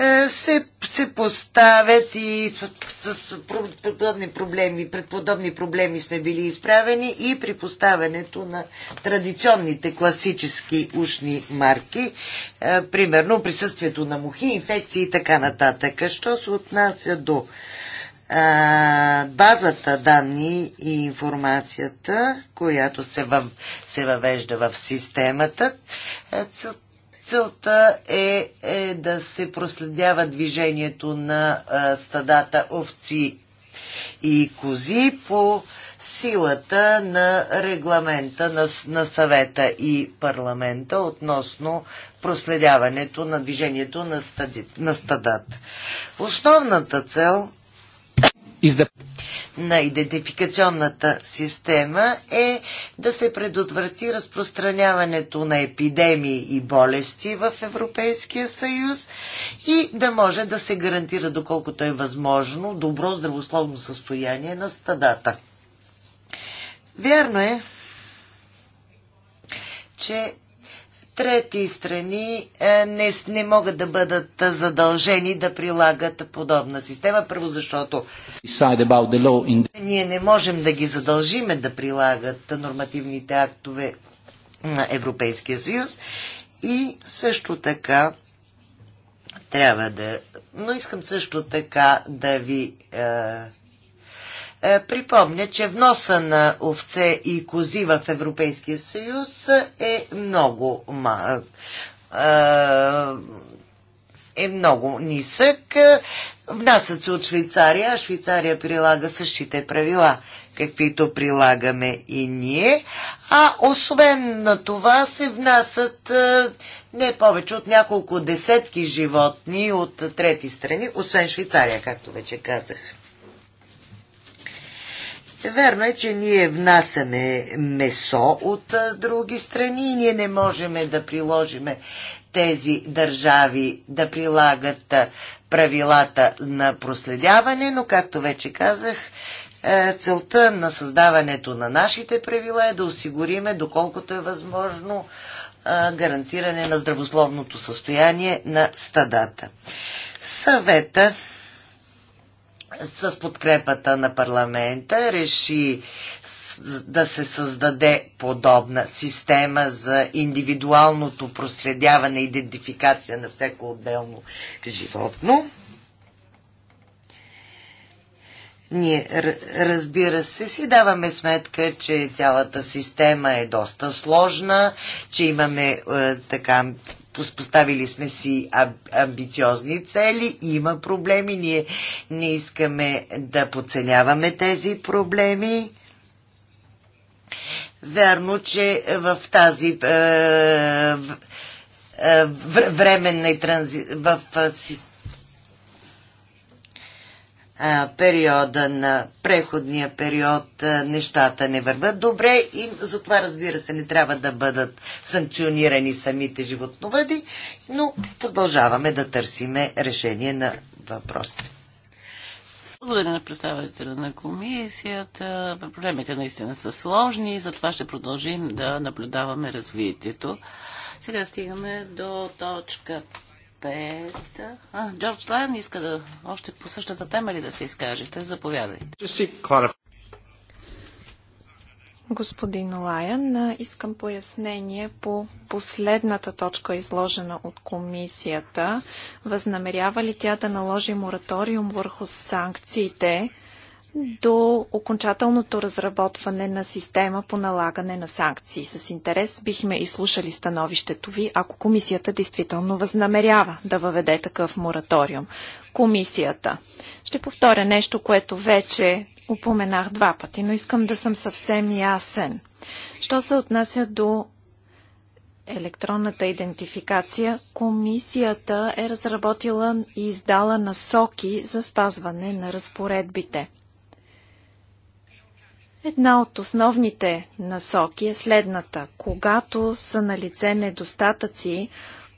[SPEAKER 1] е, се, се поставят и с подобни проблеми, пред подобни проблеми сме били изправени и при поставянето на традиционните класически ушни марки, е, примерно присъствието на мухи, инфекции и така нататък. Що се отнася до базата данни и информацията, която се, във, се въвежда в системата. Цел, целта е, е да се проследява движението на а, стадата овци и кози по силата на регламента на, на съвета и парламента относно проследяването на движението на, стади, на стадата. Основната цел Изда... на идентификационната система е да се предотврати разпространяването на епидемии и болести в Европейския съюз и да може да се гарантира доколкото е възможно добро здравословно състояние на стадата. Вярно е, че трети страни е, не, не могат да бъдат е, задължени да прилагат подобна система. Първо защото ние не можем да ги задължиме да прилагат нормативните актове на Европейския съюз и също така трябва да. Но искам също така да ви. Е, е, припомня, че вноса на овце и кози в Европейския съюз е много е, е много нисък. Внасят се от Швейцария, а Швейцария прилага същите правила, каквито прилагаме и ние. А освен на това се внасят е, не повече от няколко десетки животни от трети страни, освен Швейцария, както вече казах. Верно е, че ние внасяме месо от други страни и ние не можем да приложиме тези държави да прилагат правилата на проследяване, но както вече казах, е, целта на създаването на нашите правила е да осигуриме, доколкото е възможно, гарантиране на здравословното състояние на стадата. Съвета с подкрепата на парламента реши да се създаде подобна система за индивидуалното проследяване и идентификация на всяко отделно животно. Ние, разбира се, си даваме сметка, че цялата система е доста сложна, че имаме е, така поставили сме си амбициозни цели, има проблеми, ние не искаме да подценяваме тези проблеми. Вярно, че в тази е, е, временна и транзи... в, в, е, периода на преходния период нещата не върват добре и затова разбира се не трябва да бъдат санкционирани самите животновъди, но продължаваме да търсиме решение на въпросите.
[SPEAKER 2] Благодаря на представителя на комисията. Проблемите наистина са сложни и затова ще продължим да наблюдаваме развитието. Сега стигаме до точка пета. А, Джордж Лайн иска да още по същата тема ли да се изкажете? Заповядайте.
[SPEAKER 3] Господин Лаян, искам пояснение по последната точка, изложена от комисията. Възнамерява ли тя да наложи мораториум върху санкциите, до окончателното разработване на система по налагане на санкции. С интерес бихме изслушали становището ви, ако комисията действително възнамерява да въведе такъв мораториум. Комисията. Ще повторя нещо, което вече упоменах два пъти, но искам да съм съвсем ясен. Що се отнася до електронната идентификация, комисията е разработила и издала насоки за спазване на разпоредбите. Една от основните насоки е следната. Когато са на лице недостатъци,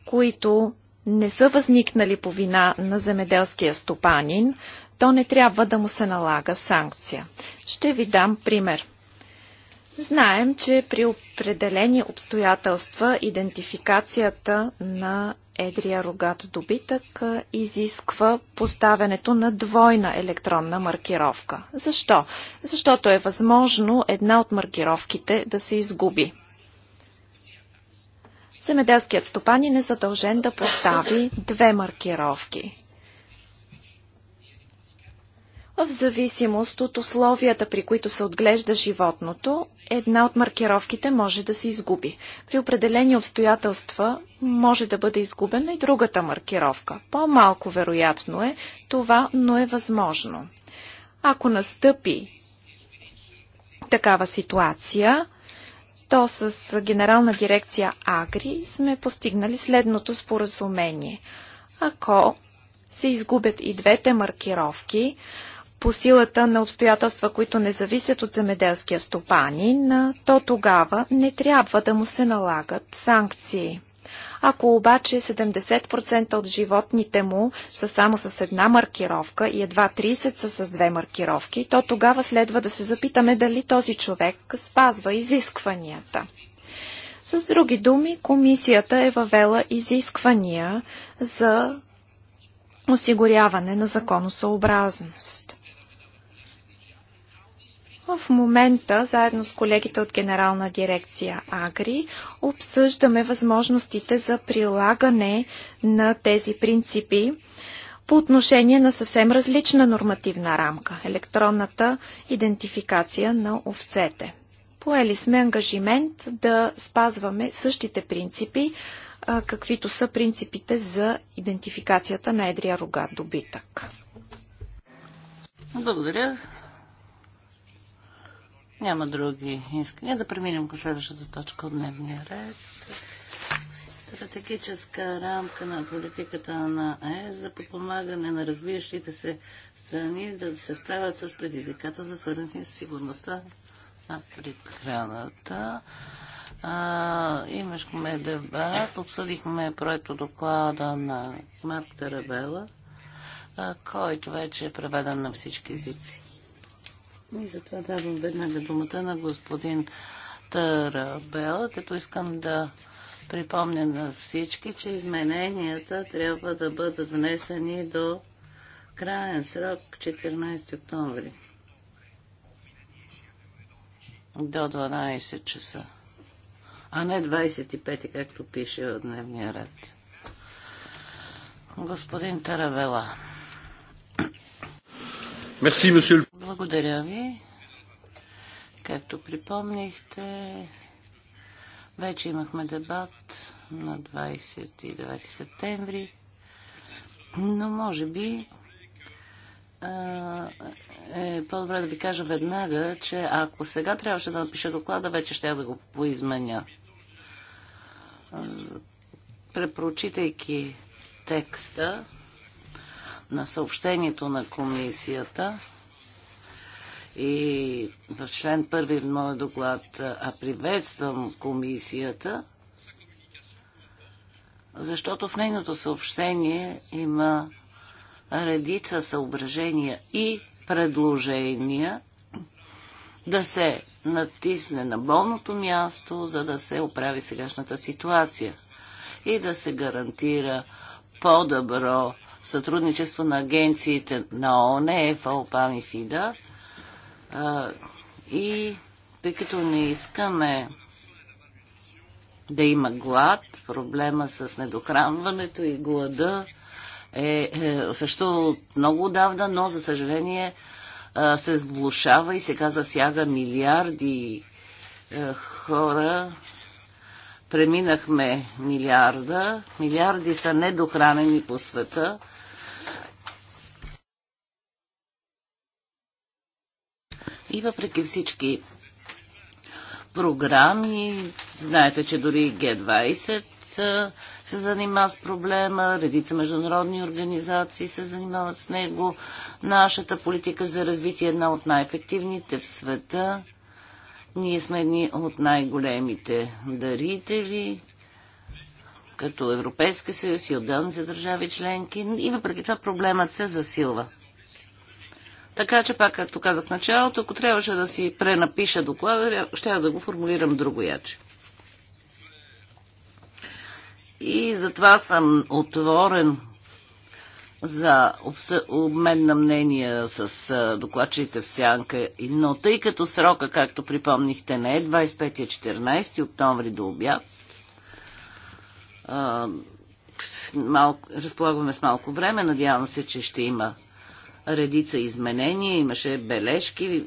[SPEAKER 3] които не са възникнали по вина на земеделския стопанин, то не трябва да му се налага санкция. Ще ви дам пример. Знаем, че при определени обстоятелства идентификацията на едрия рогат добитък изисква поставянето на двойна електронна маркировка. Защо? Защото е възможно една от маркировките да се изгуби. Земеделският стопанин е задължен да постави две маркировки. В зависимост от условията, при които се отглежда животното, една от маркировките може да се изгуби. При определени обстоятелства може да бъде изгубена и другата маркировка. По-малко вероятно е това, но е възможно. Ако настъпи такава ситуация, то с Генерална дирекция Агри сме постигнали следното споразумение. Ако се изгубят и двете маркировки, по силата на обстоятелства, които не зависят от земеделския стопанин, то тогава не трябва да му се налагат санкции. Ако обаче 70% от животните му са само с една маркировка и едва 30 са с две маркировки, то тогава следва да се запитаме дали този човек спазва изискванията. С други думи, комисията е въвела изисквания за осигуряване на законосъобразност. В момента, заедно с колегите от Генерална дирекция Агри, обсъждаме възможностите за прилагане на тези принципи по отношение на съвсем различна нормативна рамка – електронната идентификация на овцете. Поели сме ангажимент да спазваме същите принципи, каквито са принципите за идентификацията на едрия рога добитък.
[SPEAKER 2] Благодаря. Няма други искания. Да преминем към следващата точка от дневния ред. Стратегическа рамка на политиката на ЕС за подпомагане на развиващите се страни да се справят с предизвиката за свързани с сигурността на предхраната. имахме дебат, обсъдихме проекто доклада на Марк Тарабела, който вече е преведен на всички езици. И затова давам веднага думата на господин Тарабела, като искам да припомня на всички, че измененията трябва да бъдат внесени до краен срок 14 октомври. До 12 часа. А не 25, както пише от дневния ред. Господин Таравела. Мерси, благодаря ви. Както припомнихте, вече имахме дебат на 29 септември, но може би е по-добре да ви кажа веднага, че ако сега трябваше да напиша доклада, вече ще я да го поизменя. Препрочитайки текста на съобщението на комисията, и в член първи в моят доклад, а приветствам комисията, защото в нейното съобщение има редица съображения и предложения да се натисне на болното място, за да се оправи сегашната ситуация и да се гарантира по-добро сътрудничество на агенциите на ОНЕ, ФАОПАМ и ФИДА и тъй като не искаме да има глад, проблема с недохранването и глада е, е също много отдавна, но за съжаление се сглушава и сега засяга милиарди е, хора. Преминахме милиарда. Милиарди са недохранени по света. и въпреки всички програми, знаете, че дори Г20 се занимава с проблема, редица международни организации се занимават с него. Нашата политика за развитие е една от най-ефективните в света. Ние сме едни от най-големите дарители, като Европейски съюз и отделните държави членки. И въпреки това проблемът се засилва. Така че, пак, както казах в началото, ако трябваше да си пренапиша доклада, ще да го формулирам другояче. И затова съм отворен за обмен на мнения с докладчите в Сянка, но тъй като срока, както припомнихте, не е 25-14 октомври до обяд, малко, разполагаме с малко време, надявам се, че ще има редица изменения, имаше бележки.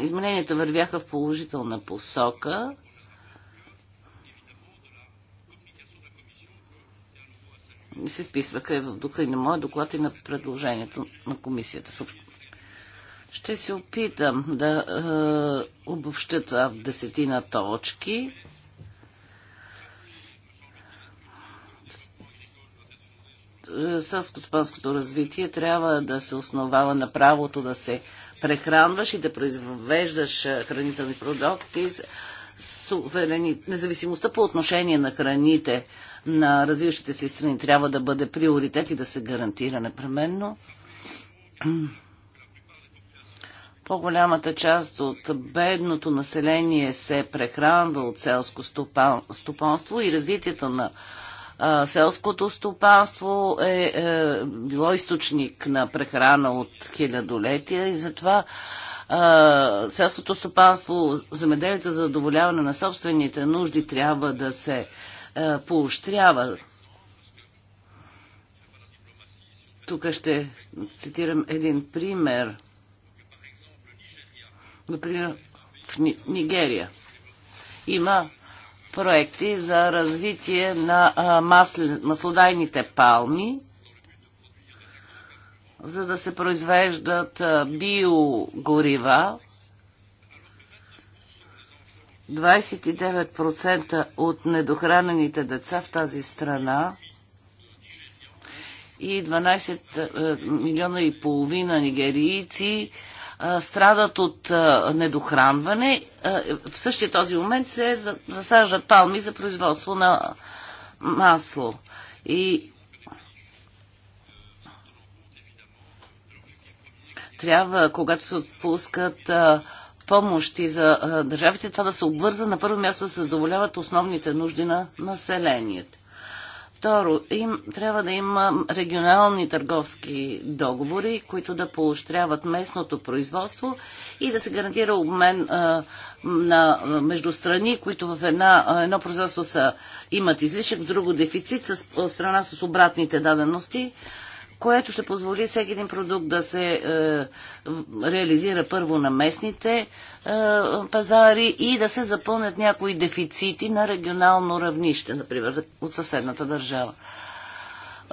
[SPEAKER 2] Измененията вървяха в положителна посока. И се вписваха и в духа и на моя доклад и на предложението на комисията. Ще се опитам да е, това в десетина точки. селско-стопанското развитие трябва да се основава на правото да се прехранваш и да произвеждаш хранителни продукти. Суверени... Независимостта по отношение на храните на развиващите се страни трябва да бъде приоритет и да се гарантира непременно. *clears throat* По-голямата част от бедното население се прехранва от селско стопанство и развитието на селското стопанство е, е било източник на прехрана от хилядолетия и затова е, селското стопанство, замеделите за задоволяване на собствените нужди трябва да се е, поощрява. Тук ще цитирам един пример. Например, в Нигерия има проекти за развитие на маслодайните палми, за да се произвеждат биогорива. 29% от недохранените деца в тази страна и 12 милиона и половина нигерийци страдат от недохранване. В същия този момент се засаждат палми за производство на масло. И трябва, когато се отпускат а, помощи за а, държавите, това да се обвърза на първо място да се задоволяват основните нужди на населението. Второ, им, трябва да има регионални търговски договори, които да поощряват местното производство и да се гарантира обмен а, на, между страни, които в една, едно производство са, имат излишък, в друго дефицит, с страна с обратните дадености което ще позволи всеки един продукт да се е, реализира първо на местните е, пазари и да се запълнят някои дефицити на регионално равнище, например от съседната държава.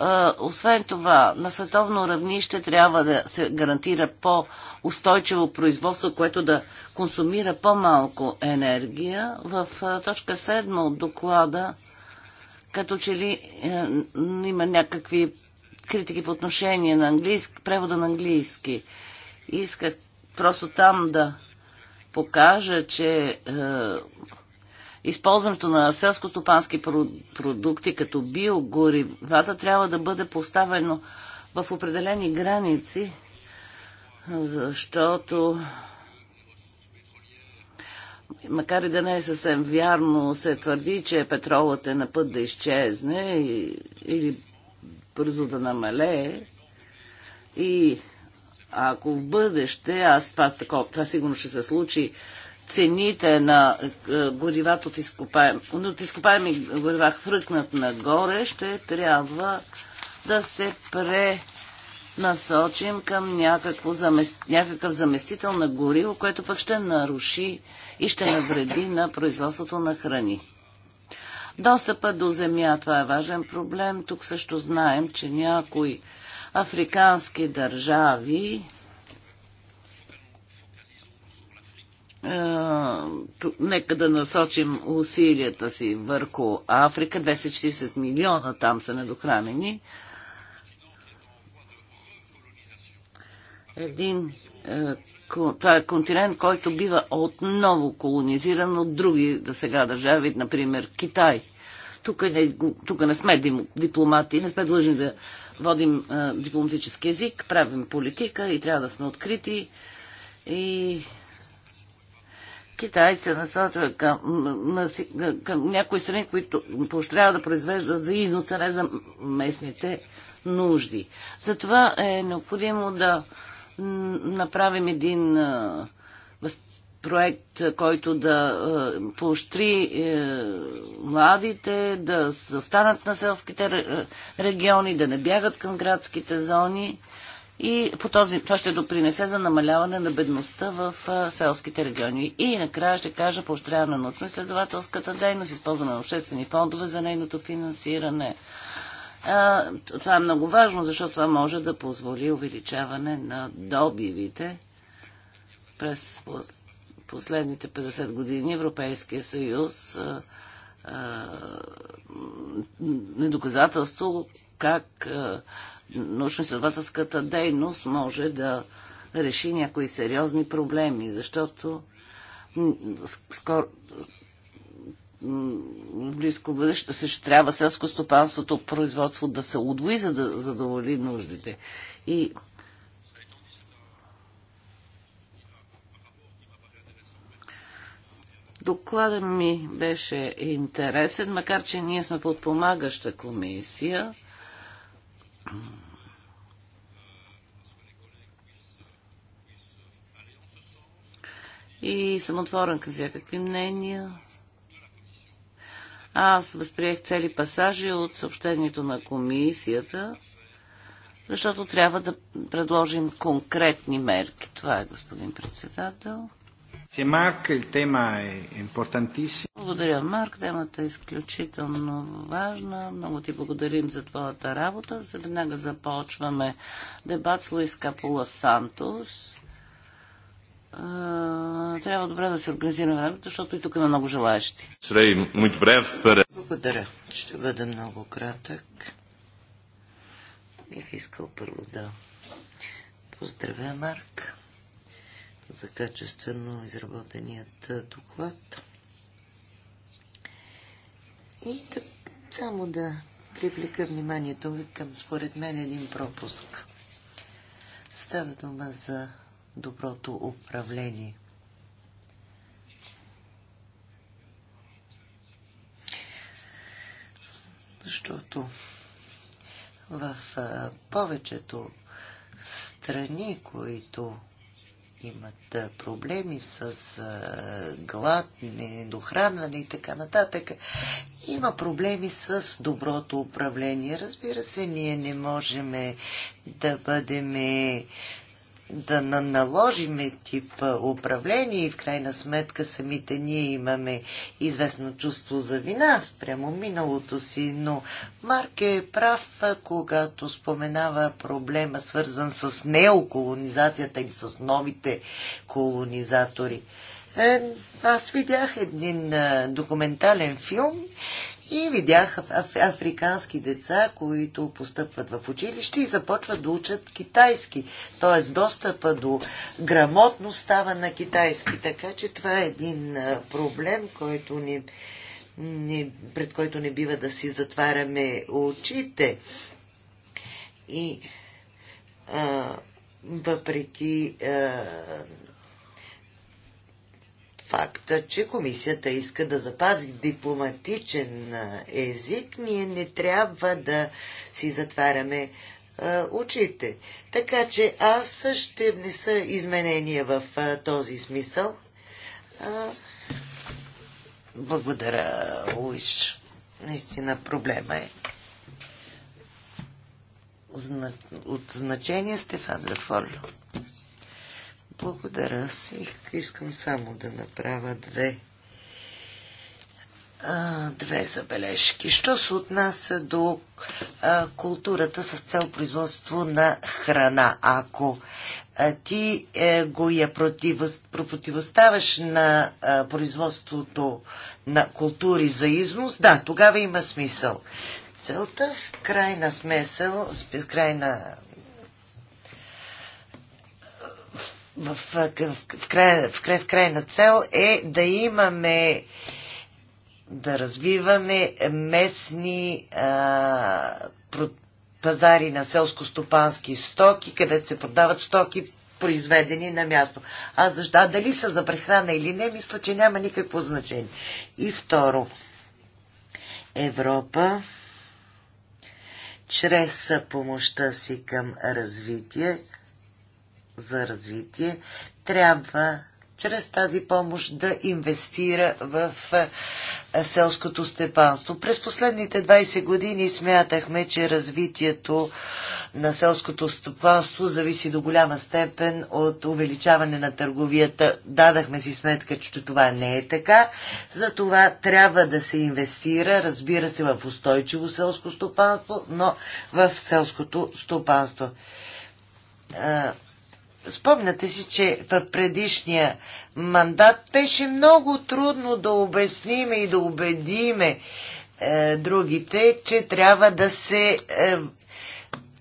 [SPEAKER 2] Е, освен това, на световно равнище трябва да се гарантира по-устойчиво производство, което да консумира по-малко енергия. В е, точка 7 от доклада като че ли е, има някакви критики по отношение на английски, превода на английски. Исках просто там да покажа, че е, използването на селско-стопански продукти като биогоривата трябва да бъде поставено в определени граници, защото макар и да не е съвсем вярно, се твърди, че петролът е на път да изчезне или бързо да намалее и ако в бъдеще, аз това, такова, това сигурно ще се случи, цените на е, горивата от, изкопаем, от изкопаеми горива хвръкнат нагоре, ще трябва да се пренасочим към някакво замест, някакъв заместител на гориво, което пък ще наруши и ще навреди на производството на храни. Достъпа до земя, това е важен проблем. Тук също знаем, че някои африкански държави е, нека да насочим усилията си върху Африка. 240 милиона там са недохранени. един е, това е континент, който бива отново колонизиран от други да сега държави, например Китай. Тук не, тук не сме дипломати, не сме длъжни да водим а, е, дипломатически език, правим политика и трябва да сме открити. И Китай се насочва към, на, към някои страни, които поощрява да произвеждат за износа, не за местните нужди. Затова е необходимо да направим един проект, който да поощри е, младите, да останат на селските региони, да не бягат към градските зони и по този, това ще допринесе за намаляване на бедността в селските региони. И накрая ще кажа поощряване на научно-изследователската дейност, използване на обществени фондове за нейното финансиране, това е много важно, защото това може да позволи увеличаване на добивите през последните 50 години Европейския съюз е доказателство как научно-изследователската дейност може да реши някои сериозни проблеми, защото скоро, близко бъдеще също трябва селско стопанството производство да се удвои, за да задоволи нуждите. И Докладът ми беше интересен, макар че ние сме подпомагаща комисия. И съм отворен към всякакви мнения. Аз възприех цели пасажи от съобщението на комисията, защото трябва да предложим конкретни мерки. Това е, господин председател. Е Благодаря, Марк. Темата е изключително важна. Много ти благодарим за твоята работа. Веднага започваме дебат с Луис Капула Сантос трябва добре да се организираме времето, защото и тук има
[SPEAKER 1] много желаящи. Благодаря. Ще бъда много кратък. Бих искал първо да поздравя Марк за качествено изработеният доклад. И да, само да привлека вниманието ви към, според мен, един пропуск. Става дума за доброто управление. Защото в повечето страни, които имат проблеми с глад, недохранване и така нататък. Има проблеми с доброто управление. Разбира се, ние не можем да бъдем да наложиме тип управление и в крайна сметка самите ние имаме известно чувство за вина прямо миналото си, но Марк е прав, когато споменава проблема свързан с неоколонизацията и с новите колонизатори. Е, аз видях един документален филм и видях африкански деца, които постъпват в училище и започват да учат китайски. т.е. достъпа до грамотност става на китайски. Така че това е един проблем, който ни, ни, пред който не бива да си затваряме очите. И а, въпреки а, факта, че комисията иска да запази дипломатичен език, ние не трябва да си затваряме очите. Така че аз ще внеса изменения в този смисъл. благодаря, Луиш. Наистина проблема е от значение Стефан Лефоль. Благодаря си. Искам само да направя две а, две забележки. Що се отнася до а, културата с цел производство на храна? Ако а, ти е, го я противоставаш на а, производството на култури за износ, да, тогава има смисъл. Целта в крайна смисъл, в крайна в, в, в, край, в, край, в крайна цел е да имаме да развиваме местни а, пазари на селско-стопански стоки, където се продават стоки произведени на място. А, защо, а дали са за прехрана или не, мисля, че няма никакво значение. И второ, Европа чрез помощта си към развитие за развитие трябва чрез тази помощ да инвестира в селското степанство. През последните 20 години смятахме, че развитието на селското стопанство зависи до голяма степен от увеличаване на търговията. Дадахме си сметка, че това не е така. За това трябва да се инвестира, разбира се, в устойчиво селско стопанство, но в селското стопанство. Спомняте си, че в предишния мандат беше много трудно да обясниме и да убедиме е, другите, че трябва да се е,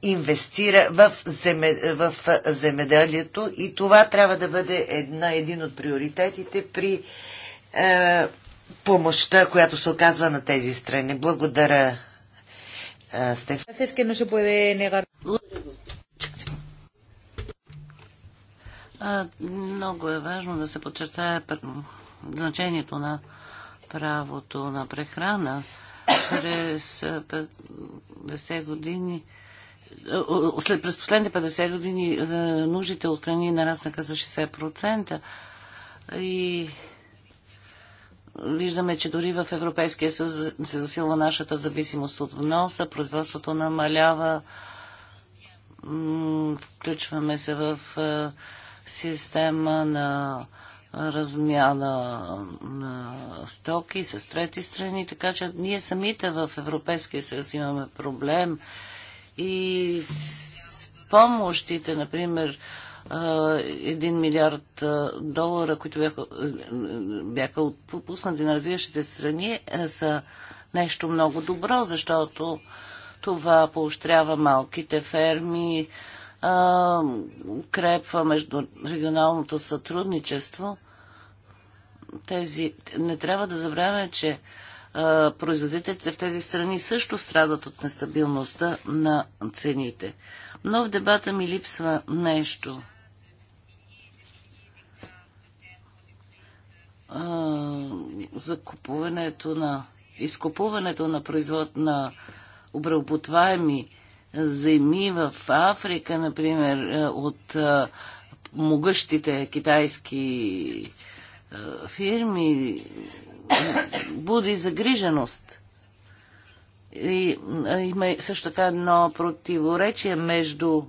[SPEAKER 1] инвестира в, земе, в земеделието и това трябва да бъде една, един от приоритетите при е, помощта, която се оказва на тези страни. Благодаря, е, Стефан.
[SPEAKER 3] Благодаря.
[SPEAKER 2] Много е важно да се подчертае значението на правото на прехрана. През 50 години след през последните 50 години нуждите от храни нараснаха за 60% и виждаме, че дори в Европейския съюз се засилва нашата зависимост от вноса, производството намалява, включваме се в система на размяна на стоки с трети страни, така че ние самите в Европейския съюз имаме проблем и с помощите, например, 1 милиард долара, които бяха, бяха отпуснати на развиващите страни, е, са нещо много добро, защото това поощрява малките ферми, крепва между регионалното сътрудничество. Тези, не трябва да забравяме, че а, производителите в тези страни също страдат от нестабилността на цените. Но в дебата ми липсва нещо. за купуването на изкупуването на, производ, на обработваеми земи в Африка, например, е, от е, могъщите китайски е, фирми, буди загриженост. И има също така едно противоречие между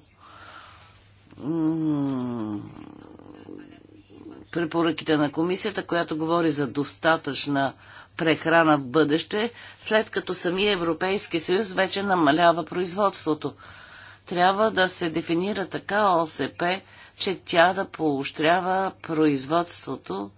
[SPEAKER 2] препоръките на комисията, която говори за достатъчна прехрана в бъдеще, след като самия Европейски съюз вече намалява производството. Трябва да се дефинира така ОСП, че тя да поощрява производството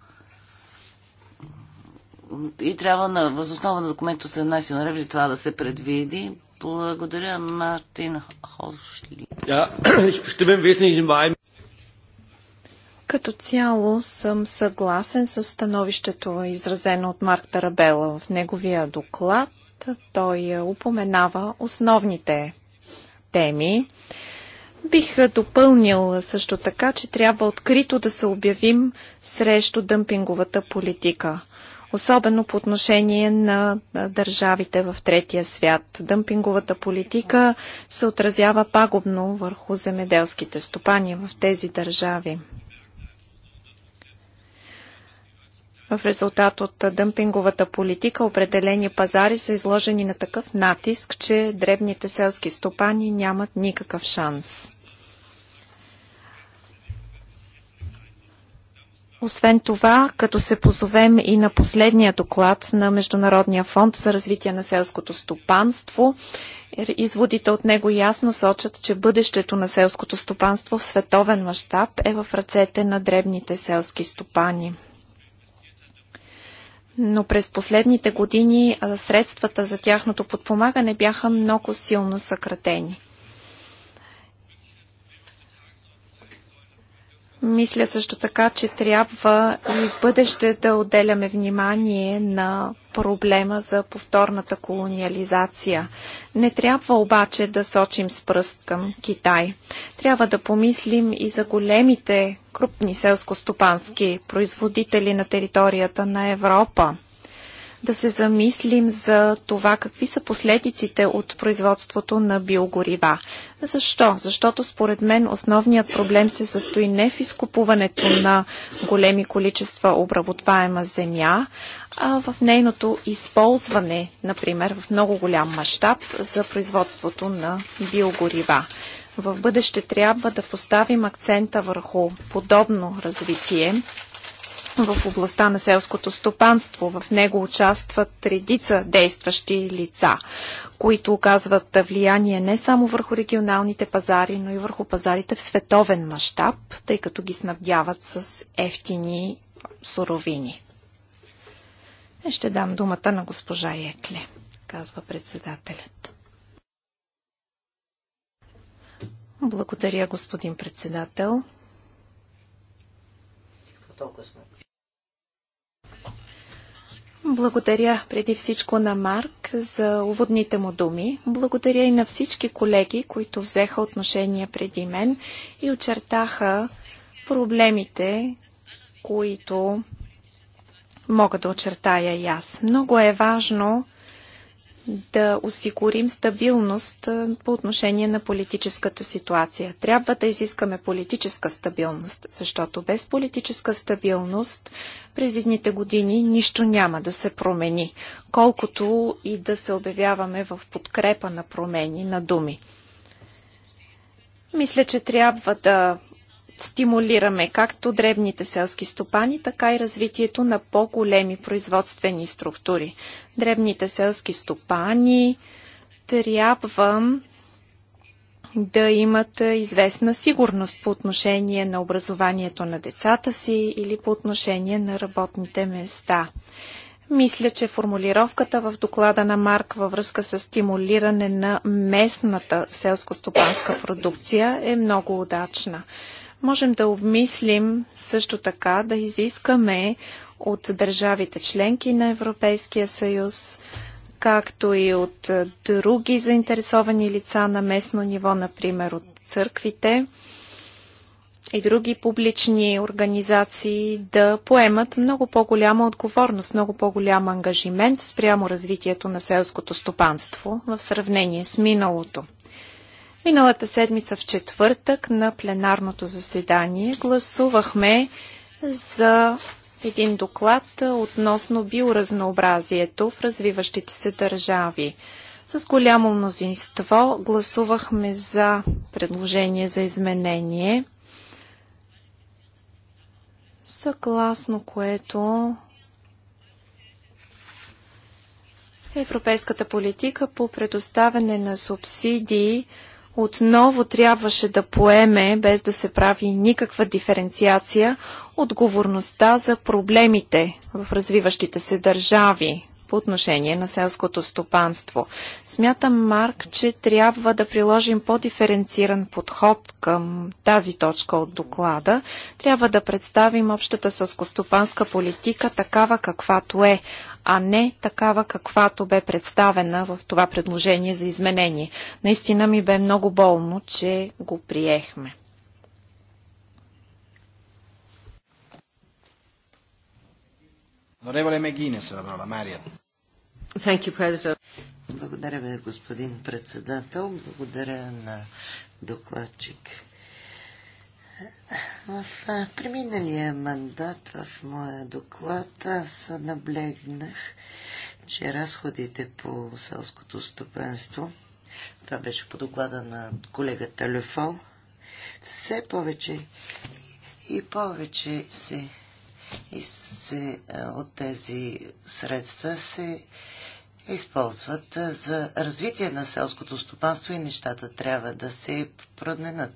[SPEAKER 2] и трябва на възоснова на документ 18 ноември това да се предвиди. Благодаря,
[SPEAKER 3] Мартин Холшли. Ja, *clears throat* ich stimme im Wesentlichen като цяло съм съгласен с становището, изразено от Марк Тарабела в неговия доклад. Той е, упоменава основните теми. Бих е, допълнил също така, че трябва открито да се обявим срещу дъмпинговата политика, особено по отношение на държавите в третия свят. Дъмпинговата политика се отразява пагубно върху земеделските стопани в тези държави. В резултат от дъмпинговата политика определени пазари са изложени на такъв натиск, че дребните селски стопани нямат никакъв шанс. Освен това, като се позовем и на последния доклад на Международния фонд за развитие на селското стопанство, изводите от него ясно сочат, че бъдещето на селското стопанство в световен мащаб е в ръцете на дребните селски стопани но през последните години средствата за тяхното подпомагане бяха много силно съкратени. Мисля също така, че трябва и в бъдеще да отделяме внимание на проблема за повторната колониализация. Не трябва обаче да сочим с пръст към Китай. Трябва да помислим и за големите крупни селско-ступански производители на територията на Европа да се замислим за това какви са последиците от производството на биогорива. Защо? Защото според мен основният проблем се състои не в изкупуването на големи количества обработваема земя, а в нейното използване, например, в много голям мащаб за производството на биогорива. В бъдеще трябва да поставим акцента върху подобно развитие в областта на селското стопанство. В него участват редица действащи лица, които оказват влияние не само върху регионалните пазари, но и върху пазарите в световен мащаб, тъй като ги снабдяват с ефтини суровини. Е, ще дам думата на госпожа Екле, казва председателят. Благодаря, господин председател. Толкова сме благодаря преди всичко на Марк за уводните му думи. Благодаря и на всички колеги, които взеха отношение преди мен и очертаха проблемите, които мога да очертая и аз. Много е важно да осигурим стабилност по отношение на политическата ситуация. Трябва да изискаме политическа стабилност, защото без политическа стабилност през едните години нищо няма да се промени, колкото и да се обявяваме в подкрепа на промени на думи. Мисля, че трябва да стимулираме както дребните селски стопани, така и развитието на по-големи производствени структури. Дребните селски стопани трябва да имат известна сигурност по отношение на образованието на децата си или по отношение на работните места. Мисля, че формулировката в доклада на Марк във връзка с стимулиране на местната селско-стопанска продукция е много удачна. Можем да обмислим също така да изискаме от държавите членки на Европейския съюз, както и от е, други заинтересовани лица на местно ниво, например от църквите и други публични организации да поемат много по-голяма отговорност, много по-голям ангажимент спрямо развитието на селското стопанство в сравнение с миналото. Миналата седмица в четвъртък на пленарното заседание гласувахме за един доклад относно биоразнообразието в развиващите се държави. С голямо мнозинство гласувахме за предложение за изменение, съгласно което европейската политика по предоставяне на субсидии – отново трябваше да поеме, без да се прави никаква диференциация, отговорността за проблемите в развиващите се държави по отношение на селското стопанство. Смятам, Марк, че трябва да приложим по-диференциран подход към тази точка от доклада. Трябва да представим общата селскостопанска политика такава каквато е, а не такава каквато бе представена в това предложение за изменение. Наистина ми бе много болно, че го приехме.
[SPEAKER 1] Благодаря ви, господин председател. Благодаря на докладчик в преминалия мандат в моя доклад аз наблегнах, че разходите по селското стопанство, това беше по доклада на колегата Лефол, все повече и повече се, и се от тези средства се използват за развитие на селското стопанство и нещата трябва да се променят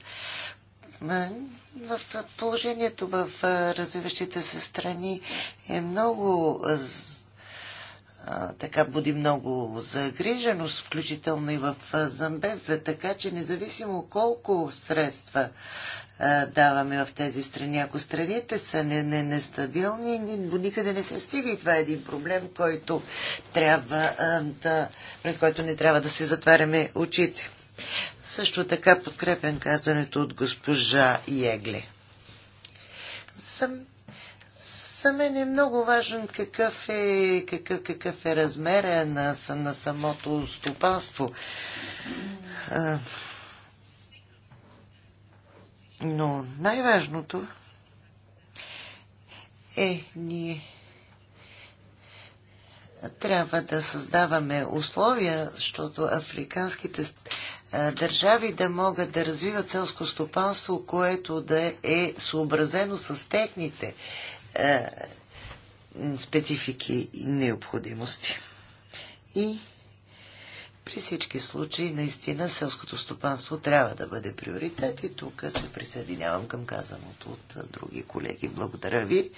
[SPEAKER 1] в положението в развиващите се страни е много така буди много загриженост, включително и в Замбебве, така че независимо колко средства даваме в тези страни. Ако страните са не, не, нестабилни, никъде не се стига и това е един проблем, който трябва да, пред който не трябва да се затваряме очите. Също така подкрепен казването от госпожа Егле. Съм за мен е много важен какъв е, какъв, какъв е размера на, на самото стопанство. Но най-важното е ние трябва да създаваме условия, защото африканските е, държави да могат да развиват селско стопанство, което да е съобразено с техните е, специфики и необходимости. И при всички случаи, наистина, селското стопанство трябва да бъде приоритет и тук се присъединявам към казаното от е, други колеги. Благодаря ви.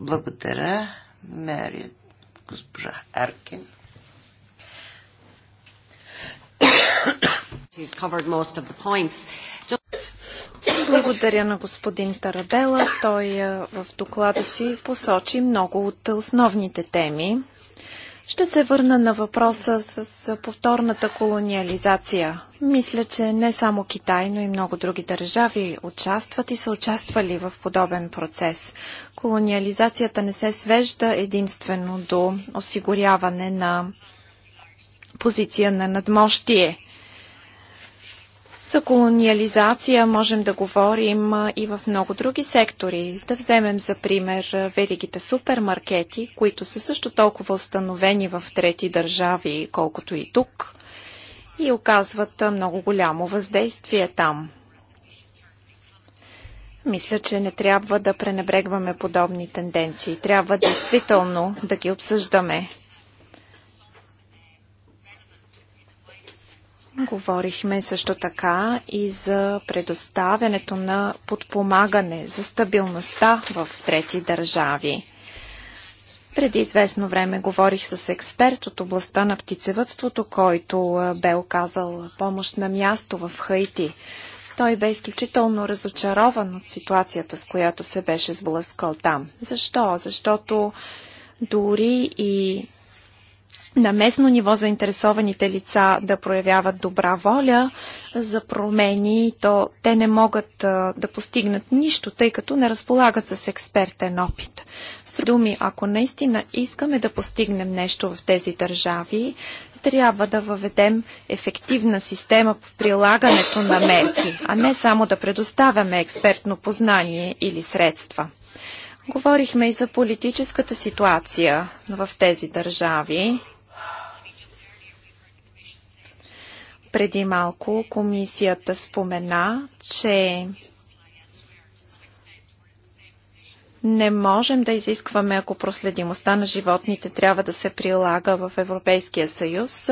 [SPEAKER 1] Благодаря, Мери, госпожа Аркин.
[SPEAKER 3] Благодаря на господин Тарабела. Той е, в доклада си посочи много от основните теми. Ще се върна на въпроса с повторната колониализация. Мисля, че не само Китай, но и много други държави участват и са участвали в подобен процес. Колониализацията не се свежда единствено до осигуряване на позиция на надмощие – за колониализация можем да говорим и в много други сектори. Да вземем за пример веригите супермаркети, които са също толкова установени в трети държави, колкото и тук, и оказват много голямо въздействие там. Мисля, че не трябва да пренебрегваме подобни тенденции. Трябва действително да ги обсъждаме. Говорихме също така и за предоставянето на подпомагане за стабилността в трети държави. Преди известно време говорих с експерт от областта на птицевътството, който бе оказал помощ на място в Хаити. Той бе изключително разочарован от ситуацията, с която се беше сблъскал там. Защо? Защото дори и на местно ниво заинтересованите лица да проявяват добра воля за промени, то те не могат да постигнат нищо, тъй като не разполагат с експертен опит. С думи, ако наистина искаме да постигнем нещо в тези държави, трябва да въведем ефективна система по прилагането на мерки, а не само да предоставяме експертно познание или средства. Говорихме и за политическата ситуация в тези държави. Преди малко комисията спомена, че не можем да изискваме, ако проследимостта на животните трябва да се прилага в Европейския съюз,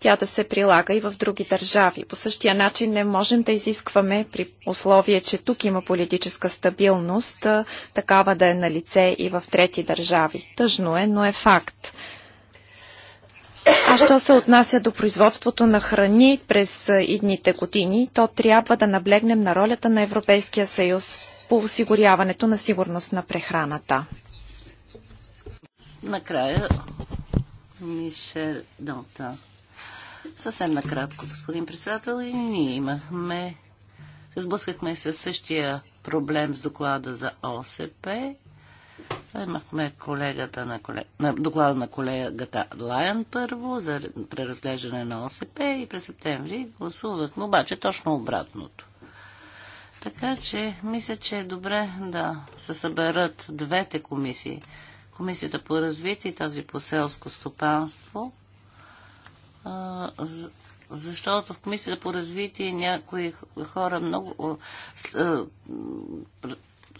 [SPEAKER 3] тя да се прилага и в други държави. По същия начин не можем да изискваме при условие, че тук има политическа стабилност, такава да е на лице и в трети държави. Тъжно е, но е факт. А що се отнася до производството на храни през идните години, то трябва да наблегнем на ролята на Европейския съюз по осигуряването на сигурност на прехраната.
[SPEAKER 2] Накрая, Мишел Донта. Съвсем накратко, господин председател, и ние имахме, сблъскахме се същия проблем с доклада за ОСП Имахме колегата на, колег... на доклада на колегата Лайан първо за преразглеждане на ОСП и през септември гласувахме обаче точно обратното. Така че мисля, че е добре да се съберат двете комисии. Комисията по развитие и тази по селско стопанство, защото в Комисията по развитие някои хора много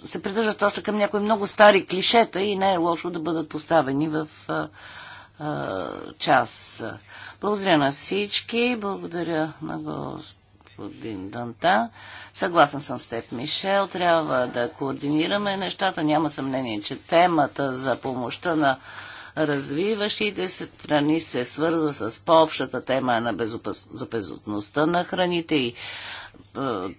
[SPEAKER 2] се придържат още към някои много стари клишета и не е лошо да бъдат поставени в а, а, час. Благодаря на всички, благодаря на господин Данта. Съгласен съм с теб, Мишел. Трябва да координираме нещата. Няма съмнение, че темата за помощта на развиващите се храни се свързва с по-общата тема на безопасността на храните и е,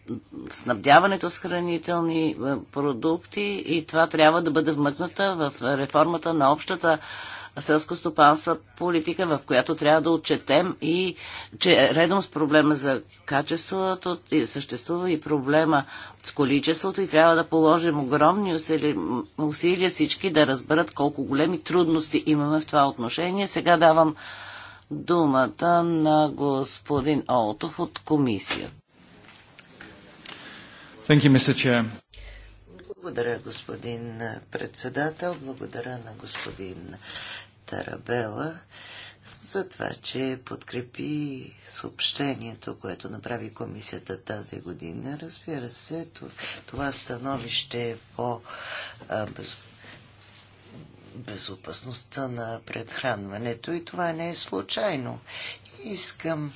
[SPEAKER 2] снабдяването с хранителни е, продукти и това трябва да бъде вмъкната в реформата на общата селско-стопанства политика, в която трябва да отчетем и че редом с проблема за качеството и съществува и проблема с количеството и трябва да положим огромни усилия, усилия всички да разберат колко големи трудности имаме в това отношение. Сега давам думата на господин Олтов от комисията. Thank you, Mr. Chair.
[SPEAKER 1] Благодаря, господин председател. Благодаря на господин Тарабела за това, че подкрепи съобщението, което направи комисията тази година. Разбира се, това становище е по безопасността на предхранването и това не е случайно. Искам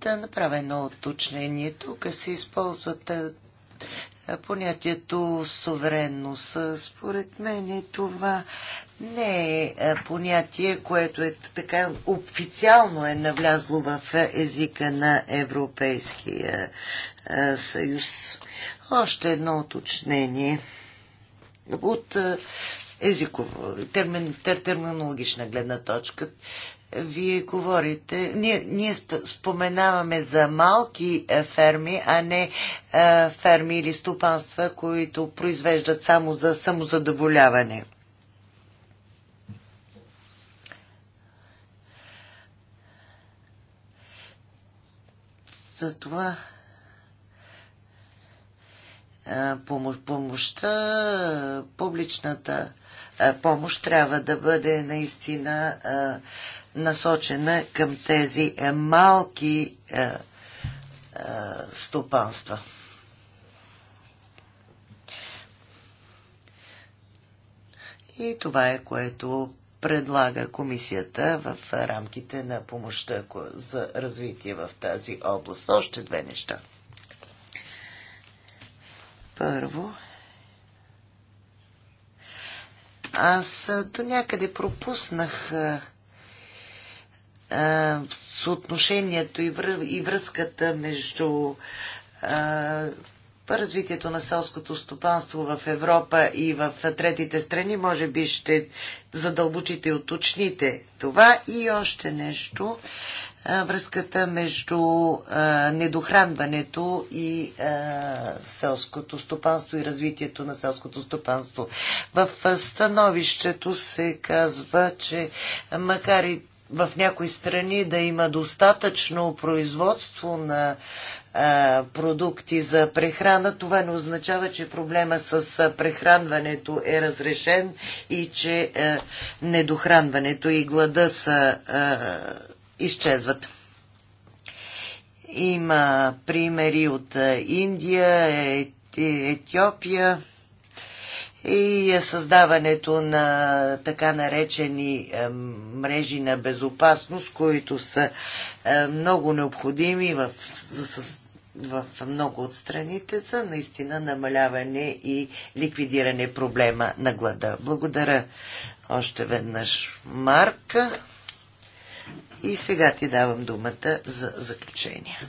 [SPEAKER 1] да направя едно уточнение. Тук се използват е, е, понятието суверенност. Според мен е това не е понятие, което е така официално е навлязло в езика на Европейския съюз. Още едно уточнение от езиково термин, тер, терминологична гледна точка вие говорите, ние, ние споменаваме за малки е, ферми, а не а, е, ферми или стопанства, които произвеждат само за самозадоволяване. Затова е, помощ, помощта, публичната помощ трябва да бъде наистина насочена към тези е, малки е, е, стопанства. И това е което предлага комисията в рамките на помощта за развитие в тази област. Още две неща. Първо, аз до някъде пропуснах съотношението и, връ, и връзката между а, развитието на селското стопанство в Европа и в третите страни, може би ще задълбочите и уточните това. И още нещо, а, връзката между а, недохранването и а, селското стопанство и развитието на селското стопанство. В становището се казва, че макар и в някои страни да има достатъчно производство на а, продукти за прехрана, това не означава, че проблема с прехранването е разрешен и че а, недохранването и глада са, а, изчезват. Има примери от Индия, Ети, Етиопия и създаването на така наречени е, мрежи на безопасност, които са е, много необходими в, в много от страните за наистина намаляване и ликвидиране проблема на глада. Благодаря още веднъж, Марка. И сега ти давам думата за заключение.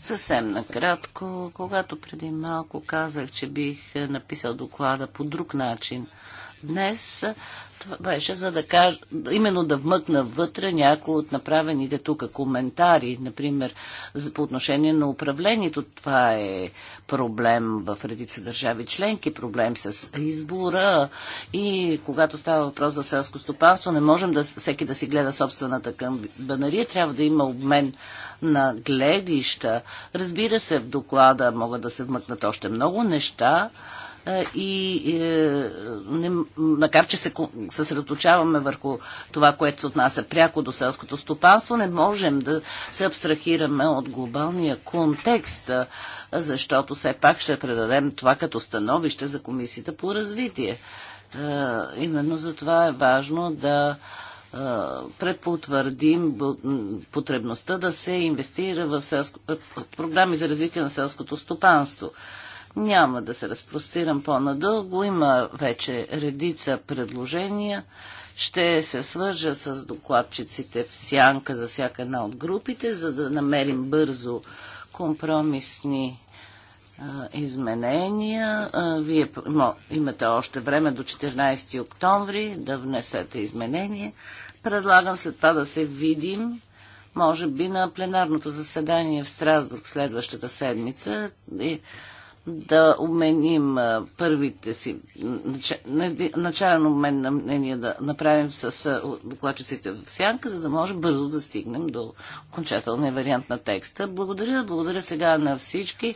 [SPEAKER 2] Съвсем накратко, когато преди малко казах, че бих е, написал доклада по друг начин, днес това беше за да кажа, именно да вмъкна вътре някои от направените тук коментари, например за, по отношение на управлението. Това е проблем в редица държави членки, проблем с избора и когато става въпрос за селско стопанство, не можем да всеки да си гледа собствената камбанария, трябва да има обмен на гледища. Разбира се, в доклада могат да се вмъкнат още много неща, и е, не, макар, че се съсредоточаваме върху това, което се отнася пряко до селското стопанство, не можем да се абстрахираме от глобалния контекст, защото все пак ще предадем това като становище за Комисията по развитие. Именно за това е важно да предпотвърдим потребността да се инвестира в селско... програми за развитие на селското стопанство. Няма да се разпростирам по-надълго. Има вече редица предложения. Ще се свържа с докладчиците в сянка за всяка една от групите, за да намерим бързо компромисни изменения. вие имате още време до 14 октомври да внесете изменения. Предлагам след това да се видим, може би на пленарното заседание в Страсбург следващата седмица да обменим първите си начален обмен на мнение да направим с докладчиците в сянка, за да може бързо да стигнем до окончателния вариант на текста. Благодаря, благодаря сега на всички.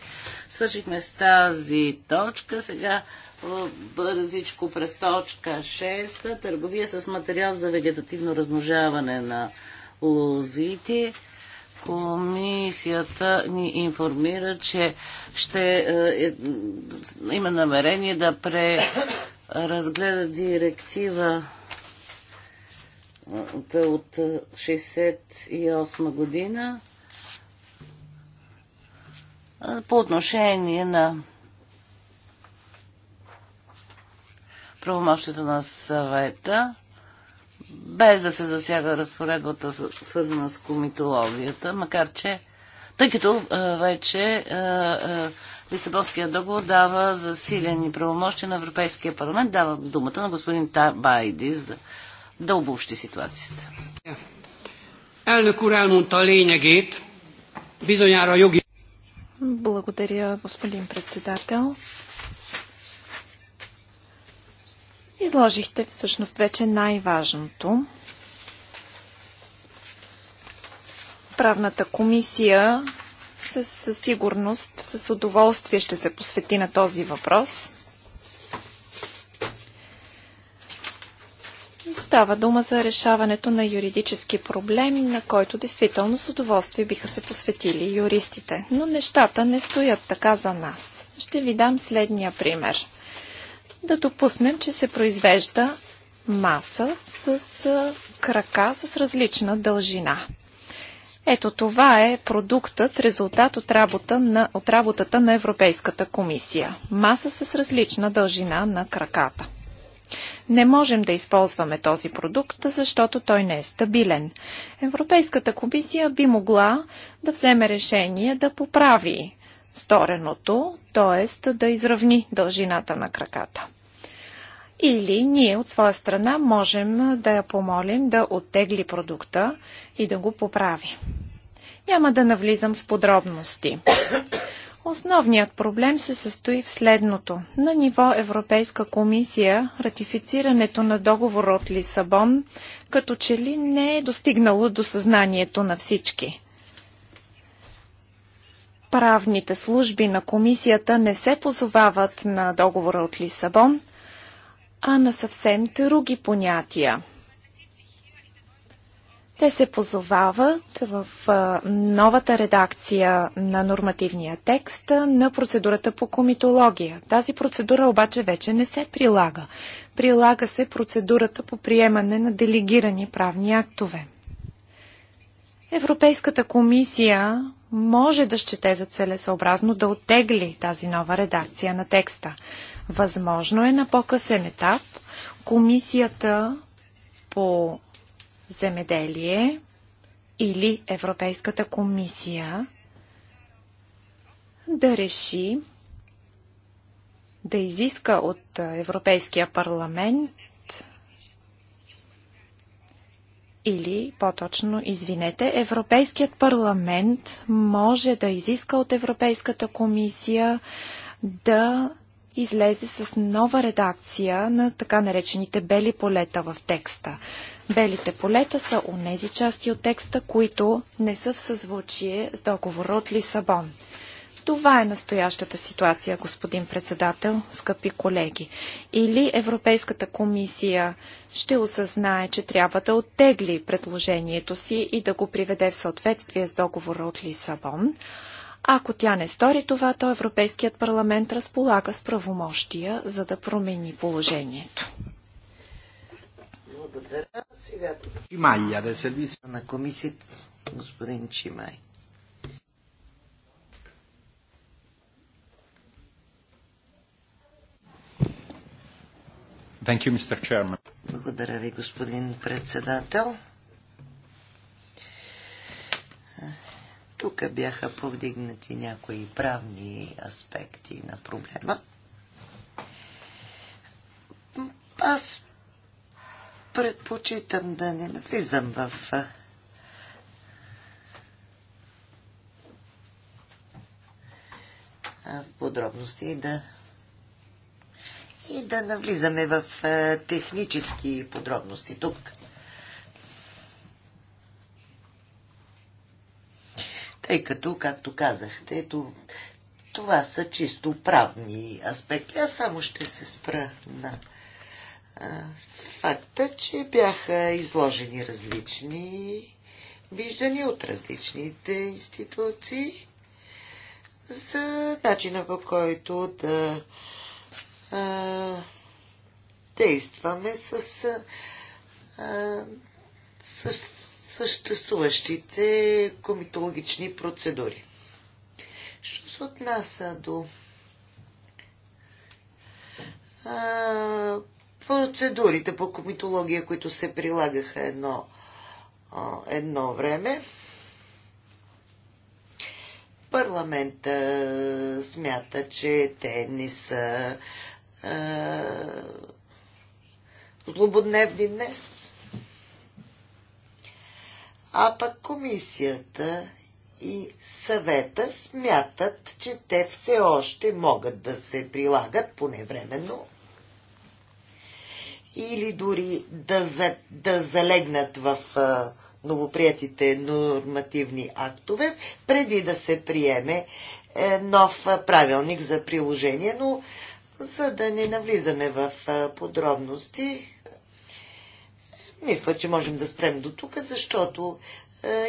[SPEAKER 2] Свършихме с тази точка. Сега бързичко през точка 6. Търговия с материал за вегетативно размножаване на лозите. Комисията ни информира, че ще е, е, има намерение да преразгледа директива от 68 година е, по отношение на правомощите на съвета без да се засяга разпоредбата, свързана с комитологията, макар че, тъй като вече Лисабонския договор дава засилени правомощи на Европейския парламент, дава думата на господин Табайди за да обобщи ситуацията.
[SPEAKER 3] Благодаря, господин председател. Изложихте всъщност вече най-важното. Правната комисия със, със сигурност, с удоволствие ще се посвети на този въпрос. Става дума за решаването на юридически проблеми, на който действително с удоволствие биха се посветили юристите. Но нещата не стоят така за нас. Ще ви дам следния пример – да допуснем, че се произвежда маса с крака с различна дължина. Ето това е продуктът, резултат от, работа на, от работата на Европейската комисия. Маса с различна дължина на краката. Не можем да използваме този продукт, защото той не е стабилен. Европейската комисия би могла да вземе решение да поправи стореното, т.е. да изравни дължината на краката. Или ние от своя страна можем да я помолим да оттегли продукта и да го поправи. Няма да навлизам в подробности. Основният проблем се състои в следното. На ниво Европейска комисия ратифицирането на договор от Лисабон като че ли не е достигнало до съзнанието на всички правните служби на комисията не се позовават на договора от Лисабон, а на съвсем други понятия. Те се позовават в новата редакция на нормативния текст на процедурата по комитология. Тази процедура обаче вече не се прилага. Прилага се процедурата по приемане на делегирани правни актове. Европейската комисия може да счете за целесообразно да оттегли тази нова редакция на текста. Възможно е на по-късен етап комисията по земеделие или Европейската комисия да реши да изиска от Европейския парламент Или, по-точно, извинете, Европейският парламент може да изиска от Европейската комисия да излезе с нова редакция на така наречените бели полета в текста. Белите полета са онези части от текста, които не са в съзвучие с договора от Лисабон. Това е настоящата ситуация, господин председател, скъпи колеги. Или Европейската комисия ще осъзнае, че трябва да оттегли предложението си и да го приведе в съответствие с договора от Лисабон. Ако тя не стори това, то Европейският парламент разполага с правомощия, за да промени положението.
[SPEAKER 1] Благодаря. Сега. я да се на комисията, господин Чимай.
[SPEAKER 2] Thank you, Mr. Chairman.
[SPEAKER 1] Благодаря ви, господин председател. Тук бяха повдигнати някои правни аспекти на проблема. Аз предпочитам да не навлизам в в подробности и да и да навлизаме в е, технически подробности тук. Тъй като, както казахте, това са чисто правни аспекти. Аз само ще се спра на е, факта, че бяха изложени различни виждани от различните институции за начина по който да действаме с, а, с съществуващите комитологични процедури. Що се отнася до а, процедурите по комитология, които се прилагаха едно, а, едно време, парламента смята, че те не са е, злободневни днес. А пък комисията и съвета смятат, че те все още могат да се прилагат, поне временно, или дори да, за, да залегнат в е, новоприятите нормативни актове, преди да се приеме е, нов правилник за приложение, но за да не навлизаме в подробности, мисля, че можем да спрем до тук, защото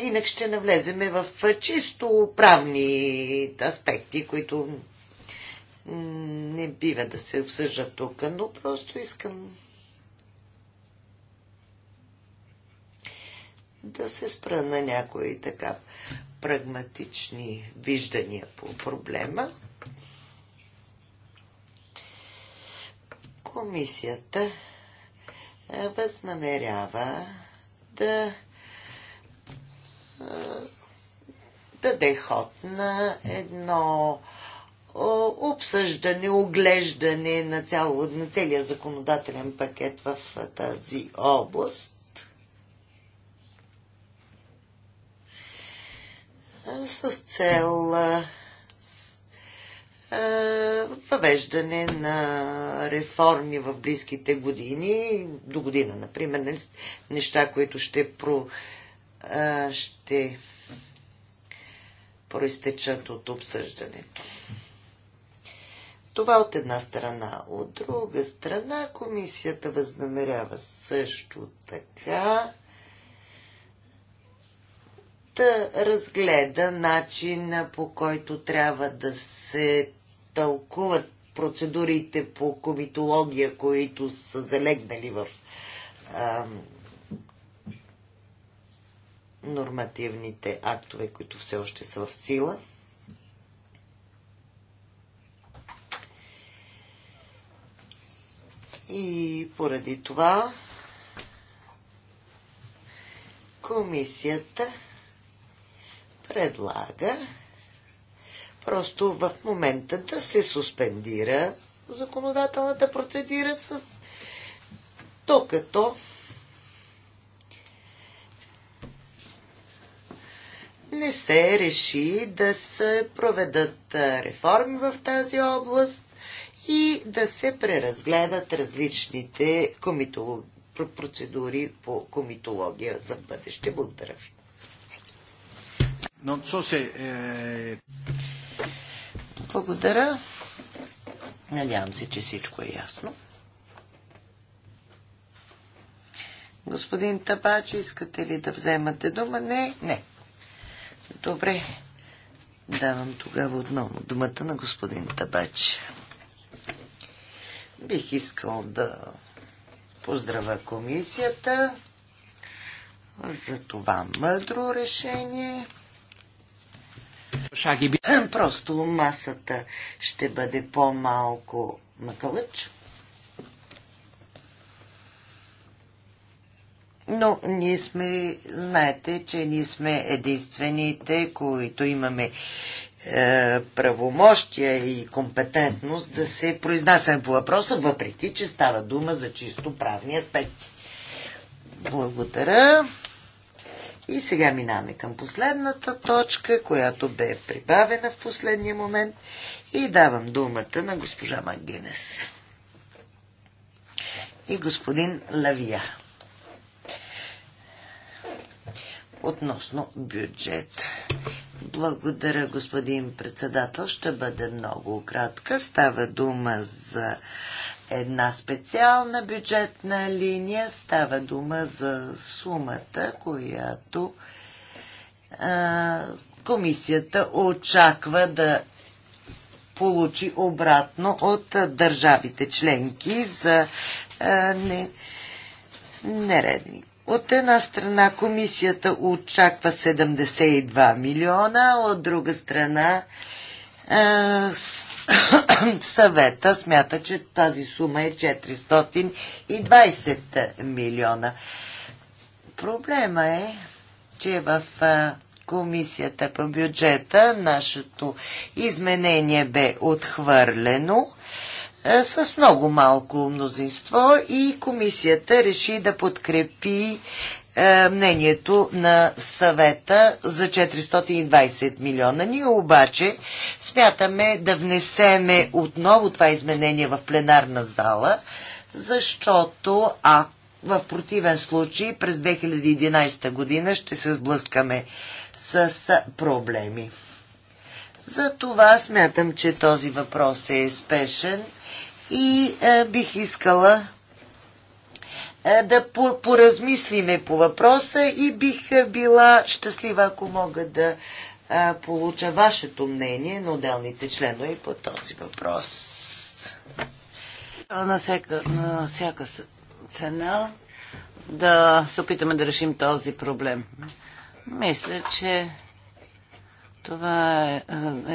[SPEAKER 1] инак ще навлеземе в чисто правни аспекти, които не бива да се обсъждат тук, но просто искам да се спра на някои така прагматични виждания по проблема. Комисията е, възнамерява да е, даде ход на едно е, обсъждане, оглеждане на, цяло, на целия законодателен пакет в тази област. С цел е, въвеждане на реформи в близките години, до година, например, нали, неща, които ще, про, е, ще проистечат от обсъждането. Това от една страна. От друга страна, комисията възнамерява също така да разгледа начина по който трябва да се тълкуват процедурите по комитология, които са залегнали в а, нормативните актове, които все още са в сила. И поради това комисията предлага просто в момента да се суспендира законодателната процедура с докато не се реши да се проведат реформи в тази област и да се преразгледат различните процедури по комитология за бъдеще. Благодаря ви. Non so se, eh... Благодаря. Надявам се, че всичко е ясно. Господин Табачи, искате ли да вземате дума? Не, не. Добре. Давам тогава отново думата на господин Табачи. Бих искал да поздравя комисията за това мъдро решение. Просто масата ще бъде по-малко на кълъч. Но ние сме, знаете, че ние сме единствените, които имаме е, правомощия и компетентност да се произнасяме по въпроса, въпреки че става дума за чисто правни аспекти. Благодаря. И сега минаваме към последната точка, която бе прибавена в последния момент и давам думата на госпожа Магинес и господин Лавия относно бюджет. Благодаря, господин председател. Ще бъде много кратка. Става дума за една специална бюджетна линия. Става дума за сумата, която а, комисията очаква да получи обратно от държавите членки за а, не, нередни. От една страна комисията очаква 72 милиона, от друга страна а, съвета смята, че тази сума е 420 милиона. Проблема е, че в комисията по бюджета нашето изменение бе отхвърлено с много малко мнозинство и комисията реши да подкрепи е, мнението на съвета за 420 милиона. Ние обаче смятаме да внесеме отново това изменение в пленарна зала, защото а в противен случай през 2011 година ще се сблъскаме с проблеми. За това смятам, че този въпрос е спешен и е, бих искала е, да поразмислиме по въпроса и бих е, била щастлива, ако мога да е, получа вашето мнение на отделните членове по този въпрос.
[SPEAKER 2] На всяка, на всяка цена да се опитаме да решим този проблем. Мисля, че това е,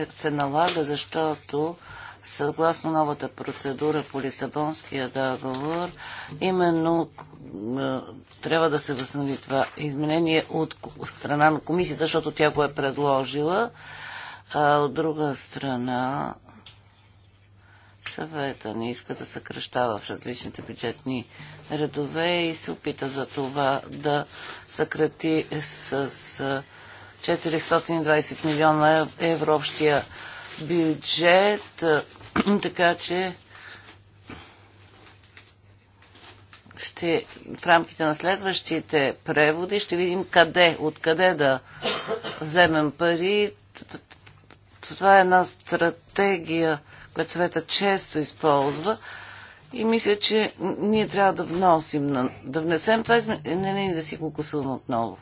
[SPEAKER 2] се налага, защото съгласно новата процедура по Лисабонския договор, именно е, трябва да се възстанови това изменение от страна на комисията, защото тя го е предложила. А от друга страна, съвета не иска да съкръщава в различните бюджетни редове и се опита за това да съкрати с 420 е, милиона евро общия бюджет, *clears throat* така че ще, в рамките на следващите преводи ще видим къде, откъде да вземем пари. Това е една стратегия, която света често използва и мисля, че ние трябва да вносим, да внесем това изменение и да си го гласуваме отново.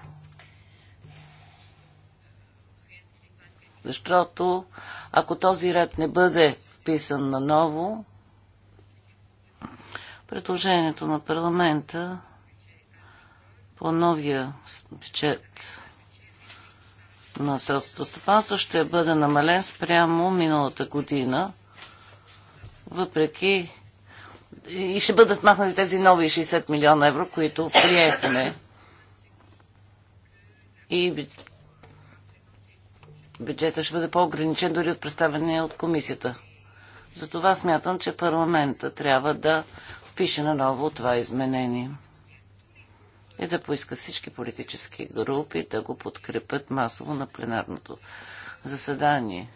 [SPEAKER 2] Защото ако този ред не бъде вписан наново, предложението на парламента по новия бюджет на селското стопанство ще бъде намален спрямо миналата година, въпреки и ще бъдат махнати тези нови 60 милиона евро, които приехме. И бюджета ще бъде по-ограничен дори от представения от комисията. Затова смятам, че парламента трябва да впише наново това изменение и да поиска всички политически групи да го подкрепят масово на пленарното заседание.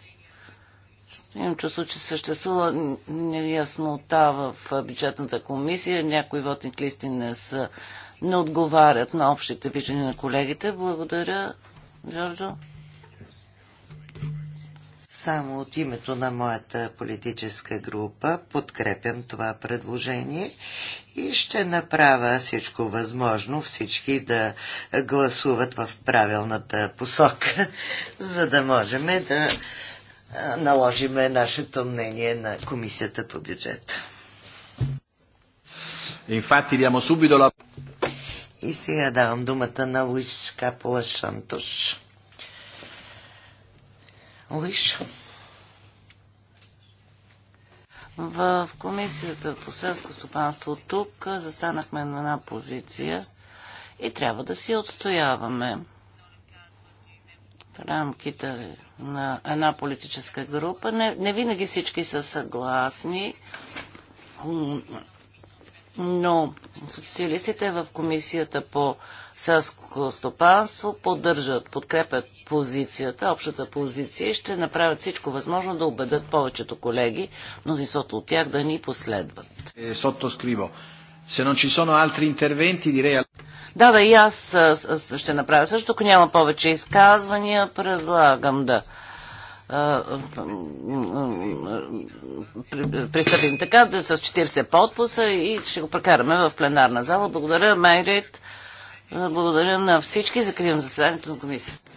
[SPEAKER 2] Имам чувство, че съществува неяснота в бюджетната комисия. Някои вотник листи не, са, не отговарят
[SPEAKER 1] на общите виждания на колегите. Благодаря, Джорджо. Само от името на моята политическа група подкрепям това предложение и ще направя всичко възможно всички да гласуват в правилната посока, за да можем да наложим нашето мнение на Комисията по бюджет.
[SPEAKER 3] Infatti diamo subito la...
[SPEAKER 1] И сега давам думата на Луис Капола Шантош. Лиш. В
[SPEAKER 2] комисията по селско стопанство тук застанахме на една позиция и трябва да си отстояваме в рамките на една политическа група. Не, не винаги всички са съгласни, но социалистите в комисията по селско стопанство поддържат, подкрепят позицията, общата позиция и ще направят всичко възможно да убедат повечето колеги, мнозинството от тях да ни последват. Е, Се non ci sono altri interventi, direi... Да, да, и аз ще направя също. Ако няма повече изказвания, предлагам да пристъпим така, да с 40 подпуса и ще го прекараме в пленарна зала. Благодаря, Майрит. Благодаря на всички. Закривам заседанието на комисията.